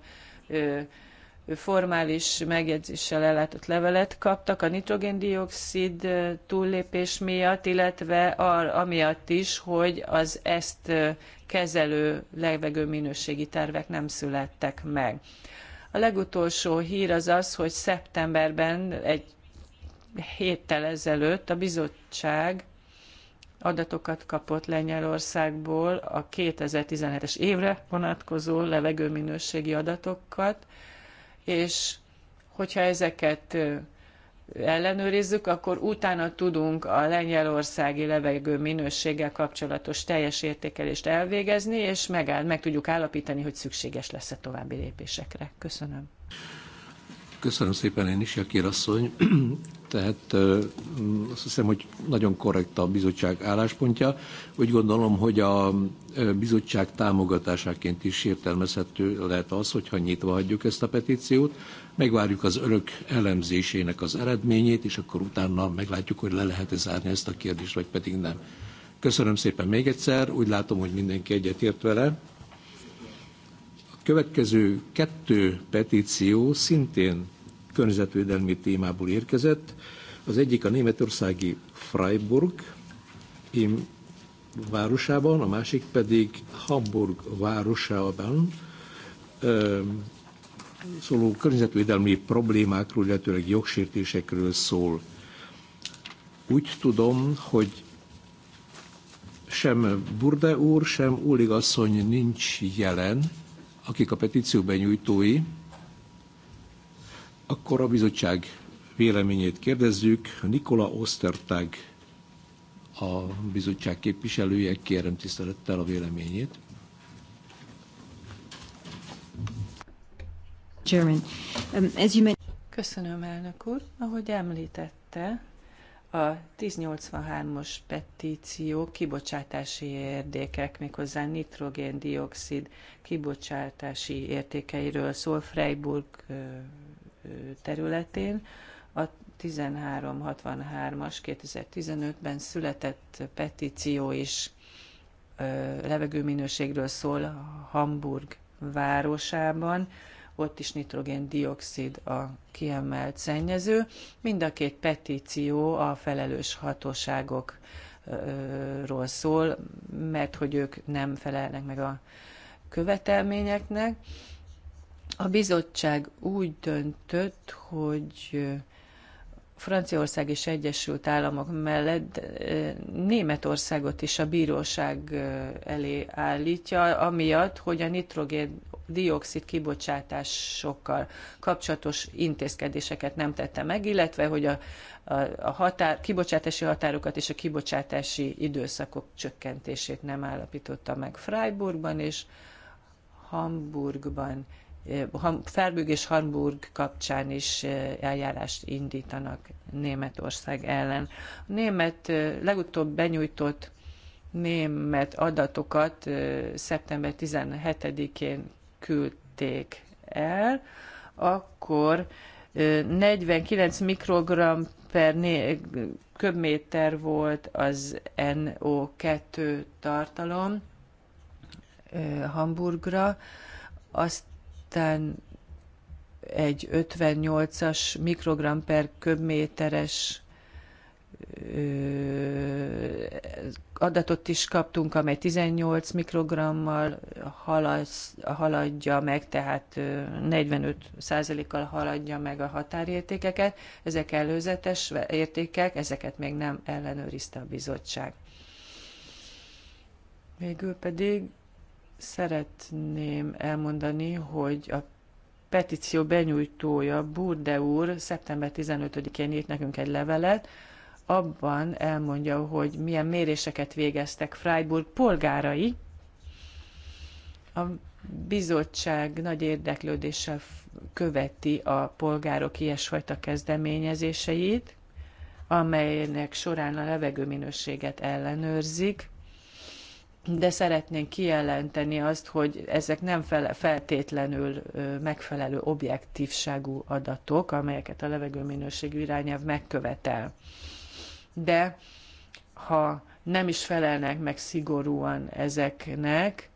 formális megjegyzéssel ellátott levelet kaptak a nitrogéndioxid túllépés miatt, illetve amiatt is, hogy az ezt kezelő minőségi tervek nem születtek meg. A legutolsó hír az az, hogy szeptemberben egy héttel ezelőtt a bizottság adatokat kapott Lengyelországból a 2017-es évre vonatkozó levegőminőségi adatokat, és hogyha ezeket ellenőrizzük, akkor utána tudunk a lengyelországi levegő minőséggel kapcsolatos teljes értékelést elvégezni, és meg, meg tudjuk állapítani, hogy szükséges lesz-e további lépésekre. Köszönöm. Köszönöm szépen én is, Jakir asszony. Tehát mm, azt hiszem, hogy nagyon korrekt a bizottság álláspontja. Úgy gondolom, hogy a bizottság támogatásáként is értelmezhető lehet az, hogyha nyitva hagyjuk ezt a petíciót, megvárjuk az örök elemzésének az eredményét, és akkor utána meglátjuk, hogy le lehet-e zárni ezt a kérdést, vagy pedig nem. Köszönöm szépen még egyszer, úgy látom, hogy mindenki egyetért vele következő kettő petíció szintén környezetvédelmi témából érkezett. Az egyik a németországi Freiburg im városában, a másik pedig Hamburg városában ö, szóló környezetvédelmi problémákról, illetőleg jogsértésekről szól. Úgy tudom, hogy sem Burde úr, sem Úlig asszony nincs jelen, akik a petíció benyújtói, akkor a bizottság véleményét kérdezzük. Nikola Ostertag a bizottság képviselője, kérem tisztelettel a véleményét. Um, Köszönöm, elnök úr. Ahogy említette, a 1083 os petíció kibocsátási érdekek, méghozzá nitrogén-dioxid kibocsátási értékeiről szól Freiburg területén. A 1363-as 2015-ben született petíció is levegőminőségről szól Hamburg városában ott is nitrogén-dioxid a kiemelt szennyező. Mind a két petíció a felelős hatóságokról szól, mert hogy ők nem felelnek meg a követelményeknek. A bizottság úgy döntött, hogy Franciaország és Egyesült Államok mellett Németországot is a bíróság elé állítja, amiatt, hogy a nitrogén dioxid kibocsátásokkal kapcsolatos intézkedéseket nem tette meg, illetve hogy a, a, a határ, kibocsátási határokat és a kibocsátási időszakok csökkentését nem állapította meg Freiburgban és Hamburgban Eh, Ferburg és Hamburg kapcsán is eh, eljárást indítanak Németország ellen. A német eh, legutóbb benyújtott német adatokat szeptember 17-én küldték el, akkor 49 mikrogram per köbméter volt az NO2 tartalom Hamburgra, azt aztán egy 58-as mikrogram per köbméteres adatot is kaptunk, amely 18 mikrogrammal haladja meg, tehát 45 százalékkal haladja meg a határértékeket. Ezek előzetes értékek, ezeket még nem ellenőrizte a bizottság. Végül pedig szeretném elmondani, hogy a petíció benyújtója Burde úr szeptember 15-én írt nekünk egy levelet, abban elmondja, hogy milyen méréseket végeztek Freiburg polgárai. A bizottság nagy érdeklődéssel követi a polgárok ilyesfajta kezdeményezéseit, amelynek során a levegőminőséget ellenőrzik, de szeretnénk kijelenteni azt, hogy ezek nem feltétlenül megfelelő objektívságú adatok, amelyeket a levegőminőségű irányelv megkövetel. De ha nem is felelnek meg szigorúan ezeknek,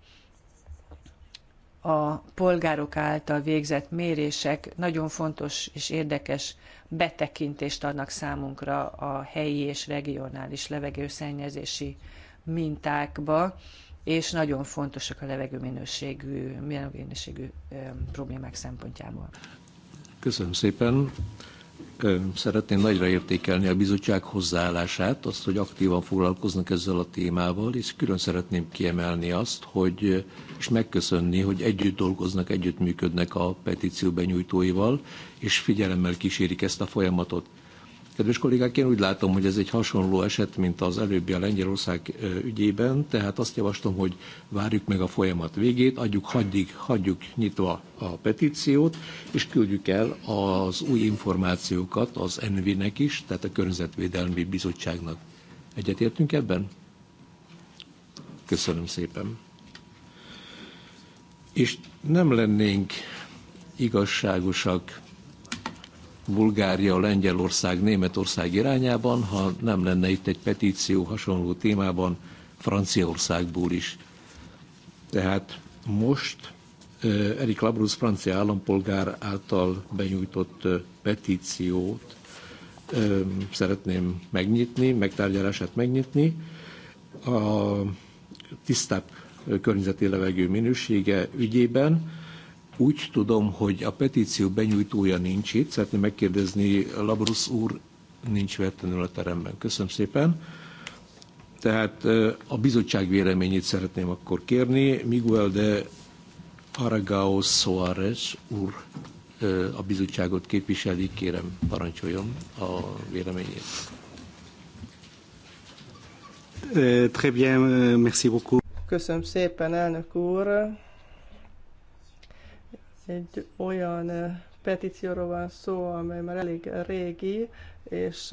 a polgárok által végzett mérések nagyon fontos és érdekes betekintést adnak számunkra a helyi és regionális levegőszennyezési mintákba, és nagyon fontosak a levegőminőségű, minőségű problémák szempontjából. Köszönöm szépen. Szeretném nagyra értékelni a bizottság hozzáállását, azt, hogy aktívan foglalkoznak ezzel a témával, és külön szeretném kiemelni azt, hogy, és megköszönni, hogy együtt dolgoznak, együtt működnek a petíció benyújtóival, és figyelemmel kísérik ezt a folyamatot. Kedves kollégák, én úgy látom, hogy ez egy hasonló eset, mint az előbbi a Lengyelország ügyében, tehát azt javaslom, hogy várjuk meg a folyamat végét, adjuk, hagyjuk, hagyjuk nyitva a petíciót, és küldjük el az új információkat az ENVI-nek is, tehát a Környezetvédelmi Bizottságnak. Egyetértünk ebben? Köszönöm szépen. És nem lennénk igazságosak Bulgária, Lengyelország, Németország irányában, ha nem lenne itt egy petíció hasonló témában Franciaországból is. Tehát most Erik Labrus francia állampolgár által benyújtott petíciót szeretném megnyitni, megtárgyalását megnyitni. A tisztább környezeti levegő minősége ügyében úgy tudom, hogy a petíció benyújtója nincs itt. Szeretném megkérdezni, Labrusz úr nincs vetlenül a teremben. Köszönöm szépen. Tehát a bizottság véleményét szeretném akkor kérni. Miguel de Aragao Soares úr a bizottságot képviseli, kérem parancsoljon a véleményét. Très bien, merci beaucoup. Köszönöm szépen, elnök úr. Egy olyan petícióról van szó, amely már elég régi, és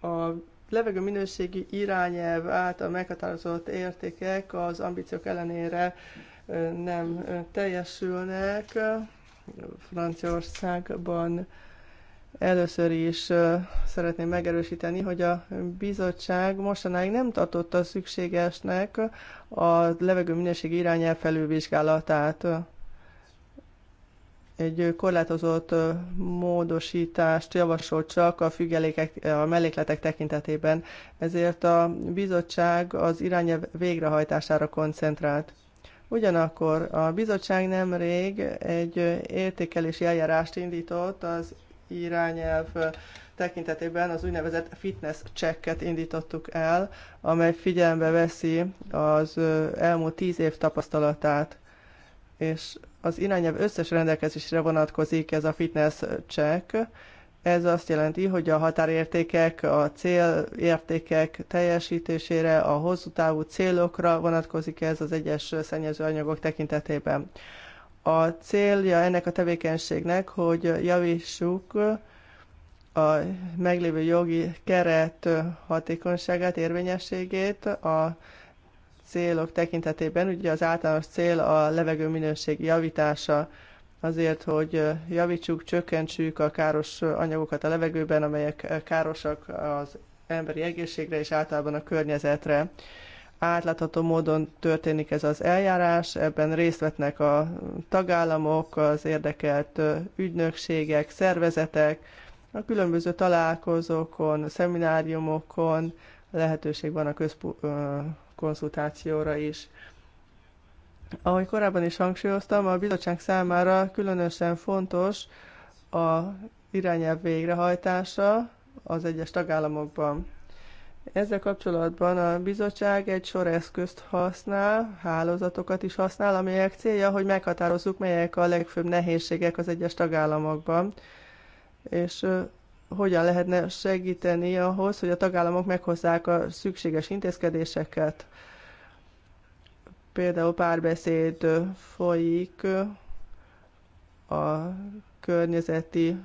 a levegő minőségi irányelv által meghatározott értékek az ambíciók ellenére nem teljesülnek. Franciaországban először is szeretném megerősíteni, hogy a bizottság mostanáig nem tartotta szükségesnek a levegő minőségi irányelv felülvizsgálatát egy korlátozott módosítást javasol csak a függelékek, a mellékletek tekintetében, ezért a bizottság az irányelv végrehajtására koncentrált. Ugyanakkor a bizottság nemrég egy értékelési eljárást indított az irányelv tekintetében az úgynevezett fitness checket indítottuk el, amely figyelembe veszi az elmúlt tíz év tapasztalatát, és az irányelv összes rendelkezésre vonatkozik ez a fitness check. Ez azt jelenti, hogy a határértékek, a célértékek teljesítésére, a hosszú távú célokra vonatkozik ez az egyes szennyezőanyagok tekintetében. A célja ennek a tevékenységnek, hogy javítsuk a meglévő jogi keret hatékonyságát, érvényességét, a célok tekintetében, ugye az általános cél a levegő minőség javítása, azért, hogy javítsuk, csökkentsük a káros anyagokat a levegőben, amelyek károsak az emberi egészségre és általában a környezetre. Átlátható módon történik ez az eljárás, ebben részt vetnek a tagállamok, az érdekelt ügynökségek, szervezetek, a különböző találkozókon, szemináriumokon lehetőség van a közpu- konzultációra is. Ahogy korábban is hangsúlyoztam, a bizottság számára különösen fontos a irányelv végrehajtása az egyes tagállamokban. Ezzel kapcsolatban a bizottság egy sor eszközt használ, hálózatokat is használ, amelyek célja, hogy meghatározzuk, melyek a legfőbb nehézségek az egyes tagállamokban, és hogyan lehetne segíteni ahhoz, hogy a tagállamok meghozzák a szükséges intézkedéseket. Például párbeszéd folyik a környezeti,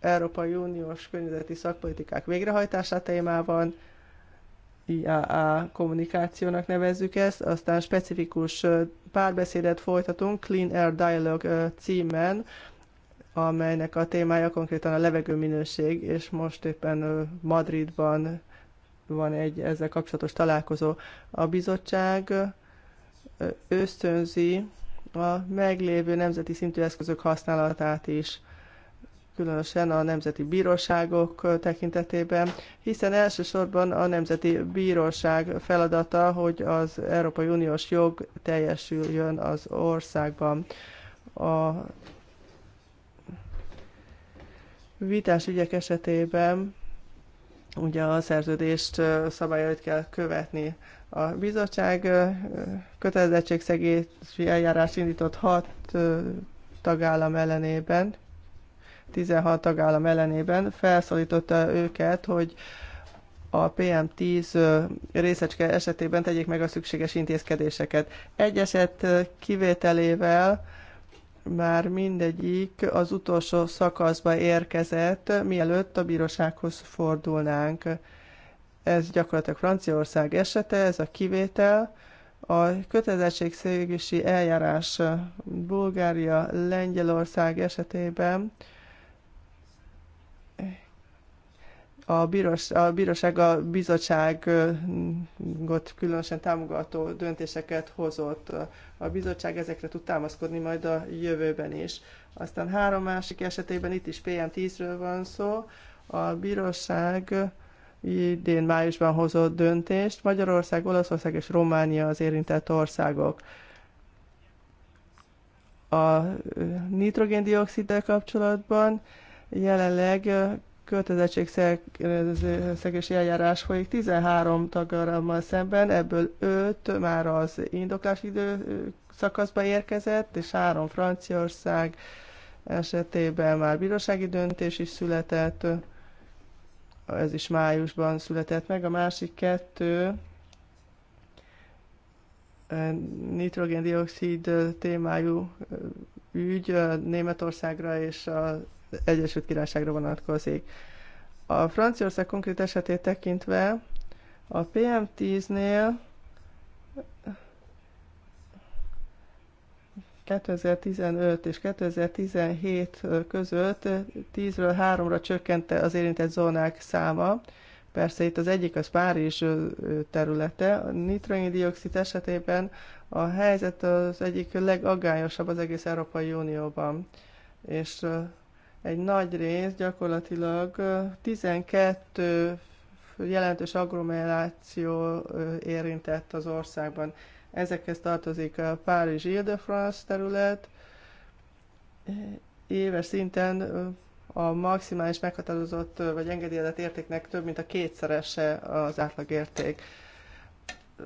Európai Uniós környezeti szakpolitikák végrehajtása témában, IAA kommunikációnak nevezzük ezt, aztán specifikus párbeszédet folytatunk Clean Air Dialogue címen amelynek a témája konkrétan a levegő minőség, és most éppen Madridban van egy ezzel kapcsolatos találkozó. A bizottság ösztönzi a meglévő nemzeti szintű eszközök használatát is, különösen a nemzeti bíróságok tekintetében, hiszen elsősorban a nemzeti bíróság feladata, hogy az Európai Uniós jog teljesüljön az országban. A vitás ügyek esetében ugye a szerződést szabályait kell követni. A bizottság kötelezettségszegési eljárás indított 6 tagállam ellenében, 16 tagállam ellenében felszólította őket, hogy a PM10 részecske esetében tegyék meg a szükséges intézkedéseket. Egy eset kivételével már mindegyik az utolsó szakaszba érkezett, mielőtt a bírósághoz fordulnánk. Ez gyakorlatilag Franciaország esete, ez a kivétel. A kötelezettségszegési eljárás Bulgária, Lengyelország esetében a, bíros, a bíróság a bizottságot különösen támogató döntéseket hozott. A bizottság ezekre tud támaszkodni majd a jövőben is. Aztán három másik esetében itt is PM10-ről van szó. A bíróság idén májusban hozott döntést. Magyarország, Olaszország és Románia az érintett országok. A nitrogéndioxiddel kapcsolatban jelenleg szegési eljárás folyik 13 tagarammal szemben, ebből 5 már az indoklás idő szakaszba érkezett, és 3 Franciaország esetében már bírósági döntés is született, ez is májusban született meg, a másik kettő nitrogén-dioksid eh, nitrogén-dioxid eh, témájú eh, ügy Németországra és a Egyesült Királyságra vonatkozik. A Franciaország konkrét esetét tekintve a PM10-nél 2015 és 2017 között 10-ről 3-ra csökkente az érintett zónák száma. Persze itt az egyik az Párizs területe. A nitrogén-dioxid esetében a helyzet az egyik legaggályosabb az egész Európai Unióban. És egy nagy rész gyakorlatilag 12 jelentős agglomeráció érintett az országban. Ezekhez tartozik a Párizs Ile-de-France terület, éves szinten a maximális meghatározott vagy engedélyezett értéknek több mint a kétszerese az átlagérték.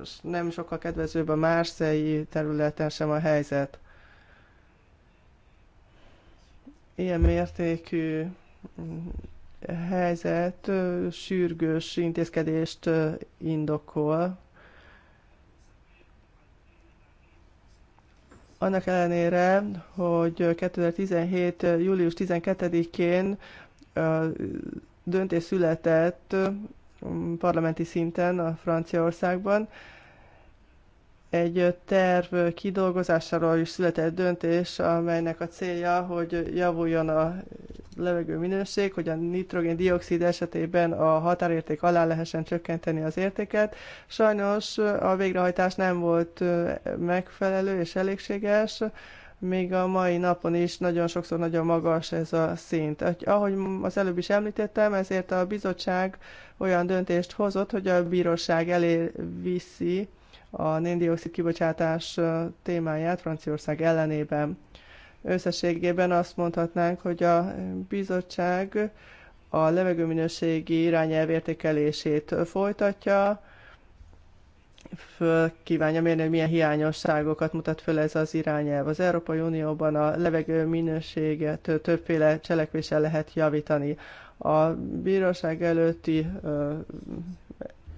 És nem sokkal kedvezőbb a márszei területen sem a helyzet. ilyen mértékű mm, helyzet sürgős intézkedést indokol. Annak ellenére, hogy 2017. július 12-én döntés született parlamenti szinten a Franciaországban, egy terv kidolgozásáról is született döntés, amelynek a célja, hogy javuljon a levegő minőség, hogy a nitrogén-dioxid esetében a határérték alá lehessen csökkenteni az értéket. Sajnos a végrehajtás nem volt megfelelő és elégséges, még a mai napon is nagyon sokszor nagyon magas ez a szint. Ahogy az előbb is említettem, ezért a bizottság olyan döntést hozott, hogy a bíróság elé viszi a néndiokszid kibocsátás témáját Franciaország ellenében. Összességében azt mondhatnánk, hogy a bizottság a levegőminőségi irányelv értékelését folytatja, föl kívánja mérni, hogy milyen hiányosságokat mutat föl ez az irányelv. Az Európai Unióban a levegő minőséget többféle cselekvéssel lehet javítani. A bíróság előtti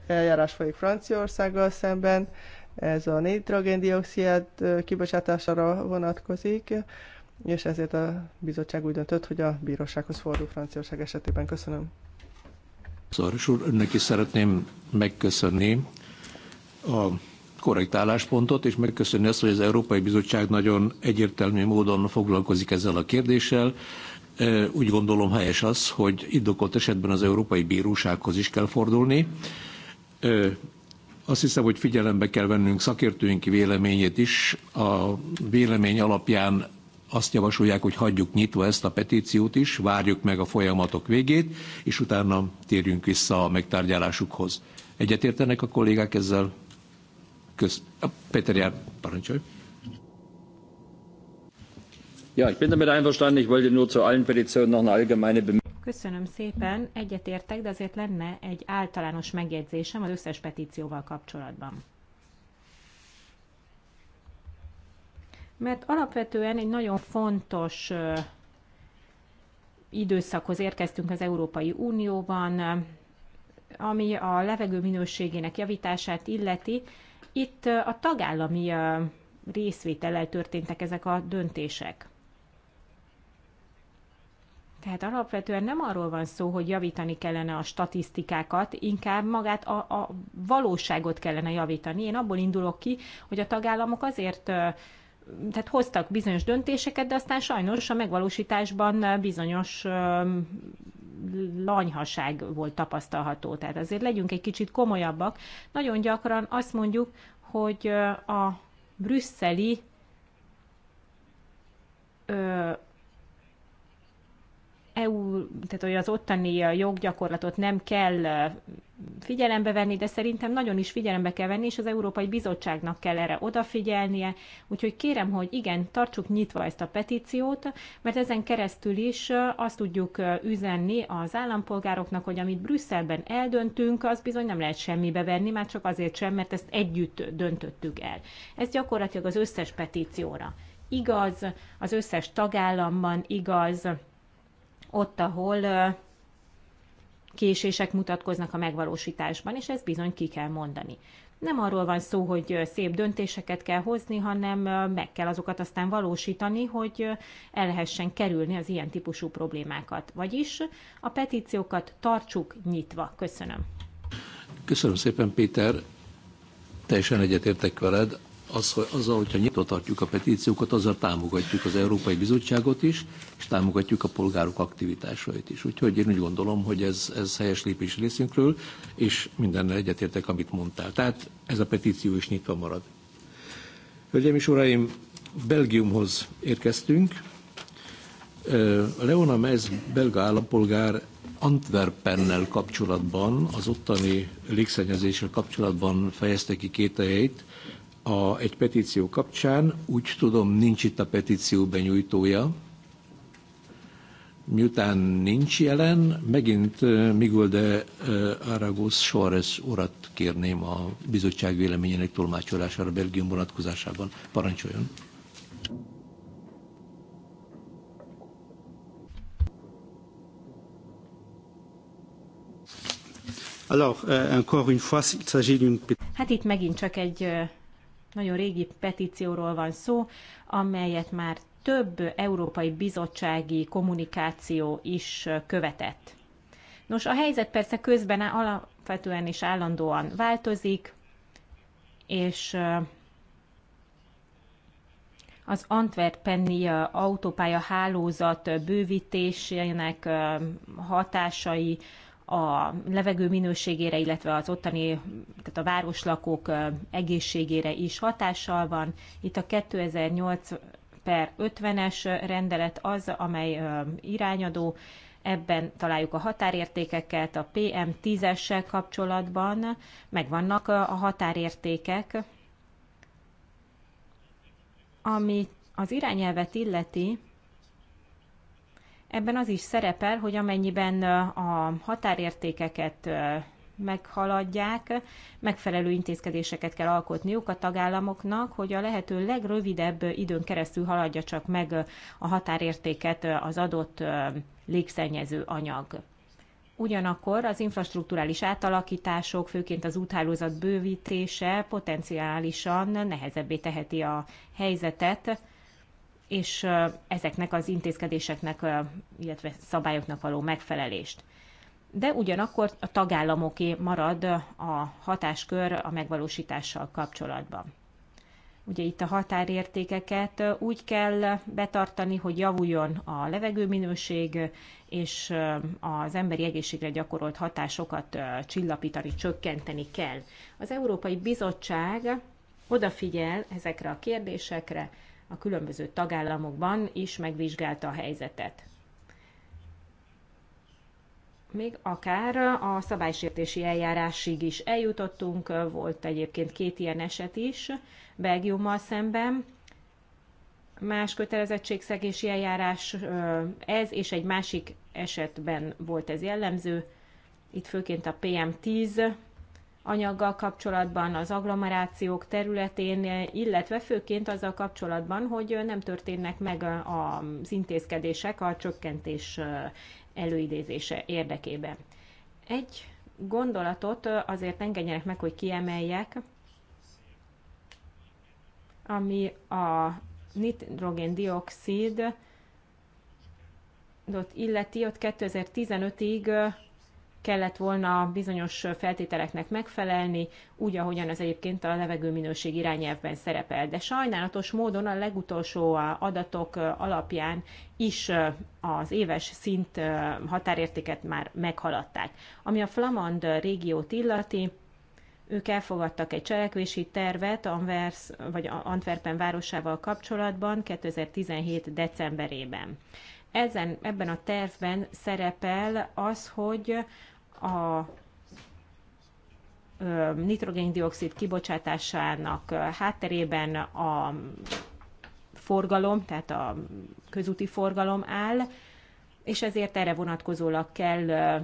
eljárás folyik Franciaországgal szemben, ez a nitrogéndioxid kibocsátására vonatkozik, és ezért a bizottság úgy döntött, hogy a bírósághoz fordul Franciaország esetében. Köszönöm. Szaros úr, önnek is szeretném megköszönni a korrekt álláspontot, és megköszönni azt, hogy az Európai Bizottság nagyon egyértelmű módon foglalkozik ezzel a kérdéssel. Úgy gondolom helyes az, hogy indokolt esetben az Európai Bírósághoz is kell fordulni. Azt hiszem, hogy figyelembe kell vennünk szakértőink véleményét is. A vélemény alapján azt javasolják, hogy hagyjuk nyitva ezt a petíciót is, várjuk meg a folyamatok végét, és utána térjünk vissza a megtárgyalásukhoz. Egyetértenek a kollégák ezzel? Kösz... Péter Jár, parancsolj! Ja, ich bin damit einverstanden. Ich wollte nur zu allen Petitionen noch eine allgemeine Bemerkung. Köszönöm szépen, egyetértek, de azért lenne egy általános megjegyzésem az összes petícióval kapcsolatban. Mert alapvetően egy nagyon fontos időszakhoz érkeztünk az Európai Unióban, ami a levegő minőségének javítását illeti. Itt a tagállami részvétellel történtek ezek a döntések. Tehát alapvetően nem arról van szó, hogy javítani kellene a statisztikákat, inkább magát a, a valóságot kellene javítani. Én abból indulok ki, hogy a tagállamok azért tehát hoztak bizonyos döntéseket, de aztán sajnos a megvalósításban bizonyos lanyhaság volt tapasztalható. Tehát azért legyünk egy kicsit komolyabbak. Nagyon gyakran azt mondjuk, hogy a brüsszeli EU, tehát hogy az ottani eh, joggyakorlatot nem kell eh, figyelembe venni, de szerintem nagyon is figyelembe kell venni, és az Európai Bizottságnak kell erre odafigyelnie. Úgyhogy kérem, hogy igen, tartsuk nyitva ezt a petíciót, mert ezen keresztül is eh, azt tudjuk üzenni az állampolgároknak, hogy amit Brüsszelben eldöntünk, az bizony nem lehet semmibe venni, már csak azért sem, mert ezt együtt döntöttük el. Ez gyakorlatilag az összes petícióra igaz, az összes tagállamban igaz, ott, ahol késések mutatkoznak a megvalósításban, és ezt bizony ki kell mondani. Nem arról van szó, hogy szép döntéseket kell hozni, hanem meg kell azokat aztán valósítani, hogy el lehessen kerülni az ilyen típusú problémákat. Vagyis a petíciókat tartsuk nyitva. Köszönöm. Köszönöm szépen, Péter. Teljesen egyetértek veled az, hogy azzal, hogyha nyitva tartjuk a petíciókat, azzal támogatjuk az Európai Bizottságot is, és támogatjuk a polgárok aktivitásait is. Úgyhogy én úgy gondolom, hogy ez, ez helyes lépés részünkről, és mindennel egyetértek, amit mondtál. Tehát ez a petíció is nyitva marad. Hölgyeim és Uraim, Belgiumhoz érkeztünk. Leona Mez, belga állampolgár, Antwerpennel kapcsolatban, az ottani légszennyezéssel kapcsolatban fejezte ki kételjeit, a, egy petíció kapcsán. Úgy tudom, nincs itt a petíció benyújtója. Miután nincs jelen, megint de Aragos Suarez urat kérném a bizottság véleményének tolmácsolására Belgium vonatkozásában. Parancsoljon! Alors, euh, encore une fois, il s'agit d'une... Hát itt megint csak egy nagyon régi petícióról van szó, amelyet már több európai bizottsági kommunikáció is követett. Nos, a helyzet persze közben alapvetően is állandóan változik, és uh, az Antwerpeni uh, autópálya hálózat bővítésének uh, hatásai a levegő minőségére, illetve az ottani, tehát a városlakók egészségére is hatással van. Itt a 2008 per 50-es rendelet az, amely irányadó, ebben találjuk a határértékeket, a PM10-essel kapcsolatban megvannak a határértékek, ami az irányelvet illeti, Ebben az is szerepel, hogy amennyiben a határértékeket meghaladják, megfelelő intézkedéseket kell alkotniuk a tagállamoknak, hogy a lehető legrövidebb időn keresztül haladja csak meg a határértéket az adott légszennyező anyag. Ugyanakkor az infrastruktúrális átalakítások, főként az úthálózat bővítése potenciálisan nehezebbé teheti a helyzetet, és ezeknek az intézkedéseknek, illetve szabályoknak való megfelelést. De ugyanakkor a tagállamoké marad a hatáskör a megvalósítással kapcsolatban. Ugye itt a határértékeket úgy kell betartani, hogy javuljon a levegőminőség, és az emberi egészségre gyakorolt hatásokat csillapítani, csökkenteni kell. Az Európai Bizottság odafigyel ezekre a kérdésekre, a különböző tagállamokban is megvizsgálta a helyzetet. Még akár a szabálysértési eljárásig is eljutottunk, volt egyébként két ilyen eset is Belgiummal szemben, más kötelezettségszegési eljárás ez, és egy másik esetben volt ez jellemző. Itt főként a PM10 anyaggal kapcsolatban, az agglomerációk területén, illetve főként azzal kapcsolatban, hogy nem történnek meg az intézkedések a csökkentés előidézése érdekében. Egy gondolatot azért engedjenek meg, hogy kiemeljek, ami a nitrogén-dioxid illeti, ott 2015-ig kellett volna bizonyos feltételeknek megfelelni, úgy, ahogyan az egyébként a levegőminőség irányelvben szerepel. De sajnálatos módon a legutolsó adatok alapján is az éves szint határértéket már meghaladták. Ami a Flamand régiót illeti, ők elfogadtak egy cselekvési tervet Anvers, vagy Antwerpen városával kapcsolatban 2017. decemberében. Ezen, ebben a tervben szerepel az, hogy a nitrogéndioxid kibocsátásának hátterében a forgalom, tehát a közúti forgalom áll, és ezért erre vonatkozólag kell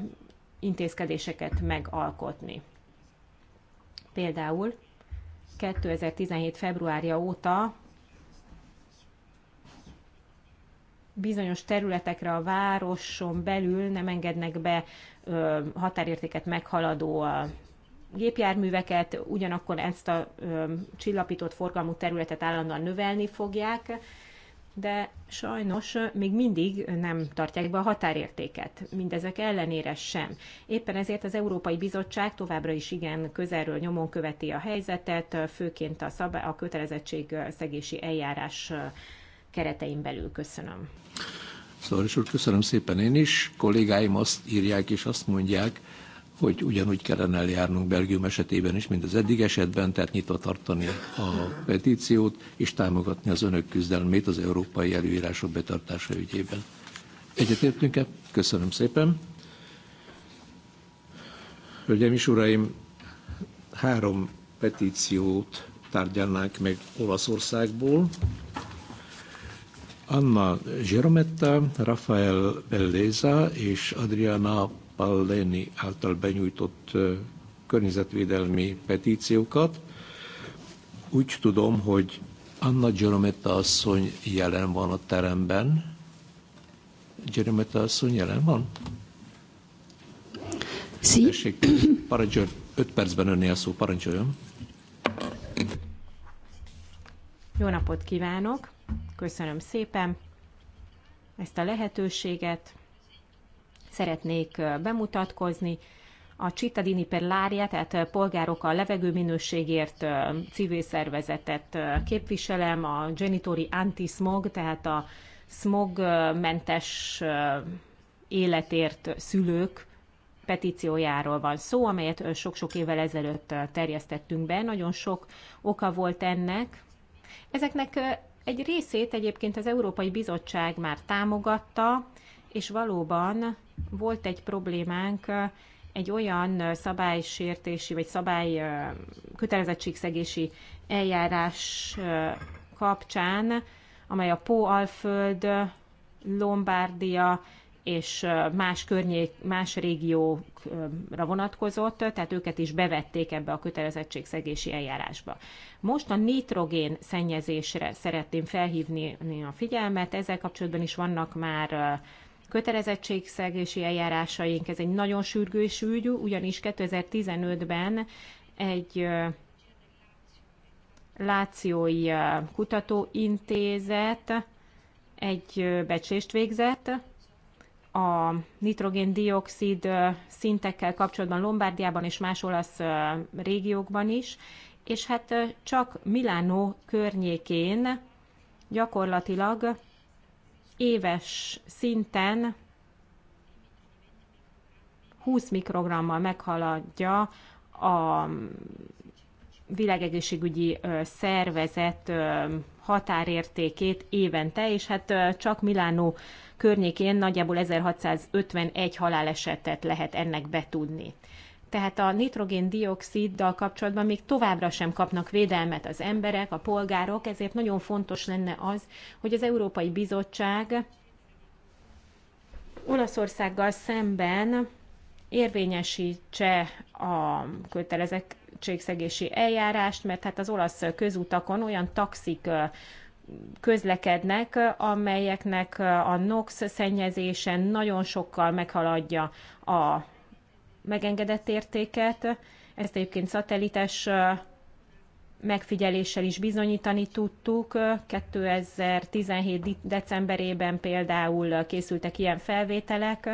intézkedéseket megalkotni. Például 2017. februárja óta bizonyos területekre a városon belül nem engednek be határértéket meghaladó gépjárműveket, ugyanakkor ezt a csillapított forgalmú területet állandóan növelni fogják, de sajnos még mindig nem tartják be a határértéket, mindezek ellenére sem. Éppen ezért az Európai Bizottság továbbra is igen közelről nyomon követi a helyzetet, főként a, szab- a szegési eljárás keretein belül. Köszönöm. Szóval úr, köszönöm szépen én is. Kollégáim azt írják és azt mondják, hogy ugyanúgy kellene eljárnunk Belgium esetében is, mint az eddig esetben, tehát nyitva tartani a petíciót, és támogatni az önök küzdelmét az európai előírások betartása ügyében. Egyetértünk-e? Köszönöm szépen. Hölgyeim és uraim, három petíciót tárgyalnánk meg Olaszországból. Anna Girometta, Rafael Belléza és Adriana Palleni által benyújtott környezetvédelmi petíciókat. Úgy tudom, hogy Anna Gyorometta asszony jelen van a teremben. Gyorometta asszony jelen van? Sí. Tessék, parancsoljon, öt percben önné a szó, parancsoljon. Jó napot kívánok! Köszönöm szépen ezt a lehetőséget. Szeretnék bemutatkozni. A Cittadini per Lária, tehát polgárok a levegőminőségért civil szervezetet képviselem, a Genitori anti smog tehát a smogmentes életért szülők petíciójáról van szó, amelyet sok-sok évvel ezelőtt terjesztettünk be. Nagyon sok oka volt ennek. Ezeknek egy részét egyébként az Európai Bizottság már támogatta, és valóban volt egy problémánk egy olyan szabálysértési vagy szabály kötelezettségszegési eljárás kapcsán, amely a Póalföld, Lombardia és más környék, más régiókra vonatkozott, tehát őket is bevették ebbe a kötelezettségszegési eljárásba. Most a nitrogén szennyezésre szeretném felhívni a figyelmet, ezzel kapcsolatban is vannak már kötelezettségszegési eljárásaink, ez egy nagyon sürgős ügy, ugyanis 2015-ben egy Lációi Kutatóintézet egy becsést végzett, a nitrogén-dioxid szintekkel kapcsolatban Lombardiában és más olasz régiókban is, és hát csak Milánó környékén gyakorlatilag éves szinten 20 mikrogrammal meghaladja a világegészségügyi szervezet határértékét évente, és hát csak Milánó környékén nagyjából 1651 halálesetet lehet ennek betudni. Tehát a nitrogén-dioxiddal kapcsolatban még továbbra sem kapnak védelmet az emberek, a polgárok, ezért nagyon fontos lenne az, hogy az Európai Bizottság Olaszországgal szemben érvényesítse a kötelezettségszegési eljárást, mert hát az olasz közutakon olyan taxik közlekednek, amelyeknek a NOx szennyezése nagyon sokkal meghaladja a megengedett értéket. Ezt egyébként szatellites megfigyeléssel is bizonyítani tudtuk. 2017. decemberében például készültek ilyen felvételek,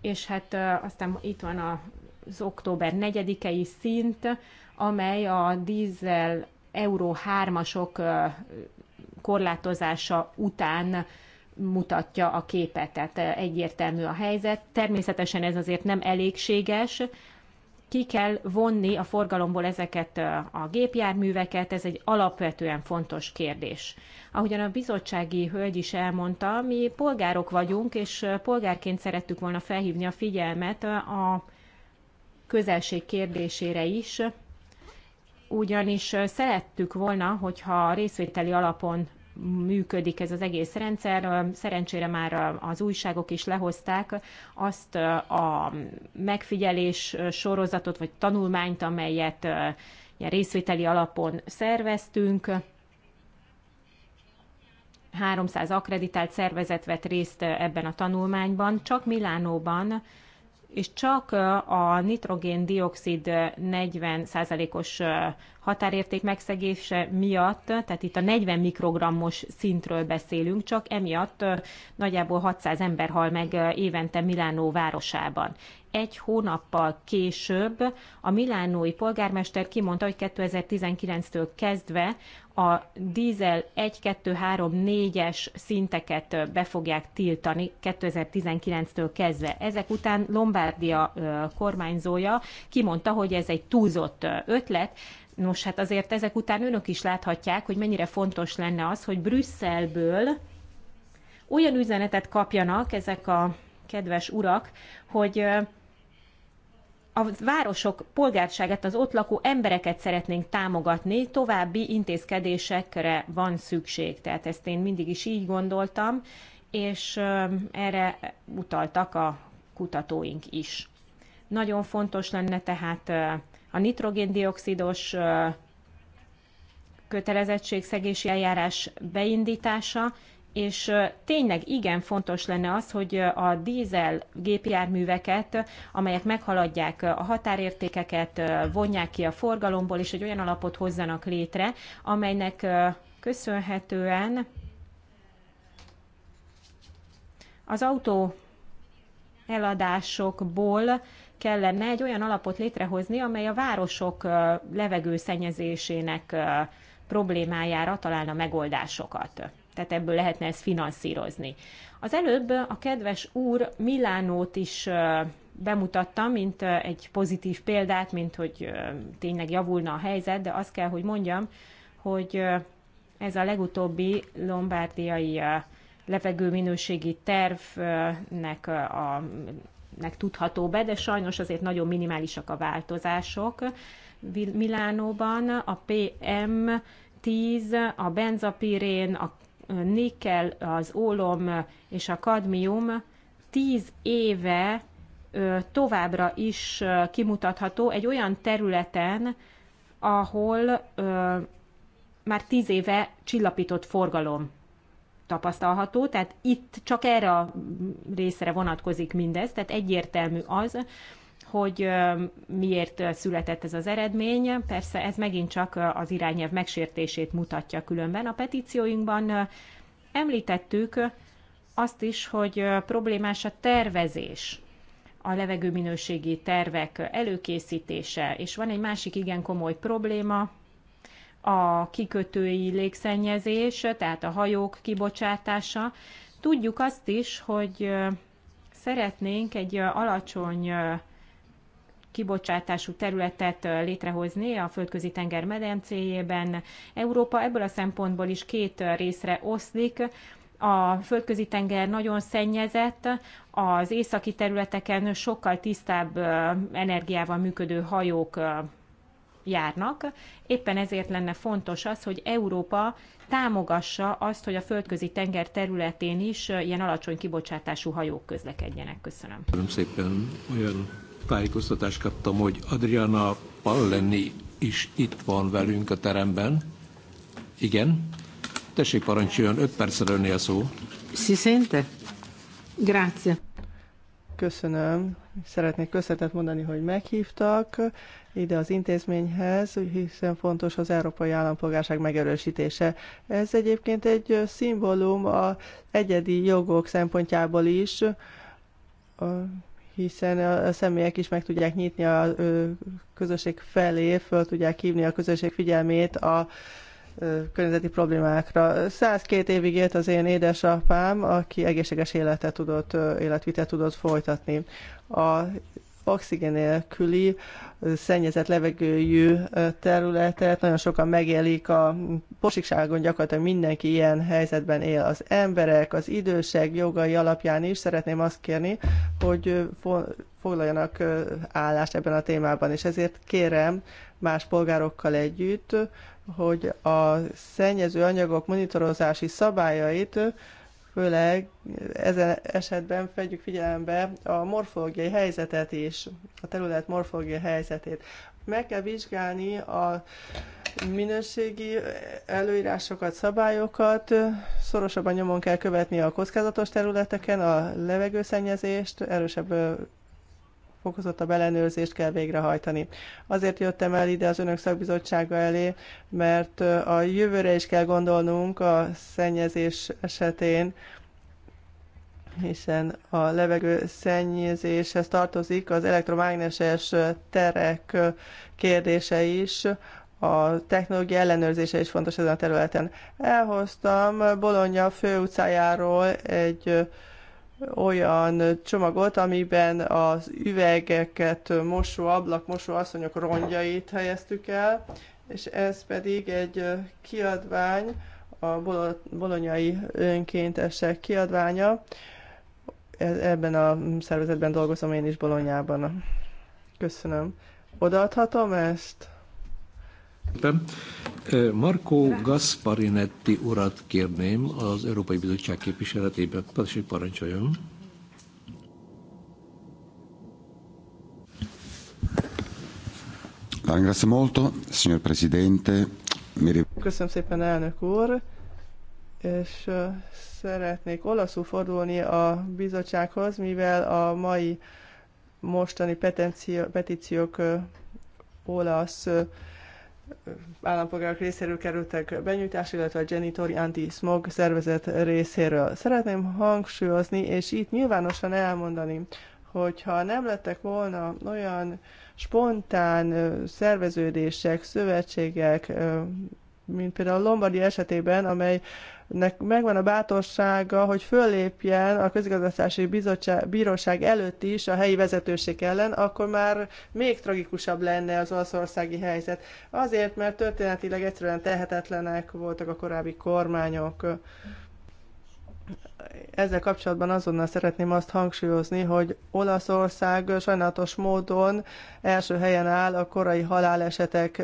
és hát aztán itt van az október 4-i szint, amely a dízel Euró 3-asok korlátozása után mutatja a képet, tehát eh, egyértelmű a helyzet. Természetesen ez azért nem elégséges, ki kell vonni a forgalomból ezeket eh, a gépjárműveket, ez egy alapvetően fontos kérdés. Ahogyan a bizottsági hölgy is elmondta, mi polgárok vagyunk, és eh, polgárként szerettük volna felhívni a figyelmet a közelség kérdésére is, ugyanis szerettük volna, hogyha részvételi alapon működik ez az egész rendszer. Szerencsére már az újságok is lehozták azt a megfigyelés sorozatot, vagy tanulmányt, amelyet részvételi alapon szerveztünk. 300 akreditált szervezet vett részt ebben a tanulmányban, csak Milánóban és csak a nitrogén-dioxid 40%-os határérték megszegése miatt, tehát itt a 40 mikrogrammos szintről beszélünk, csak emiatt nagyjából 600 ember hal meg évente Milánó városában. Egy hónappal később a milánói polgármester kimondta, hogy 2019-től kezdve a dízel 1, 2, 3, 4-es szinteket be fogják tiltani 2019-től kezdve. Ezek után Lombardia kormányzója kimondta, hogy ez egy túlzott ötlet, Nos, hát azért ezek után önök is láthatják, hogy mennyire fontos lenne az, hogy Brüsszelből olyan üzenetet kapjanak ezek a kedves urak, hogy a városok polgárságát, az ott lakó embereket szeretnénk támogatni, további intézkedésekre van szükség. Tehát ezt én mindig is így gondoltam, és erre utaltak a kutatóink is. Nagyon fontos lenne tehát a nitrogéndioxidos kötelezettségszegési eljárás beindítása, és tényleg igen fontos lenne az, hogy a dízel gépjárműveket, amelyek meghaladják a határértékeket, vonják ki a forgalomból, és egy olyan alapot hozzanak létre, amelynek köszönhetően az autó eladásokból kellene egy olyan alapot létrehozni, amely a városok levegőszennyezésének problémájára találna megoldásokat. Tehát ebből lehetne ezt finanszírozni. Az előbb a kedves úr Milánót is bemutatta, mint egy pozitív példát, mint hogy tényleg javulna a helyzet, de azt kell, hogy mondjam, hogy ez a legutóbbi lombárdiai levegőminőségi tervnek a nek tudható be, de sajnos azért nagyon minimálisak a változások. Milánóban a PM10, a benzapirén, a nikkel, az ólom és a kadmium tíz éve továbbra is kimutatható egy olyan területen, ahol már tíz éve csillapított forgalom tapasztalható, tehát itt csak erre a részre vonatkozik mindez, tehát egyértelmű az, hogy miért született ez az eredmény. Persze ez megint csak az irányelv megsértését mutatja különben. A petícióinkban említettük azt is, hogy problémás a tervezés, a levegőminőségi tervek előkészítése, és van egy másik igen komoly probléma, a kikötői légszennyezés, tehát a hajók kibocsátása. Tudjuk azt is, hogy szeretnénk egy alacsony kibocsátású területet létrehozni a földközi tenger medencéjében. Európa ebből a szempontból is két részre oszlik. A földközi tenger nagyon szennyezett, az északi területeken sokkal tisztább energiával működő hajók járnak. Éppen ezért lenne fontos az, hogy Európa támogassa azt, hogy a földközi tenger területén is ilyen alacsony kibocsátású hajók közlekedjenek. Köszönöm. Köszönöm szépen. Olyan tájékoztatást kaptam, hogy Adriana Palleni is itt van velünk a teremben. Igen. Tessék parancsoljon, 5 percre a szó. Si sente? Grazie. Köszönöm. Szeretnék köszönetet mondani, hogy meghívtak ide az intézményhez, hiszen fontos az európai állampolgárság megerősítése. Ez egyébként egy szimbólum a egyedi jogok szempontjából is. A hiszen a személyek is meg tudják nyitni a közösség felé, föl tudják hívni a közösség figyelmét a környezeti problémákra. 102 évig élt az én édesapám, aki egészséges életet tudott, életvitet tudott folytatni. A oxigén nélküli szennyezett levegőjű területet. Nagyon sokan megélik a posikságon, gyakorlatilag mindenki ilyen helyzetben él. Az emberek, az idősek jogai alapján is szeretném azt kérni, hogy foglaljanak állást ebben a témában, és ezért kérem más polgárokkal együtt, hogy a szennyező anyagok monitorozási szabályait főleg ezen esetben vegyük figyelembe a morfológiai helyzetet is, a terület morfológiai helyzetét. Meg kell vizsgálni a minőségi előírásokat, szabályokat, szorosabban nyomon kell követni a kockázatos területeken a levegőszennyezést, erősebb fokozottabb ellenőrzést kell végrehajtani. Azért jöttem el ide az önök szakbizottsága elé, mert a jövőre is kell gondolnunk a szennyezés esetén, hiszen a levegő szennyezéshez tartozik az elektromágneses terek kérdése is, a technológia ellenőrzése is fontos ezen a területen. Elhoztam Bologna főutcájáról egy olyan csomagot, amiben az üvegeket, mosó ablak, mosó asszonyok rongyait helyeztük el, és ez pedig egy kiadvány, a bolonyai önkéntesek kiadványa. E-, ebben a szervezetben dolgozom én is Bolonyában. Köszönöm. Odaadhatom ezt? Marco Gasparinetti urat kérném az Európai Bizottság képviseletében. Tessék, parancsoljon. Köszönöm szépen, elnök úr, és szeretnék olaszul fordulni a bizottsághoz, mivel a mai mostani petíciók olasz állampolgárok részéről kerültek benyújtás, illetve a Genitori Anti-Smog szervezet részéről. Szeretném hangsúlyozni, és itt nyilvánosan elmondani, hogyha nem lettek volna olyan spontán szerveződések, szövetségek, mint például a Lombardi esetében, amely nek megvan a bátorsága, hogy föllépjen a közigazgatási bizottság, bíróság előtt is a helyi vezetőség ellen, akkor már még tragikusabb lenne az olaszországi helyzet. Azért, mert történetileg egyszerűen tehetetlenek voltak a korábbi kormányok ezzel kapcsolatban azonnal szeretném azt hangsúlyozni, hogy Olaszország sajnálatos módon első helyen áll a korai halálesetek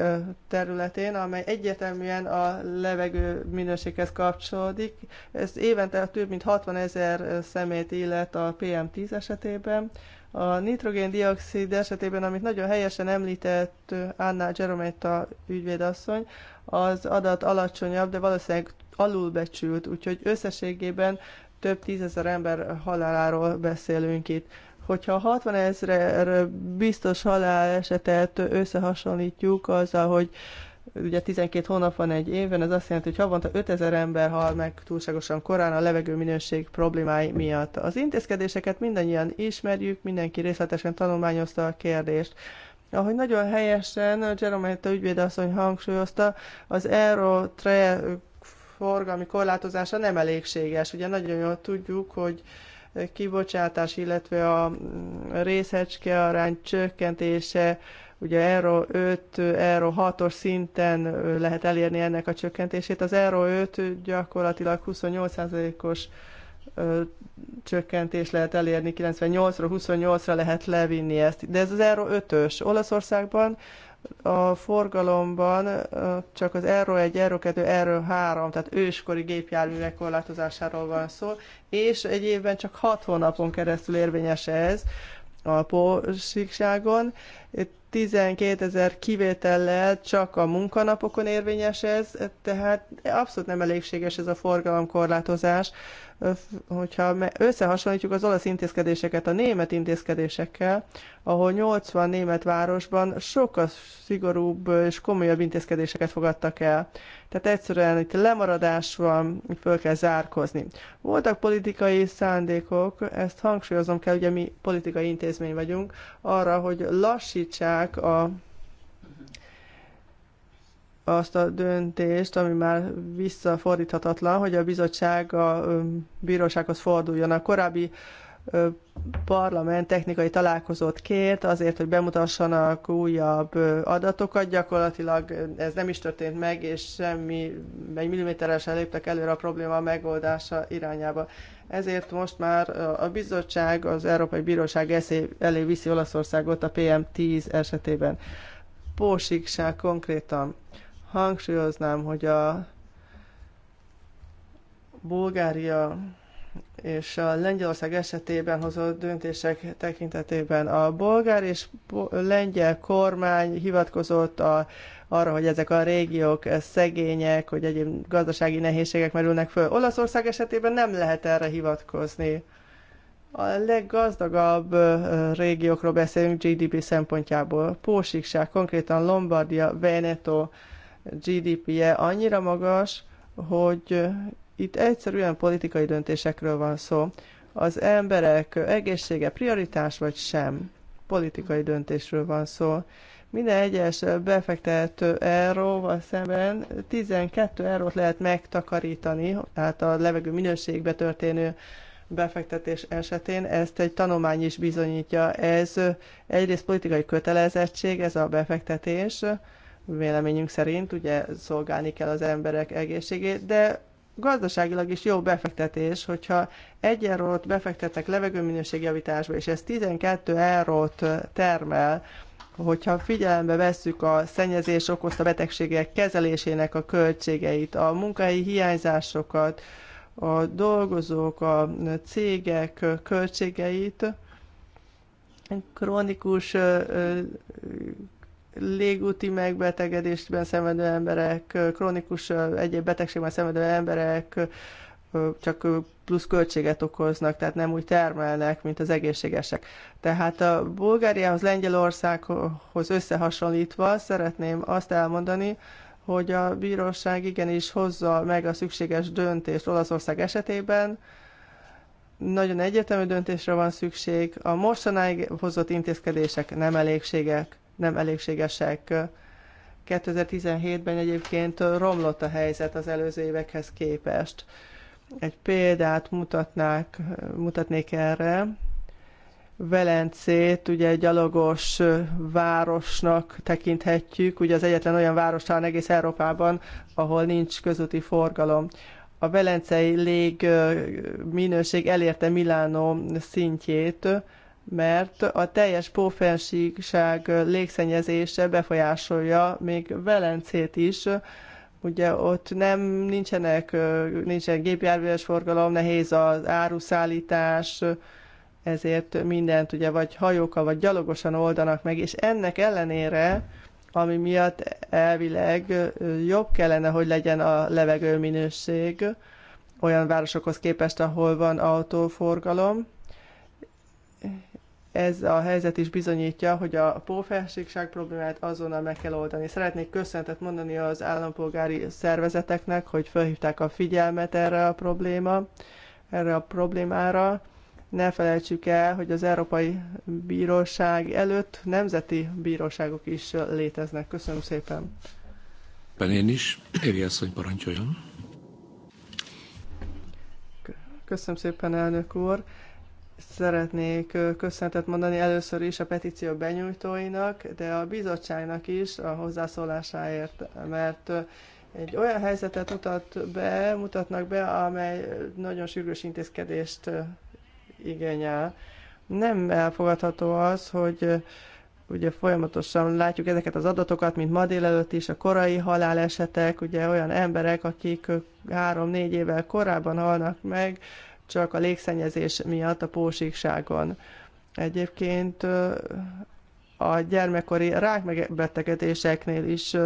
területén, amely egyeteműen a levegő minőséghez kapcsolódik. Ez évente több mint 60 ezer szemét illet a PM10 esetében, a nitrogén-dioxid esetében, amit nagyon helyesen említett Anna Gerometta ügyvédasszony, az adat alacsonyabb, de valószínűleg alulbecsült, úgyhogy összességében több tízezer ember haláláról beszélünk itt. Hogyha 60 ezer biztos halál esetet összehasonlítjuk azzal, hogy Ugye 12 hónap van egy évben, ez azt jelenti, hogy havonta 5000 ember hal meg túlságosan korán a levegő minőség problémái miatt. Az intézkedéseket mindannyian ismerjük, mindenki részletesen tanulmányozta a kérdést. Ahogy nagyon helyesen Jerome Hetta ügyvédasszony hangsúlyozta, az Euro Tre forgalmi korlátozása nem elégséges. Ugye nagyon jól tudjuk, hogy kibocsátás, illetve a részecske arány csökkentése Ugye Euro 5, Euro 6-os szinten lehet elérni ennek a csökkentését. Az Euro 5 gyakorlatilag 28%-os csökkentés lehet elérni, 98-ra, 28-ra lehet levinni ezt. De ez az Euro 5-ös. Olaszországban a forgalomban csak az Euro 1, Euro 2, Euro 3, tehát őskori gépjárművek korlátozásáról van szó, és egy évben csak 6 hónapon keresztül érvényes ez alpósíkságon. 12 ezer kivétellel csak a munkanapokon érvényes ez, tehát abszolút nem elégséges ez a forgalomkorlátozás hogyha összehasonlítjuk az olasz intézkedéseket a német intézkedésekkel, ahol 80 német városban sokkal szigorúbb és komolyabb intézkedéseket fogadtak el. Tehát egyszerűen itt lemaradás van, itt föl kell zárkozni. Voltak politikai szándékok, ezt hangsúlyozom kell, ugye mi politikai intézmény vagyunk, arra, hogy lassítsák a azt a döntést, ami már visszafordíthatatlan, hogy a bizottság a bírósághoz forduljon. A korábbi parlament technikai találkozót kért azért, hogy bemutassanak újabb adatokat. Gyakorlatilag ez nem is történt meg, és semmi, egy milliméteresen léptek előre a probléma megoldása irányába. Ezért most már a bizottság az Európai Bíróság eszé, elé viszi Olaszországot a PM10 esetében. Pósiksá konkrétan hangsúlyoznám, hogy a Bulgária és a Lengyelország esetében hozott döntések tekintetében a bolgár és lengyel kormány hivatkozott a, arra, hogy ezek a régiók szegények, hogy egyéb gazdasági nehézségek merülnek föl. Olaszország esetében nem lehet erre hivatkozni. A leggazdagabb régiókról beszélünk GDP szempontjából. Pósikság, konkrétan Lombardia, Veneto, GDP-je annyira magas, hogy itt egyszerűen politikai döntésekről van szó. Az emberek egészsége prioritás vagy sem? Politikai döntésről van szó. Minden egyes befektető euróval szemben 12 eurót lehet megtakarítani, tehát a levegő minőségbe történő befektetés esetén, ezt egy tanulmány is bizonyítja. Ez egyrészt politikai kötelezettség, ez a befektetés, véleményünk szerint, ugye szolgálni kell az emberek egészségét, de gazdaságilag is jó befektetés, hogyha egy eurót befektetnek levegőminőségjavításba, és ez 12 eurót termel, hogyha figyelembe vesszük a szennyezés okozta betegségek kezelésének a költségeit, a munkai hiányzásokat, a dolgozók, a cégek költségeit, krónikus légúti megbetegedésben szenvedő emberek, krónikus egyéb betegségben szenvedő emberek csak plusz költséget okoznak, tehát nem úgy termelnek, mint az egészségesek. Tehát a Bulgáriához, Lengyelországhoz összehasonlítva szeretném azt elmondani, hogy a bíróság igenis hozza meg a szükséges döntést Olaszország esetében, nagyon egyetemű döntésre van szükség, a mostanáig hozott intézkedések nem elégségek nem elégségesek. 2017-ben egyébként romlott a helyzet az előző évekhez képest. Egy példát mutatnák, mutatnék erre. Velencét ugye egy gyalogos városnak tekinthetjük, ugye az egyetlen olyan város talán egész Európában, ahol nincs közúti forgalom. A velencei lég minőség elérte Milánó szintjét, mert a teljes pófenségság légszennyezése befolyásolja még Velencét is, ugye ott nem nincsenek, nincsen gépjárműves forgalom, nehéz az áruszállítás, ezért mindent ugye vagy hajókkal, vagy gyalogosan oldanak meg, és ennek ellenére, ami miatt elvileg jobb kellene, hogy legyen a levegő minőség olyan városokhoz képest, ahol van autóforgalom, ez a helyzet is bizonyítja, hogy a pófelségság problémát azonnal meg kell oldani. Szeretnék köszöntet mondani az állampolgári szervezeteknek, hogy felhívták a figyelmet erre a probléma, erre a problémára. Ne felejtsük el, hogy az Európai Bíróság előtt nemzeti bíróságok is léteznek. Köszönöm szépen. Ben én is. Évi asszony parancsoljon. Köszönöm szépen, elnök úr. Szeretnék köszönetet mondani először is a petíció benyújtóinak, de a bizottságnak is a hozzászólásáért, mert egy olyan helyzetet mutat be, mutatnak be, amely nagyon sürgős intézkedést igényel. Nem elfogadható az, hogy ugye folyamatosan látjuk ezeket az adatokat, mint ma délelőtt is, a korai halálesetek, ugye olyan emberek, akik három-négy évvel korábban halnak meg, csak a légszennyezés miatt a pósíkságon. Egyébként a gyermekkori rákbetegedéseknél is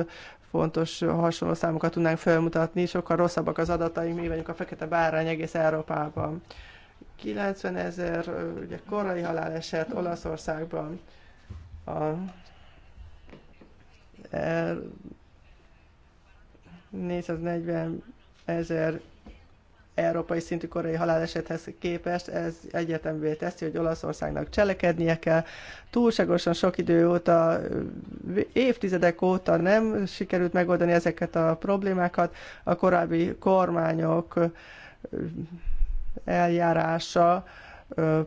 fontos hasonló számokat tudnánk felmutatni, sokkal rosszabbak az adataink, mi vagyunk a fekete bárány egész Európában. 90 ezer ugye, korai haláleset Olaszországban. A, er, 440 ezer európai szintű korai halálesethez képest ez egyetemvé teszi, hogy Olaszországnak cselekednie kell. Túlságosan sok idő óta, évtizedek óta nem sikerült megoldani ezeket a problémákat. A korábbi kormányok eljárása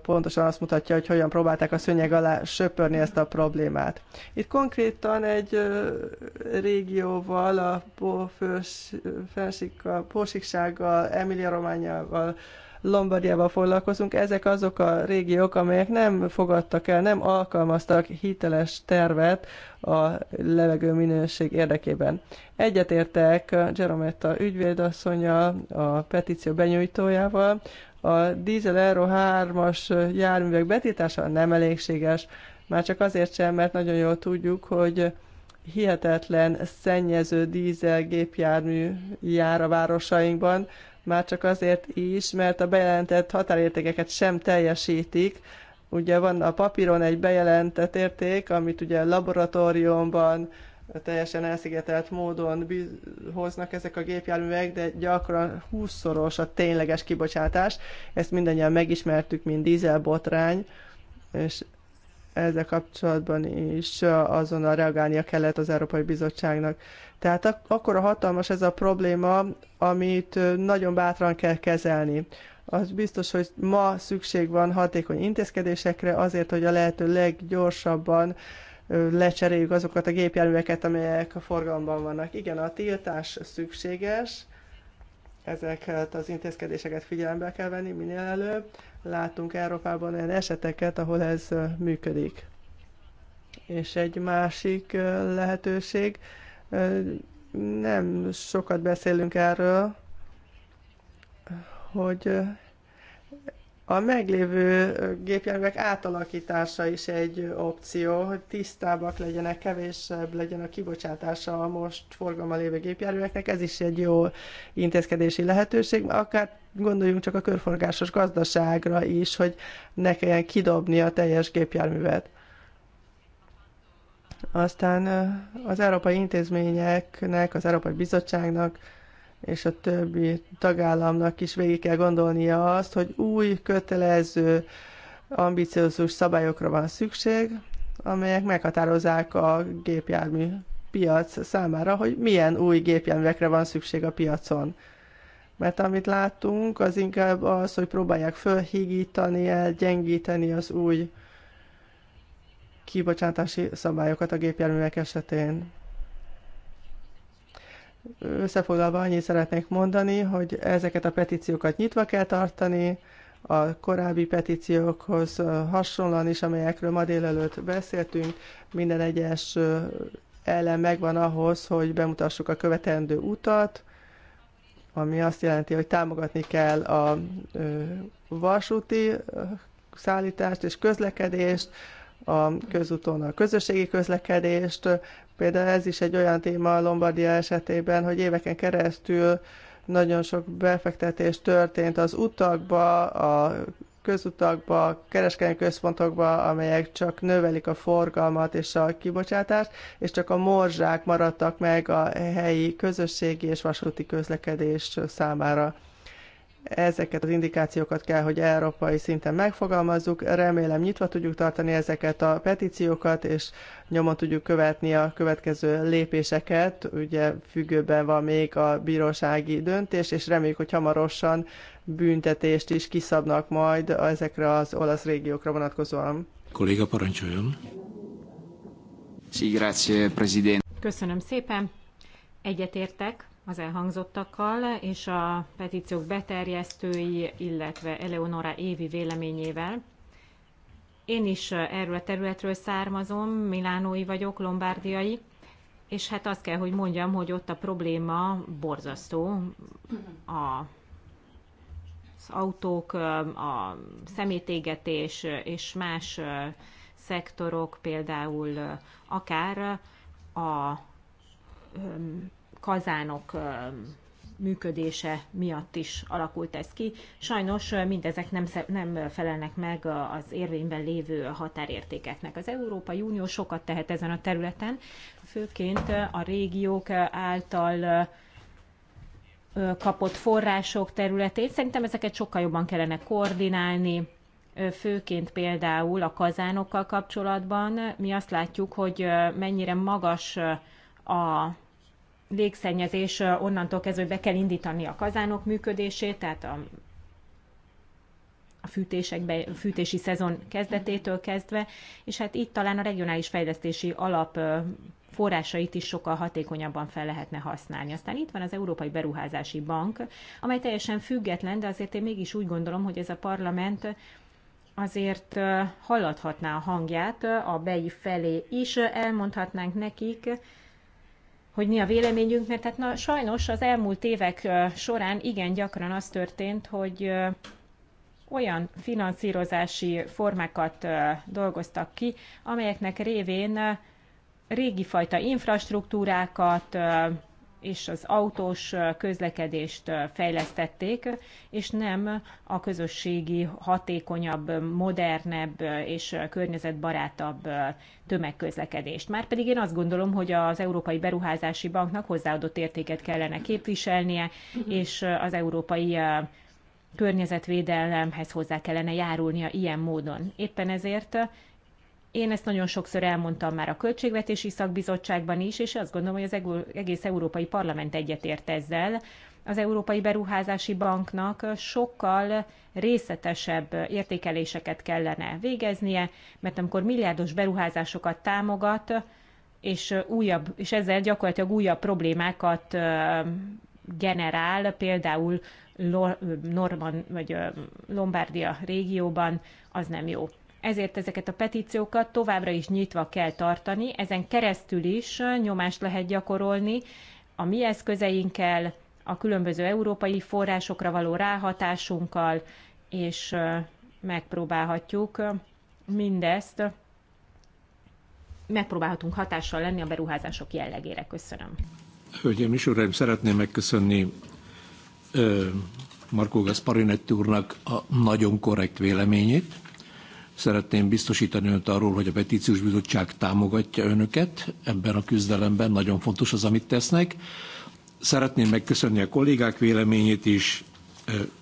pontosan azt mutatja, hogy hogyan próbálták a szőnyeg alá söpörni ezt a problémát. Itt konkrétan egy régióval, a Pósiksággal, Emilia-Rományával, Lombardiával foglalkozunk. Ezek azok a régiók, amelyek nem fogadtak el, nem alkalmaztak hiteles tervet a levegő minőség érdekében. Egyetértek Jerometta ügyvédasszonya, a petíció benyújtójával, a dízel Euro 3-as járművek betiltása nem elégséges, már csak azért sem, mert nagyon jól tudjuk, hogy hihetetlen szennyező dízel gépjármű jár a városainkban, már csak azért is, mert a bejelentett határértékeket sem teljesítik. Ugye van a papíron egy bejelentett érték, amit ugye laboratóriumban, teljesen elszigetelt módon hoznak ezek a gépjárművek, de gyakran 20-szoros a tényleges kibocsátás. Ezt mindannyian megismertük, mint dízelbotrány, és ezzel kapcsolatban is azonnal reagálnia kellett az Európai Bizottságnak. Tehát ak- akkor a hatalmas ez a probléma, amit nagyon bátran kell kezelni. Az biztos, hogy ma szükség van hatékony intézkedésekre azért, hogy a lehető leggyorsabban lecseréljük azokat a gépjárműveket, amelyek a forgalomban vannak. Igen, a tiltás szükséges, ezeket az intézkedéseket figyelembe kell venni minél előbb. Látunk Európában olyan eseteket, ahol ez működik. És egy másik lehetőség, nem sokat beszélünk erről, hogy a meglévő gépjárművek átalakítása is egy opció, hogy tisztábbak legyenek, kevésebb legyen a kibocsátása a most forgalma lévő gépjárműveknek. Ez is egy jó intézkedési lehetőség, akár gondoljunk csak a körforgásos gazdaságra is, hogy ne kelljen kidobni a teljes gépjárművet. Aztán az európai intézményeknek, az Európai Bizottságnak és a többi tagállamnak is végig kell gondolnia azt, hogy új, kötelező, ambiciózus szabályokra van szükség, amelyek meghatározzák a gépjármű piac számára, hogy milyen új gépjárművekre van szükség a piacon. Mert amit látunk, az inkább az, hogy próbálják fölhigítani, elgyengíteni az új kibocsátási szabályokat a gépjárművek esetén. Összefoglalva annyit szeretnék mondani, hogy ezeket a petíciókat nyitva kell tartani, a korábbi petíciókhoz hasonlóan is, amelyekről ma délelőtt beszéltünk, minden egyes ellen megvan ahhoz, hogy bemutassuk a követendő utat, ami azt jelenti, hogy támogatni kell a vasúti szállítást és közlekedést, a közúton a közösségi közlekedést. Például ez is egy olyan téma a Lombardia esetében, hogy éveken keresztül nagyon sok befektetés történt az utakba, a közutakba, kereskedelmi központokba, amelyek csak növelik a forgalmat és a kibocsátást, és csak a morzsák maradtak meg a helyi közösségi és vasúti közlekedés számára. Ezeket az indikációkat kell, hogy európai szinten megfogalmazzuk. Remélem nyitva tudjuk tartani ezeket a petíciókat, és nyomon tudjuk követni a következő lépéseket. Ugye függőben van még a bírósági döntés, és reméljük, hogy hamarosan büntetést is kiszabnak majd ezekre az olasz régiókra vonatkozóan. Kolléga parancsoljon. Sí, grazie, Köszönöm szépen. Egyetértek az elhangzottakkal és a petíciók beterjesztői, illetve Eleonora Évi véleményével. Én is erről a területről származom, milánói vagyok, lombárdiai, és hát azt kell, hogy mondjam, hogy ott a probléma borzasztó. A, az autók, a szemétégetés és más szektorok, például akár a kazánok működése miatt is alakult ez ki. Sajnos mindezek nem, nem felelnek meg az érvényben lévő határértékeknek. Az Európai Unió sokat tehet ezen a területen, főként a régiók által kapott források területét. Szerintem ezeket sokkal jobban kellene koordinálni, főként például a kazánokkal kapcsolatban. Mi azt látjuk, hogy mennyire magas a légszennyezés onnantól kezdve, hogy be kell indítani a kazánok működését, tehát a, a fűtésekbe, a fűtési szezon kezdetétől kezdve, és hát itt talán a regionális fejlesztési alap forrásait is sokkal hatékonyabban fel lehetne használni. Aztán itt van az Európai Beruházási Bank, amely teljesen független, de azért én mégis úgy gondolom, hogy ez a parlament azért hallathatná a hangját a BEI felé is, elmondhatnánk nekik, hogy mi a véleményünk, mert hát na, sajnos az elmúlt évek során igen gyakran az történt, hogy olyan finanszírozási formákat dolgoztak ki, amelyeknek révén régi fajta infrastruktúrákat, és az autós közlekedést fejlesztették, és nem a közösségi hatékonyabb, modernebb és környezetbarátabb tömegközlekedést. Márpedig én azt gondolom, hogy az Európai Beruházási Banknak hozzáadott értéket kellene képviselnie, mhm. és az európai környezetvédelemhez hozzá kellene járulnia ilyen módon. Éppen ezért én ezt nagyon sokszor elmondtam már a Költségvetési Szakbizottságban is, és azt gondolom, hogy az egész Európai Parlament egyetért ezzel. Az Európai Beruházási Banknak sokkal részletesebb értékeléseket kellene végeznie, mert amikor milliárdos beruházásokat támogat, és, újabb, és ezzel gyakorlatilag újabb problémákat generál, például Norman vagy Lombardia régióban, az nem jó ezért ezeket a petíciókat továbbra is nyitva kell tartani, ezen keresztül is nyomást lehet gyakorolni a mi eszközeinkkel, a különböző európai forrásokra való ráhatásunkkal, és megpróbálhatjuk mindezt, megpróbálhatunk hatással lenni a beruházások jellegére. Köszönöm. Hölgyeim és Uraim, szeretném megköszönni Markó Gasparinetti úrnak a nagyon korrekt véleményét. Szeretném biztosítani önt arról, hogy a petíciós bizottság támogatja önöket ebben a küzdelemben, nagyon fontos az, amit tesznek. Szeretném megköszönni a kollégák véleményét is,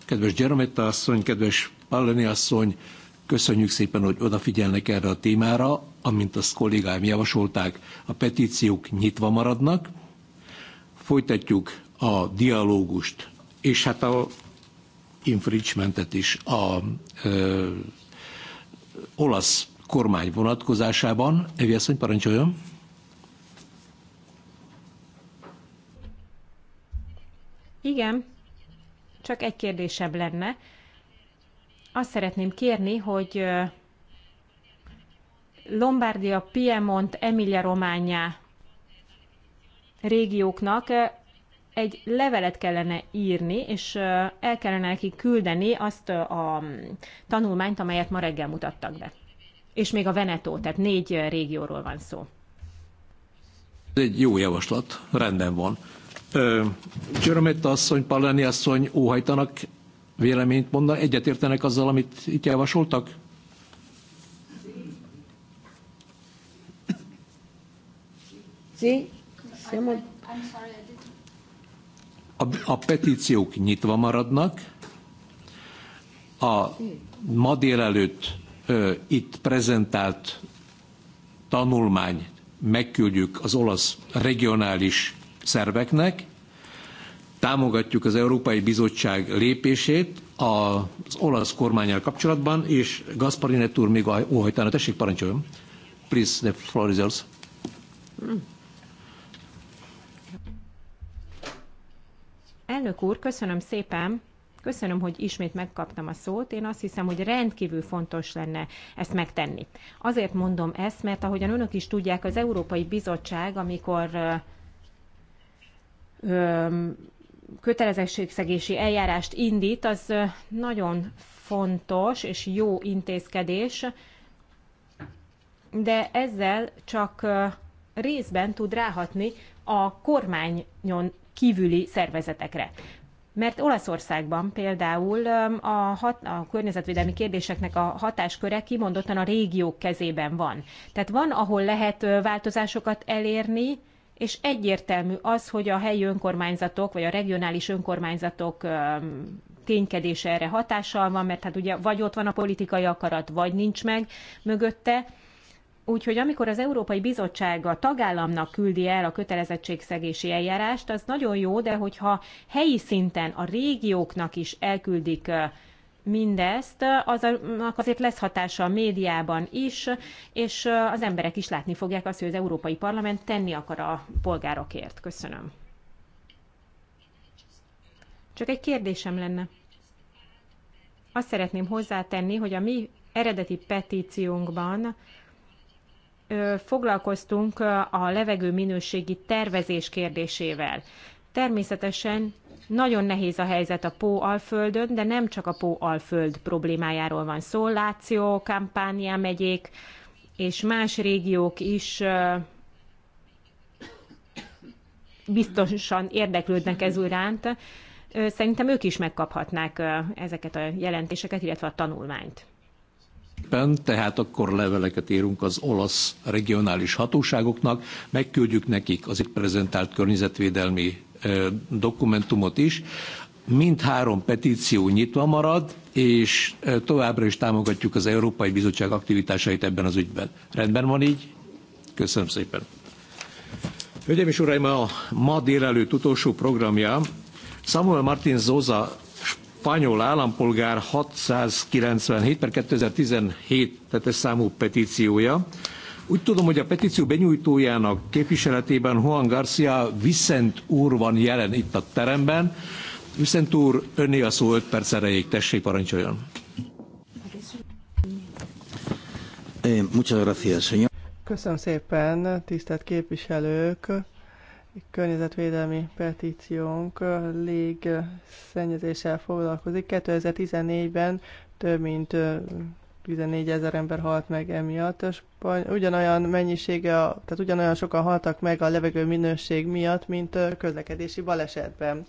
kedves Gyerometta asszony, kedves Pallani asszony, köszönjük szépen, hogy odafigyelnek erre a témára, amint azt kollégáim javasolták, a petíciók nyitva maradnak, folytatjuk a dialógust, és hát a infringementet is, a olasz kormány vonatkozásában. Evi asszony, parancsoljon! Igen, csak egy kérdésebb lenne. Azt szeretném kérni, hogy Lombardia, Piemont, Emilia Románia régióknak egy levelet kellene írni, és el kellene neki küldeni azt a mm, tanulmányt, amelyet ma reggel mutattak be. És még a Veneto, tehát négy régióról van szó. Ez egy jó javaslat, rendben van. Györömette asszony, Pallani asszony óhajtanak véleményt mondani, egyetértenek azzal, amit itt javasoltak? Sí, sí. I'm, I'm sorry, a, petíciók nyitva maradnak, a ma délelőtt ö, itt prezentált tanulmány megküldjük az olasz regionális szerveknek, támogatjuk az Európai Bizottság lépését az olasz kormányjal kapcsolatban, és Gasparinet úr még óhajtána, tessék parancsoljon. Please, the floor is yours. Mm. Elnök úr, köszönöm szépen! Köszönöm, hogy ismét megkaptam a szót. Én azt hiszem, hogy rendkívül fontos lenne ezt megtenni. Azért mondom ezt, mert ahogyan önök is tudják, az Európai Bizottság, amikor kötelezettségszegési eljárást indít, az nagyon fontos és jó intézkedés, de ezzel csak részben tud ráhatni a kormányon kívüli szervezetekre. Mert Olaszországban például a, hat, a környezetvédelmi kérdéseknek a hatásköre kimondottan a régiók kezében van. Tehát van, ahol lehet változásokat elérni, és egyértelmű az, hogy a helyi önkormányzatok, vagy a regionális önkormányzatok ténykedése erre hatással van, mert hát ugye vagy ott van a politikai akarat, vagy nincs meg mögötte, Úgyhogy amikor az Európai Bizottság a tagállamnak küldi el a kötelezettségszegési eljárást, az nagyon jó, de hogyha helyi szinten a régióknak is elküldik mindezt, az azért lesz hatása a médiában is, és az emberek is látni fogják azt, hogy az Európai Parlament tenni akar a polgárokért. Köszönöm. Csak egy kérdésem lenne. Azt szeretném hozzátenni, hogy a mi eredeti petíciónkban foglalkoztunk a levegő minőségi tervezés kérdésével. Természetesen nagyon nehéz a helyzet a Pó alföldön, de nem csak a Pó alföld problémájáról van szó. Láció, Kampánia megyék és más régiók is biztosan érdeklődnek ez iránt. Szerintem ők is megkaphatnák ezeket a jelentéseket, illetve a tanulmányt. Tehát akkor leveleket írunk az olasz regionális hatóságoknak, megküldjük nekik az itt prezentált környezetvédelmi dokumentumot is. Mindhárom petíció nyitva marad, és továbbra is támogatjuk az Európai Bizottság aktivitásait ebben az ügyben. Rendben van így? Köszönöm szépen. Hölgyeim és Uraim, a ma délelőtt utolsó programja Samuel Martin Zóza spanyol állampolgár 697 per 2017 tetes számú petíciója. Úgy tudom, hogy a petíció benyújtójának képviseletében Juan Garcia Vicent úr van jelen itt a teremben. Vicent úr, önné a szó 5 perc erejéig, tessék parancsoljon. Eh, Köszönöm szépen, tisztelt képviselők! környezetvédelmi petíciónk légszennyezéssel foglalkozik. 2014-ben több mint 14 ezer ember halt meg emiatt. Spany- ugyanolyan mennyisége, tehát ugyanolyan sokan haltak meg a levegő minőség miatt, mint közlekedési balesetben.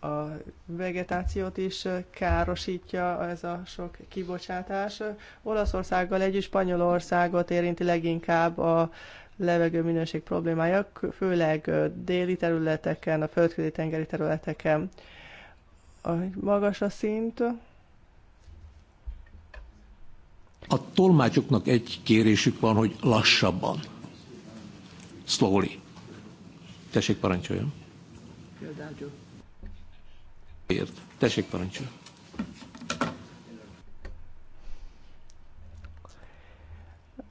A vegetációt is károsítja ez a sok kibocsátás. Olaszországgal együtt Spanyolországot érinti leginkább a levegő minőség problémája, főleg déli területeken, a földközi tengeri területeken. A magas a szint. A tolmácsoknak egy kérésük van, hogy lassabban. Slowly. Tessék parancsoljon. Ért. Tessék parancsoljon.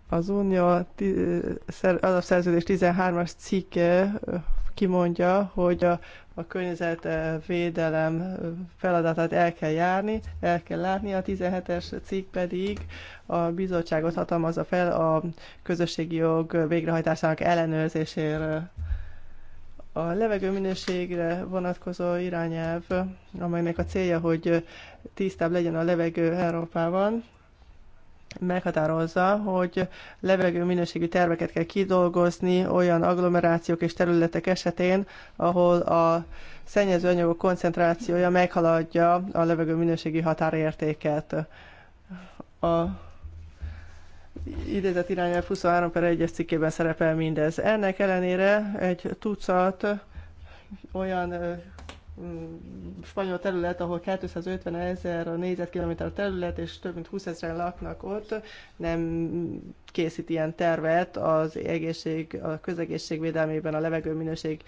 Az Unió alapszerződés 13-as cikke kimondja, hogy a, a környezetvédelem feladatát el kell járni, el kell látni, a 17-es cikk pedig a bizottságot hatalmazza fel a közösségi jog végrehajtásának ellenőrzésére. A levegőminőségre vonatkozó irányelv, amelynek a célja, hogy tisztább legyen a levegő Európában, meghatározza, hogy levegő minőségű terveket kell kidolgozni olyan agglomerációk és területek esetén, ahol a szennyező anyagok koncentrációja meghaladja a levegő minőségi határértéket. A idézett irányelv 23 per 1-es cikkében szerepel mindez. Ennek ellenére egy tucat olyan spanyol terület, ahol 250 ezer a négyzetkilométer terület, és több mint 20 ezeren laknak ott, nem készít ilyen tervet az egészség, a közegészség védelmében, a levegő minőség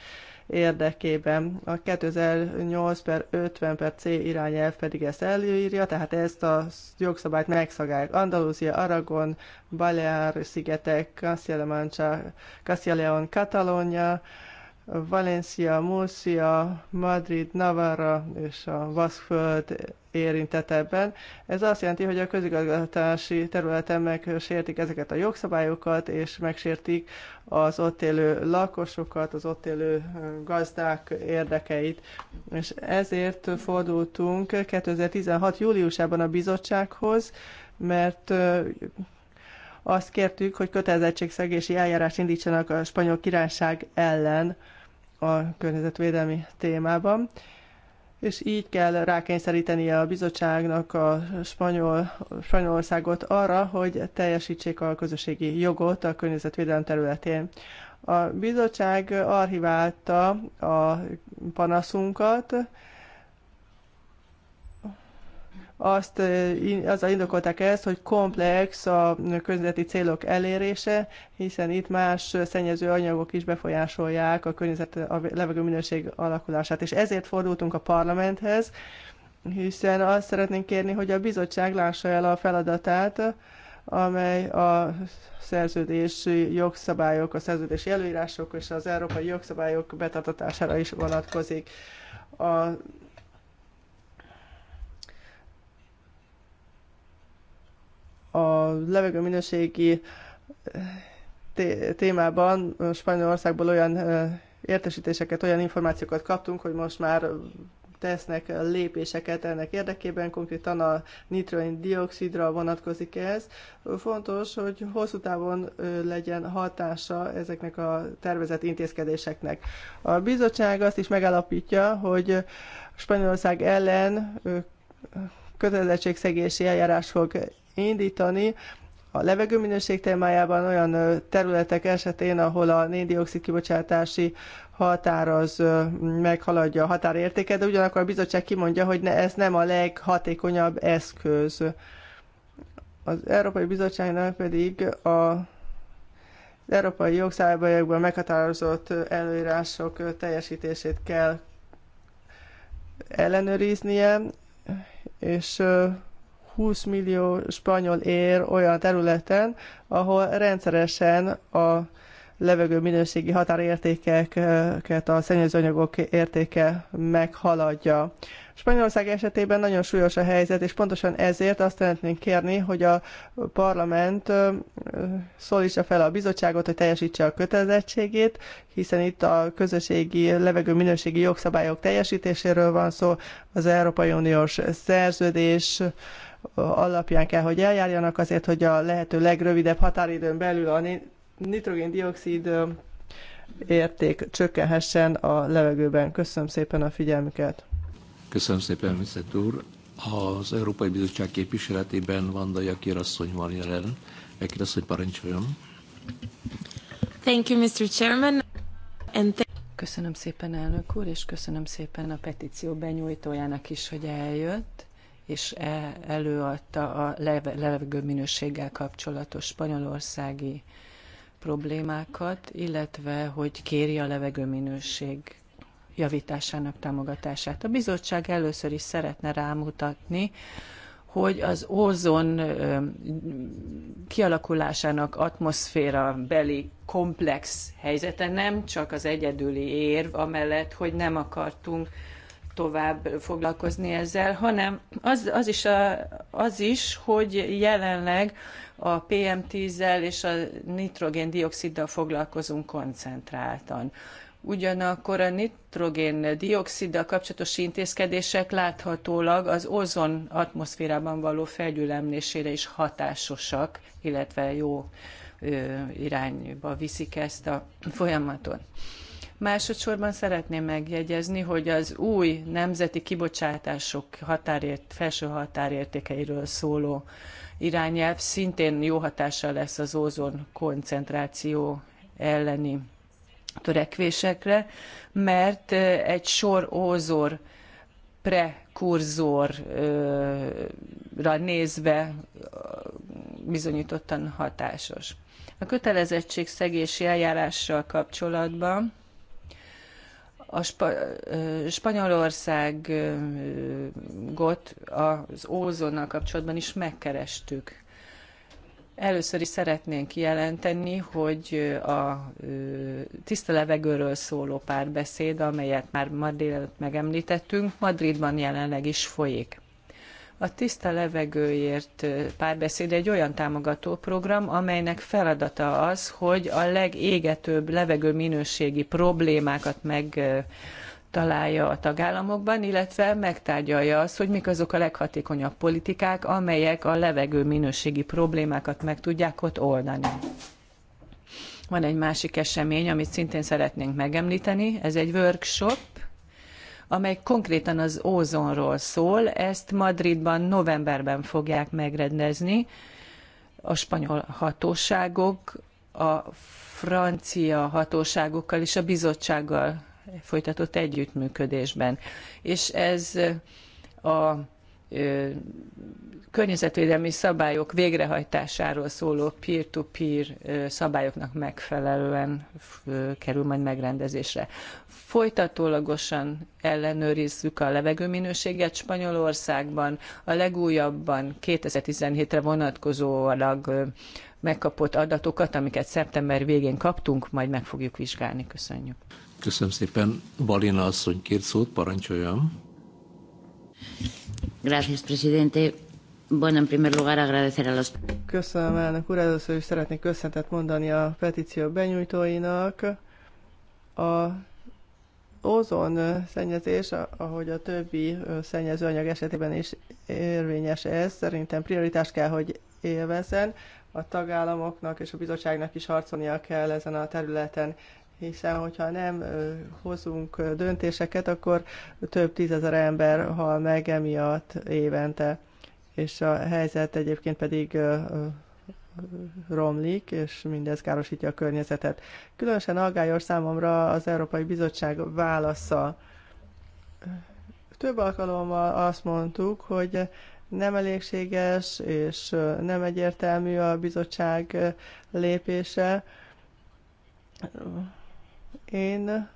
érdekében. A 2008 per 50 per C irányelv pedig ezt előírja, tehát ezt a jogszabályt megszagálják. Andalúzia, Aragon, Balear, szigetek, Castilla-León, Katalónia, Valencia, Murcia, Madrid, Navarra és a Baszkföld érintett ebben. Ez azt jelenti, hogy a közigazgatási területen megsértik ezeket a jogszabályokat, és megsértik az ott élő lakosokat, az ott élő gazdák érdekeit. És ezért fordultunk 2016. júliusában a bizottsághoz, mert azt kértük, hogy kötelezettségszegési eljárás indítsanak a spanyol királyság ellen, a környezetvédelmi témában, és így kell rákényszerítenie a bizottságnak a spanyol, Spanyolországot arra, hogy teljesítsék a közösségi jogot a környezetvédelem területén. A bizottság archiválta a panaszunkat, azt, azzal indokolták ezt, hogy komplex a környezeti célok elérése, hiszen itt más szennyező anyagok is befolyásolják a környezet, a levegő minőség alakulását. És ezért fordultunk a parlamenthez, hiszen azt szeretnénk kérni, hogy a bizottság lássa el a feladatát, amely a szerződési jogszabályok, a szerződési előírások és az európai jogszabályok betartatására is vonatkozik. A a levegő minőségi eh, témában Spanyolországból olyan értesítéseket, olyan információkat kaptunk, hogy most már tesznek lépéseket ennek érdekében, konkrétan a nitrogén-dioxidra vonatkozik ez. Fontos, hogy hosszú távon legyen hatása ezeknek a tervezett intézkedéseknek. A bizottság azt is megállapítja, hogy Spanyolország ellen kötelezettségszegési eljárás fog indítani a levegőminőség témájában olyan területek esetén, ahol a néndiokszid kibocsátási határ az meghaladja a határértéket, de ugyanakkor a bizottság kimondja, hogy ne, ez nem a leghatékonyabb eszköz. Az Európai Bizottságnak pedig a az európai jogszabályokban meghatározott előírások teljesítését kell ellenőriznie, és 20 millió spanyol ér olyan területen, ahol rendszeresen a levegő minőségi határértékeket a szennyezőanyagok értéke meghaladja. Spanyolország esetében nagyon súlyos a helyzet, és pontosan ezért azt szeretnénk kérni, hogy a parlament szólítsa fel a bizottságot, hogy teljesítse a kötelezettségét, hiszen itt a közösségi levegő minőségi jogszabályok teljesítéséről van szó, az Európai Uniós szerződés alapján kell, hogy eljárjanak azért, hogy a lehető legrövidebb határidőn belül a nitrogén-dioxid érték csökkenhessen a levegőben. Köszönöm szépen a figyelmüket. Köszönöm szépen, Mr. úr. Az Európai Bizottság képviseletében Vanda Jakir asszony van jelen. Jakir asszony, parancsoljon. Thank you, Mr. Chairman. And köszönöm szépen, elnök úr, és köszönöm szépen a petíció benyújtójának is, hogy eljött és e, előadta a levegő minőséggel kapcsolatos spanyolországi problémákat, illetve hogy kéri a levegőminőség javításának támogatását. A bizottság először is szeretne rámutatni, hogy az ózon kialakulásának atmoszféra beli komplex helyzete nem csak az egyedüli érv, amellett, hogy nem akartunk tovább foglalkozni ezzel, hanem az, az, is, a, az is, hogy jelenleg a PM10-zel és a nitrogén foglalkozunk koncentráltan. Ugyanakkor a nitrogén-dioxiddal kapcsolatos intézkedések láthatólag az ozon atmoszférában való felgyülemlésére is hatásosak, illetve jó ö, irányba viszik ezt a folyamatot. Másodszorban szeretném megjegyezni, hogy az új nemzeti kibocsátások határért, felső határértékeiről szóló irányelv szintén jó hatással lesz az ózon koncentráció elleni törekvésekre, mert egy sor ózor prekurzorra nézve bizonyítottan hatásos. A kötelezettségszegési eljárással kapcsolatban a Sp- Spanyolországot az ózonnal kapcsolatban is megkerestük. Először is szeretnénk kijelenteni, hogy a tiszta levegőről szóló párbeszéd, amelyet már ma délelőtt megemlítettünk, Madridban jelenleg is folyik. A tiszta levegőért párbeszéd egy olyan támogató program, amelynek feladata az, hogy a legégetőbb levegő minőségi problémákat meg találja a tagállamokban, illetve megtárgyalja azt, hogy mik azok a leghatékonyabb politikák, amelyek a levegő minőségi problémákat meg tudják ott oldani. Van egy másik esemény, amit szintén szeretnénk megemlíteni, ez egy workshop, amely konkrétan az ózonról szól. Ezt Madridban novemberben fogják megrendezni a spanyol hatóságok, a francia hatóságokkal és a bizottsággal folytatott együttműködésben. És ez a környezetvédelmi szabályok végrehajtásáról szóló peer-to-peer szabályoknak megfelelően kerül majd megrendezésre. Folytatólagosan ellenőrizzük a levegőminőséget Spanyolországban. A legújabban 2017-re vonatkozólag megkapott adatokat, amiket szeptember végén kaptunk, majd meg fogjuk vizsgálni. Köszönjük. Köszönöm szépen. Balina asszony két szót, parancsoljam. Gracias, presidente. Bueno, en primer lugar agradecer a los... Köszönöm, elnök úr. Először is szeretnék köszöntet mondani a petíció benyújtóinak. A ozon szennyezés, ahogy a többi szennyezőanyag esetében is érvényes ez, szerintem prioritást kell, hogy élvezzen. A tagállamoknak és a bizottságnak is harcolnia kell ezen a területen hiszen hogyha nem hozunk döntéseket, akkor több tízezer ember hal meg emiatt évente, és a helyzet egyébként pedig romlik, és mindez károsítja a környezetet. Különösen aggályos számomra az Európai Bizottság válasza. Több alkalommal azt mondtuk, hogy nem elégséges és nem egyértelmű a bizottság lépése én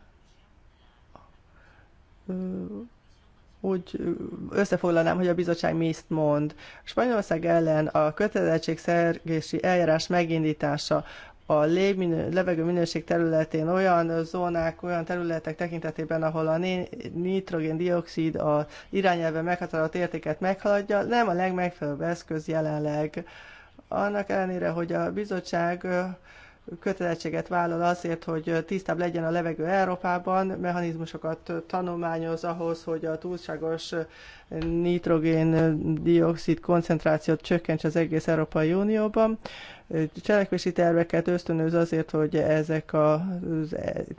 úgy összefoglalnám, hogy a bizottság mi ezt mond. Spanyolország ellen a kötelezettségszergési eljárás megindítása a légminő, levegő minőség területén olyan zónák, olyan területek tekintetében, ahol a nitrogén-dioxid a irányelve meghatározott értéket meghaladja, nem a legmegfelelőbb eszköz jelenleg. Annak ellenére, hogy a bizottság kötelezettséget vállal azért, hogy tisztább legyen a levegő Európában, mechanizmusokat tanulmányoz ahhoz, hogy a túlságos nitrogén dioxid koncentrációt csökkents az egész Európai Unióban. Cselekvési terveket ösztönöz azért, hogy ezek az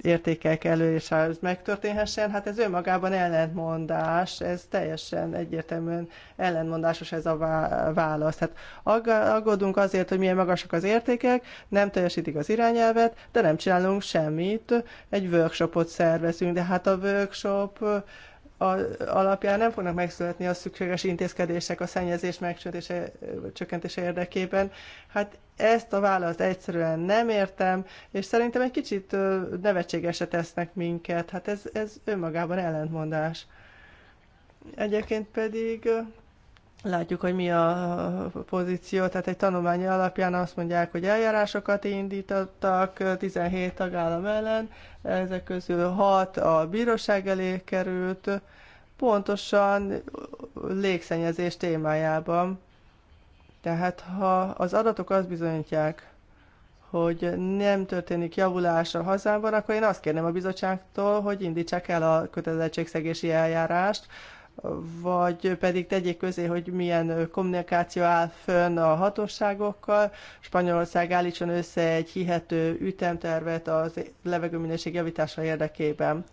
értékek előírása megtörténhessen. Hát ez önmagában ellentmondás, ez teljesen egyértelműen ellentmondásos ez a válasz. Hát aggódunk azért, hogy milyen magasak az értékek, nem teljesítik az irányelvet, de nem csinálunk semmit. Egy workshopot szervezünk, de hát a workshop alapján nem fognak megszületni a szükséges intézkedések a szennyezés csökkentése érdekében. Hát ezt a választ egyszerűen nem értem, és szerintem egy kicsit nevetségeset tesznek minket. Hát ez, ez önmagában ellentmondás. Egyébként pedig Látjuk, hogy mi a pozíció, tehát egy tanulmány alapján azt mondják, hogy eljárásokat indítottak 17 tagállam ellen, ezek közül 6 a bíróság elé került, pontosan légszennyezés témájában. Tehát ha az adatok azt bizonyítják, hogy nem történik javulás a hazámban, akkor én azt kérném a bizottságtól, hogy indítsák el a kötelezettségszegési eljárást, vagy pedig tegyék közé, hogy milyen kommunikáció áll fönn a hatóságokkal. Spanyolország állítson össze egy hihető ütemtervet az levegőminőség javítása érdekében.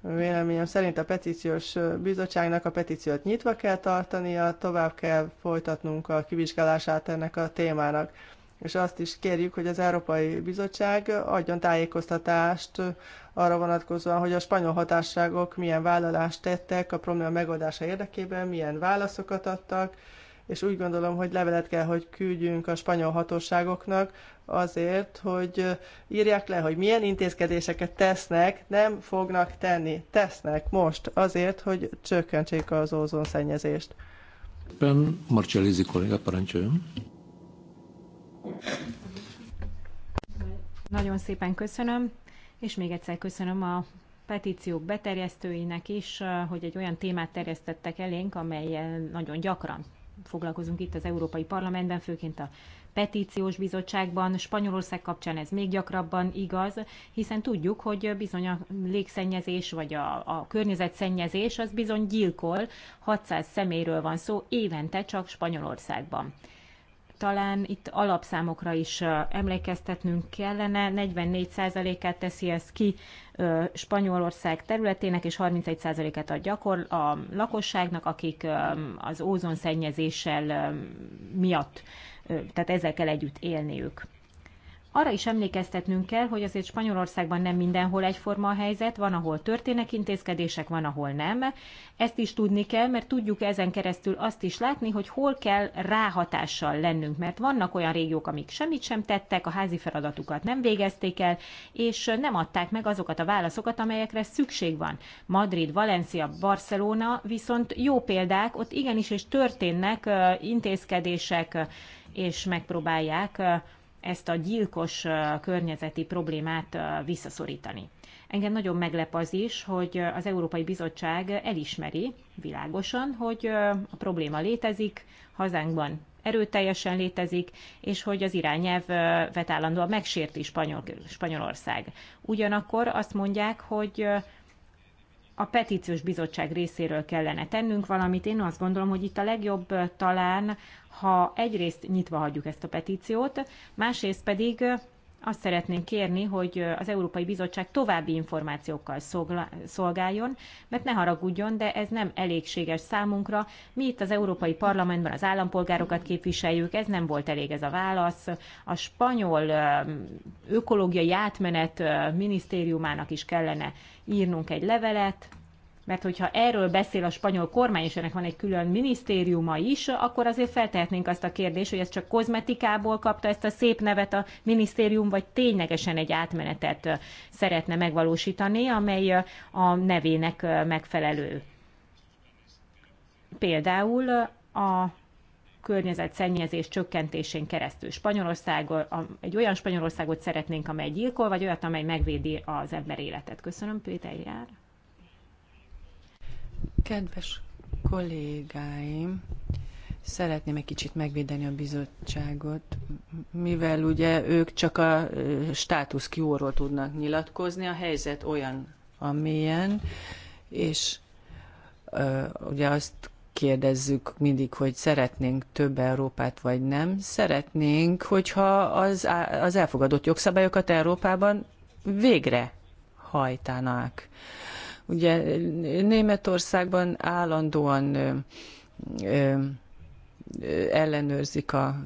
Véleményem szerint a petíciós bizottságnak a petíciót nyitva kell tartania, tovább kell folytatnunk a kivizsgálását ennek a témának és azt is kérjük, hogy az Európai Bizottság adjon tájékoztatást arra vonatkozóan, hogy a spanyol hatásságok milyen vállalást tettek a probléma megoldása érdekében, milyen válaszokat adtak, és úgy gondolom, hogy levelet kell, hogy küldjünk a spanyol hatóságoknak azért, hogy írják le, hogy milyen intézkedéseket tesznek, nem fognak tenni, tesznek most azért, hogy csökkentsék az ózonszennyezést. Ben Marcellizi kolléga parancsoljon. Nagyon szépen köszönöm, és még egyszer köszönöm a petíciók beterjesztőinek is, eh, hogy egy olyan témát terjesztettek elénk, amelyel nagyon gyakran foglalkozunk itt az Európai Parlamentben, főként a petíciós bizottságban, Spanyolország kapcsán ez még gyakrabban igaz, hiszen tudjuk, hogy bizony a légszennyezés vagy a, a környezetszennyezés az bizony gyilkol, 600 szeméről van szó évente csak Spanyolországban talán itt alapszámokra is emlékeztetnünk kellene. 44%-át teszi ez ki Spanyolország területének, és 31%-át a, gyakor, a lakosságnak, akik az ózonszennyezéssel miatt, tehát ezzel kell együtt élniük arra is emlékeztetnünk kell, hogy azért Spanyolországban nem mindenhol egyforma a helyzet, van, ahol történnek intézkedések, van, ahol nem. Ezt is tudni kell, mert tudjuk ezen keresztül azt is látni, hogy hol kell ráhatással lennünk, mert vannak olyan régiók, amik semmit sem tettek, a házi feladatukat nem végezték el, és nem adták meg azokat a válaszokat, amelyekre szükség van. Madrid, Valencia, Barcelona viszont jó példák, ott igenis és történnek intézkedések, és megpróbálják ezt a gyilkos környezeti problémát visszaszorítani. Engem nagyon meglep az is, hogy az Európai Bizottság elismeri világosan, hogy a probléma létezik, hazánkban erőteljesen létezik, és hogy az irányelvet állandóan megsérti Spanyol, Spanyolország. Ugyanakkor azt mondják, hogy a petíciós bizottság részéről kellene tennünk valamit. Én azt gondolom, hogy itt a legjobb talán ha egyrészt nyitva hagyjuk ezt a petíciót, másrészt pedig azt szeretnénk kérni, hogy az Európai Bizottság további információkkal szolgáljon, mert ne haragudjon, de ez nem elégséges számunkra. Mi itt az Európai Parlamentben az állampolgárokat képviseljük, ez nem volt elég ez a válasz. A spanyol ökológiai átmenet minisztériumának is kellene írnunk egy levelet, mert hogyha erről beszél a spanyol kormány, és ennek van egy külön minisztériuma is, akkor azért feltehetnénk azt a kérdést, hogy ez csak kozmetikából kapta ezt a szép nevet a minisztérium, vagy ténylegesen egy átmenetet szeretne megvalósítani, amely a nevének megfelelő. Például a környezetszennyezés csökkentésén keresztül. Spanyolország, egy olyan Spanyolországot szeretnénk, amely gyilkol, vagy olyat, amely megvédi az ember életet. Köszönöm, Péter Jár. Kedves kollégáim, szeretném egy kicsit megvédeni a bizottságot, mivel ugye ők csak a státusz kióról tudnak nyilatkozni, a helyzet olyan, amilyen, és ugye azt kérdezzük mindig, hogy szeretnénk több Európát vagy nem. Szeretnénk, hogyha az, az elfogadott jogszabályokat Európában végre hajtanák. Ugye Németországban állandóan ö, ö, ellenőrzik a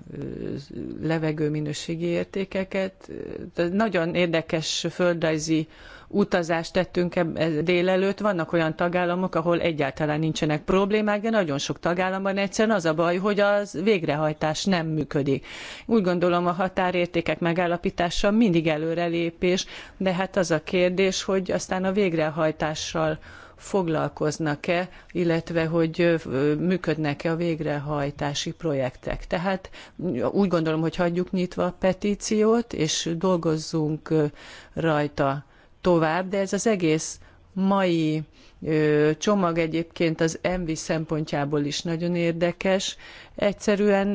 levegő minőségi értékeket. De nagyon érdekes földrajzi utazást tettünk délelőtt. Vannak olyan tagállamok, ahol egyáltalán nincsenek problémák, de nagyon sok tagállamban egyszerűen az a baj, hogy az végrehajtás nem működik. Úgy gondolom a határértékek megállapítása mindig előrelépés, de hát az a kérdés, hogy aztán a végrehajtással foglalkoznak-e, illetve hogy működnek-e a végrehajtási projektek. Tehát úgy gondolom, hogy hagyjuk nyitva a petíciót, és dolgozzunk rajta tovább, de ez az egész mai csomag egyébként az Envi szempontjából is nagyon érdekes. Egyszerűen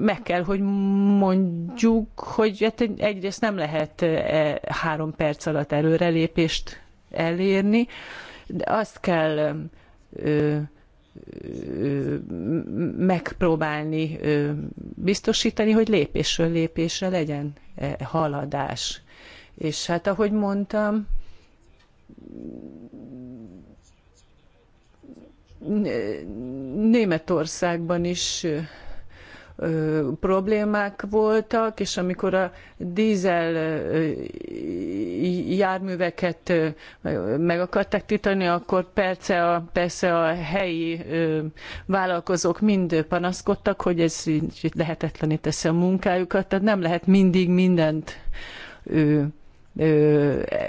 meg kell, hogy mondjuk, hogy hát egyrészt nem lehet e, három perc alatt előrelépést elérni, de azt kell megpróbálni biztosítani, hogy lépésről lépésre legyen e, haladás és hát ahogy mondtam, Németországban is ö, problémák voltak, és amikor a dízel járműveket meg akarták titani, akkor persze a, persze a helyi ö, vállalkozók mind panaszkodtak, hogy ez lehetetlené teszi a munkájukat, tehát nem lehet mindig mindent ö,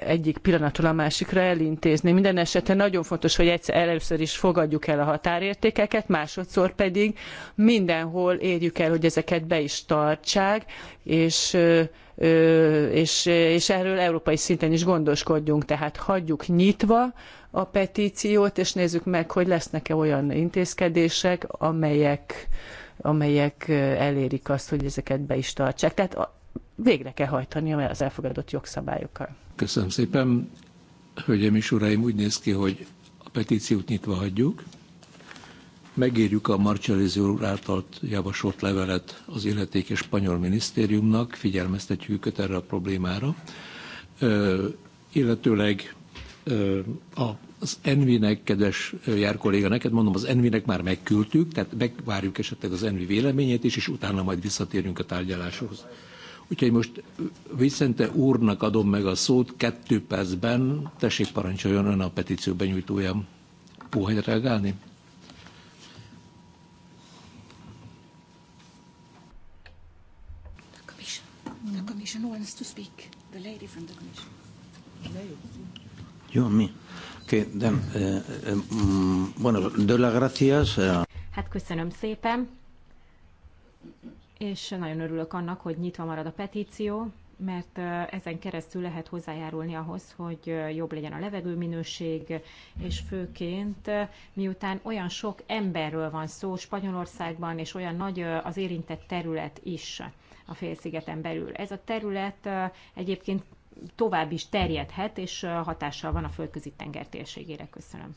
egyik pillanatról a másikra elintézni. Minden esetben nagyon fontos, hogy egyszer, először is fogadjuk el a határértékeket, másodszor pedig mindenhol érjük el, hogy ezeket be is tartsák, és, és, és erről európai szinten is gondoskodjunk. Tehát hagyjuk nyitva a petíciót, és nézzük meg, hogy lesznek-e olyan intézkedések, amelyek amelyek elérik azt, hogy ezeket be is tartsák. Tehát végre kell hajtani az elfogadott jogszabályokkal. Köszönöm szépen. Hölgyeim és uraim, úgy néz ki, hogy a petíciót nyitva hagyjuk. Megírjuk a Marcellézi úr által javasolt levelet az illetékes spanyol minisztériumnak, figyelmeztetjük őket erre a problémára, ö, illetőleg ö, a, az Envinek, kedves jár kolléga, neked mondom, az Envinek már megküldtük, tehát megvárjuk esetleg az Envi véleményét is, és utána majd visszatérünk a tárgyaláshoz. Úgyhogy most Vicente úrnak adom meg a szót kettő percben. Tessék parancsoljon ön a petíció benyújtója. Puhany reagálni? commission to speak. The lady from the commission. mi. Eh, eh, mm, hát köszönöm szépen és nagyon örülök annak, hogy nyitva marad a petíció, mert ezen keresztül lehet hozzájárulni ahhoz, hogy jobb legyen a levegőminőség, és főként miután olyan sok emberről van szó Spanyolországban, és olyan nagy az érintett terület is a félszigeten belül. Ez a terület egyébként tovább is terjedhet, és hatással van a földközi tenger térségére. Köszönöm.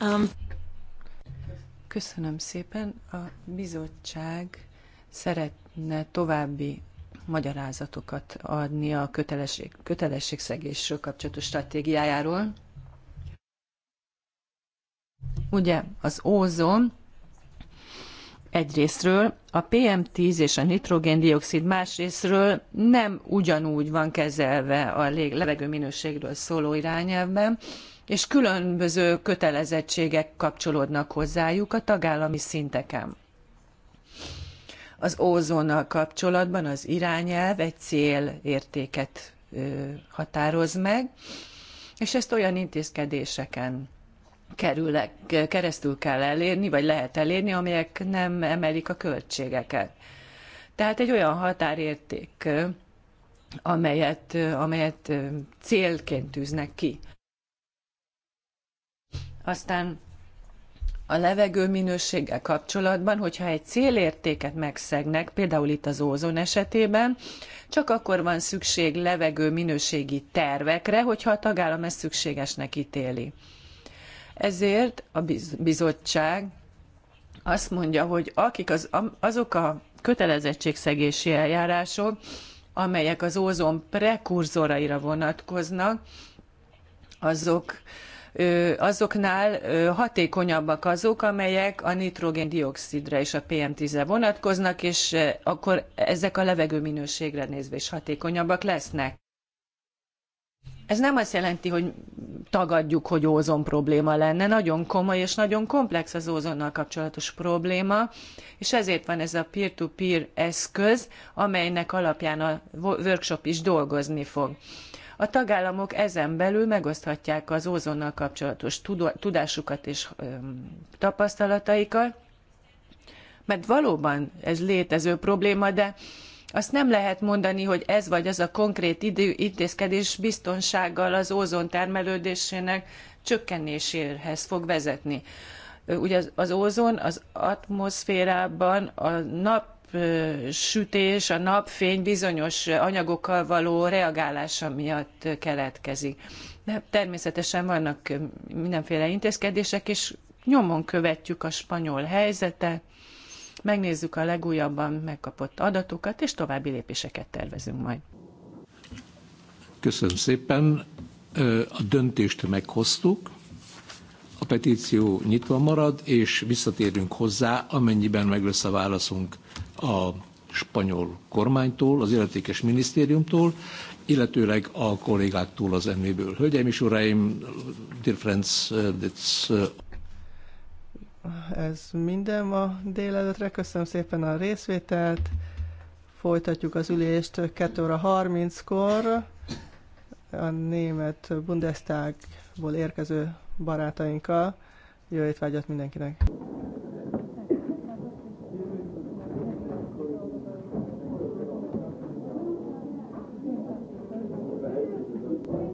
Um, Köszönöm szépen. A bizottság szeretne további magyarázatokat adni a kötelesség, kötelességszegésről kapcsolatos stratégiájáról. Ugye az ózon egyrésztről, a PM10 és a nitrogéndioxid másrésztről nem ugyanúgy van kezelve a levegő minőségről szóló irányelvben, és különböző kötelezettségek kapcsolódnak hozzájuk a tagállami szinteken. Az ózonnal kapcsolatban az irányelv egy célértéket határoz meg, és ezt olyan intézkedéseken kerülek, keresztül kell elérni, vagy lehet elérni, amelyek nem emelik a költségeket. Tehát egy olyan határérték, amelyet, amelyet célként tűznek ki. Aztán a levegő minőséggel kapcsolatban, hogyha egy célértéket megszegnek, például itt az ózon esetében, csak akkor van szükség levegő minőségi tervekre, hogyha a tagállam ezt szükségesnek ítéli. Ezért a bizottság azt mondja, hogy akik az, azok a kötelezettségszegési eljárások, amelyek az ózon prekurzoraira vonatkoznak, azok azoknál hatékonyabbak azok, amelyek a nitrogén-dioxidra és a PM10-re vonatkoznak, és akkor ezek a levegőminőségre nézve is hatékonyabbak lesznek. Ez nem azt jelenti, hogy tagadjuk, hogy ózon probléma lenne. Nagyon komoly és nagyon komplex az ózonnal kapcsolatos probléma, és ezért van ez a peer to -peer eszköz, amelynek alapján a workshop is dolgozni fog. A tagállamok ezen belül megoszthatják az ózonnal kapcsolatos tudásukat és tapasztalataikat, mert valóban ez létező probléma, de azt nem lehet mondani, hogy ez vagy az a konkrét idő, intézkedés biztonsággal az ózon termelődésének csökkenéséhez fog vezetni. Ugye az, az ózon az atmoszférában a nap napsütés, a napfény bizonyos anyagokkal való reagálása miatt keletkezik. De természetesen vannak mindenféle intézkedések, és nyomon követjük a spanyol helyzetet, megnézzük a legújabban megkapott adatokat, és további lépéseket tervezünk majd. Köszönöm szépen. A döntést meghoztuk, a petíció nyitva marad, és visszatérünk hozzá, amennyiben meg lesz a válaszunk a spanyol kormánytól, az illetékes minisztériumtól, illetőleg a kollégáktól az MV-ből. Hölgyeim és uraim, dear friends, uh, that's... Uh, Ez minden ma délelőtre. Köszönöm szépen a részvételt. Folytatjuk az ülést 2 óra 30-kor a német Bundestagból érkező barátainkkal. Jó étvágyat mindenkinek!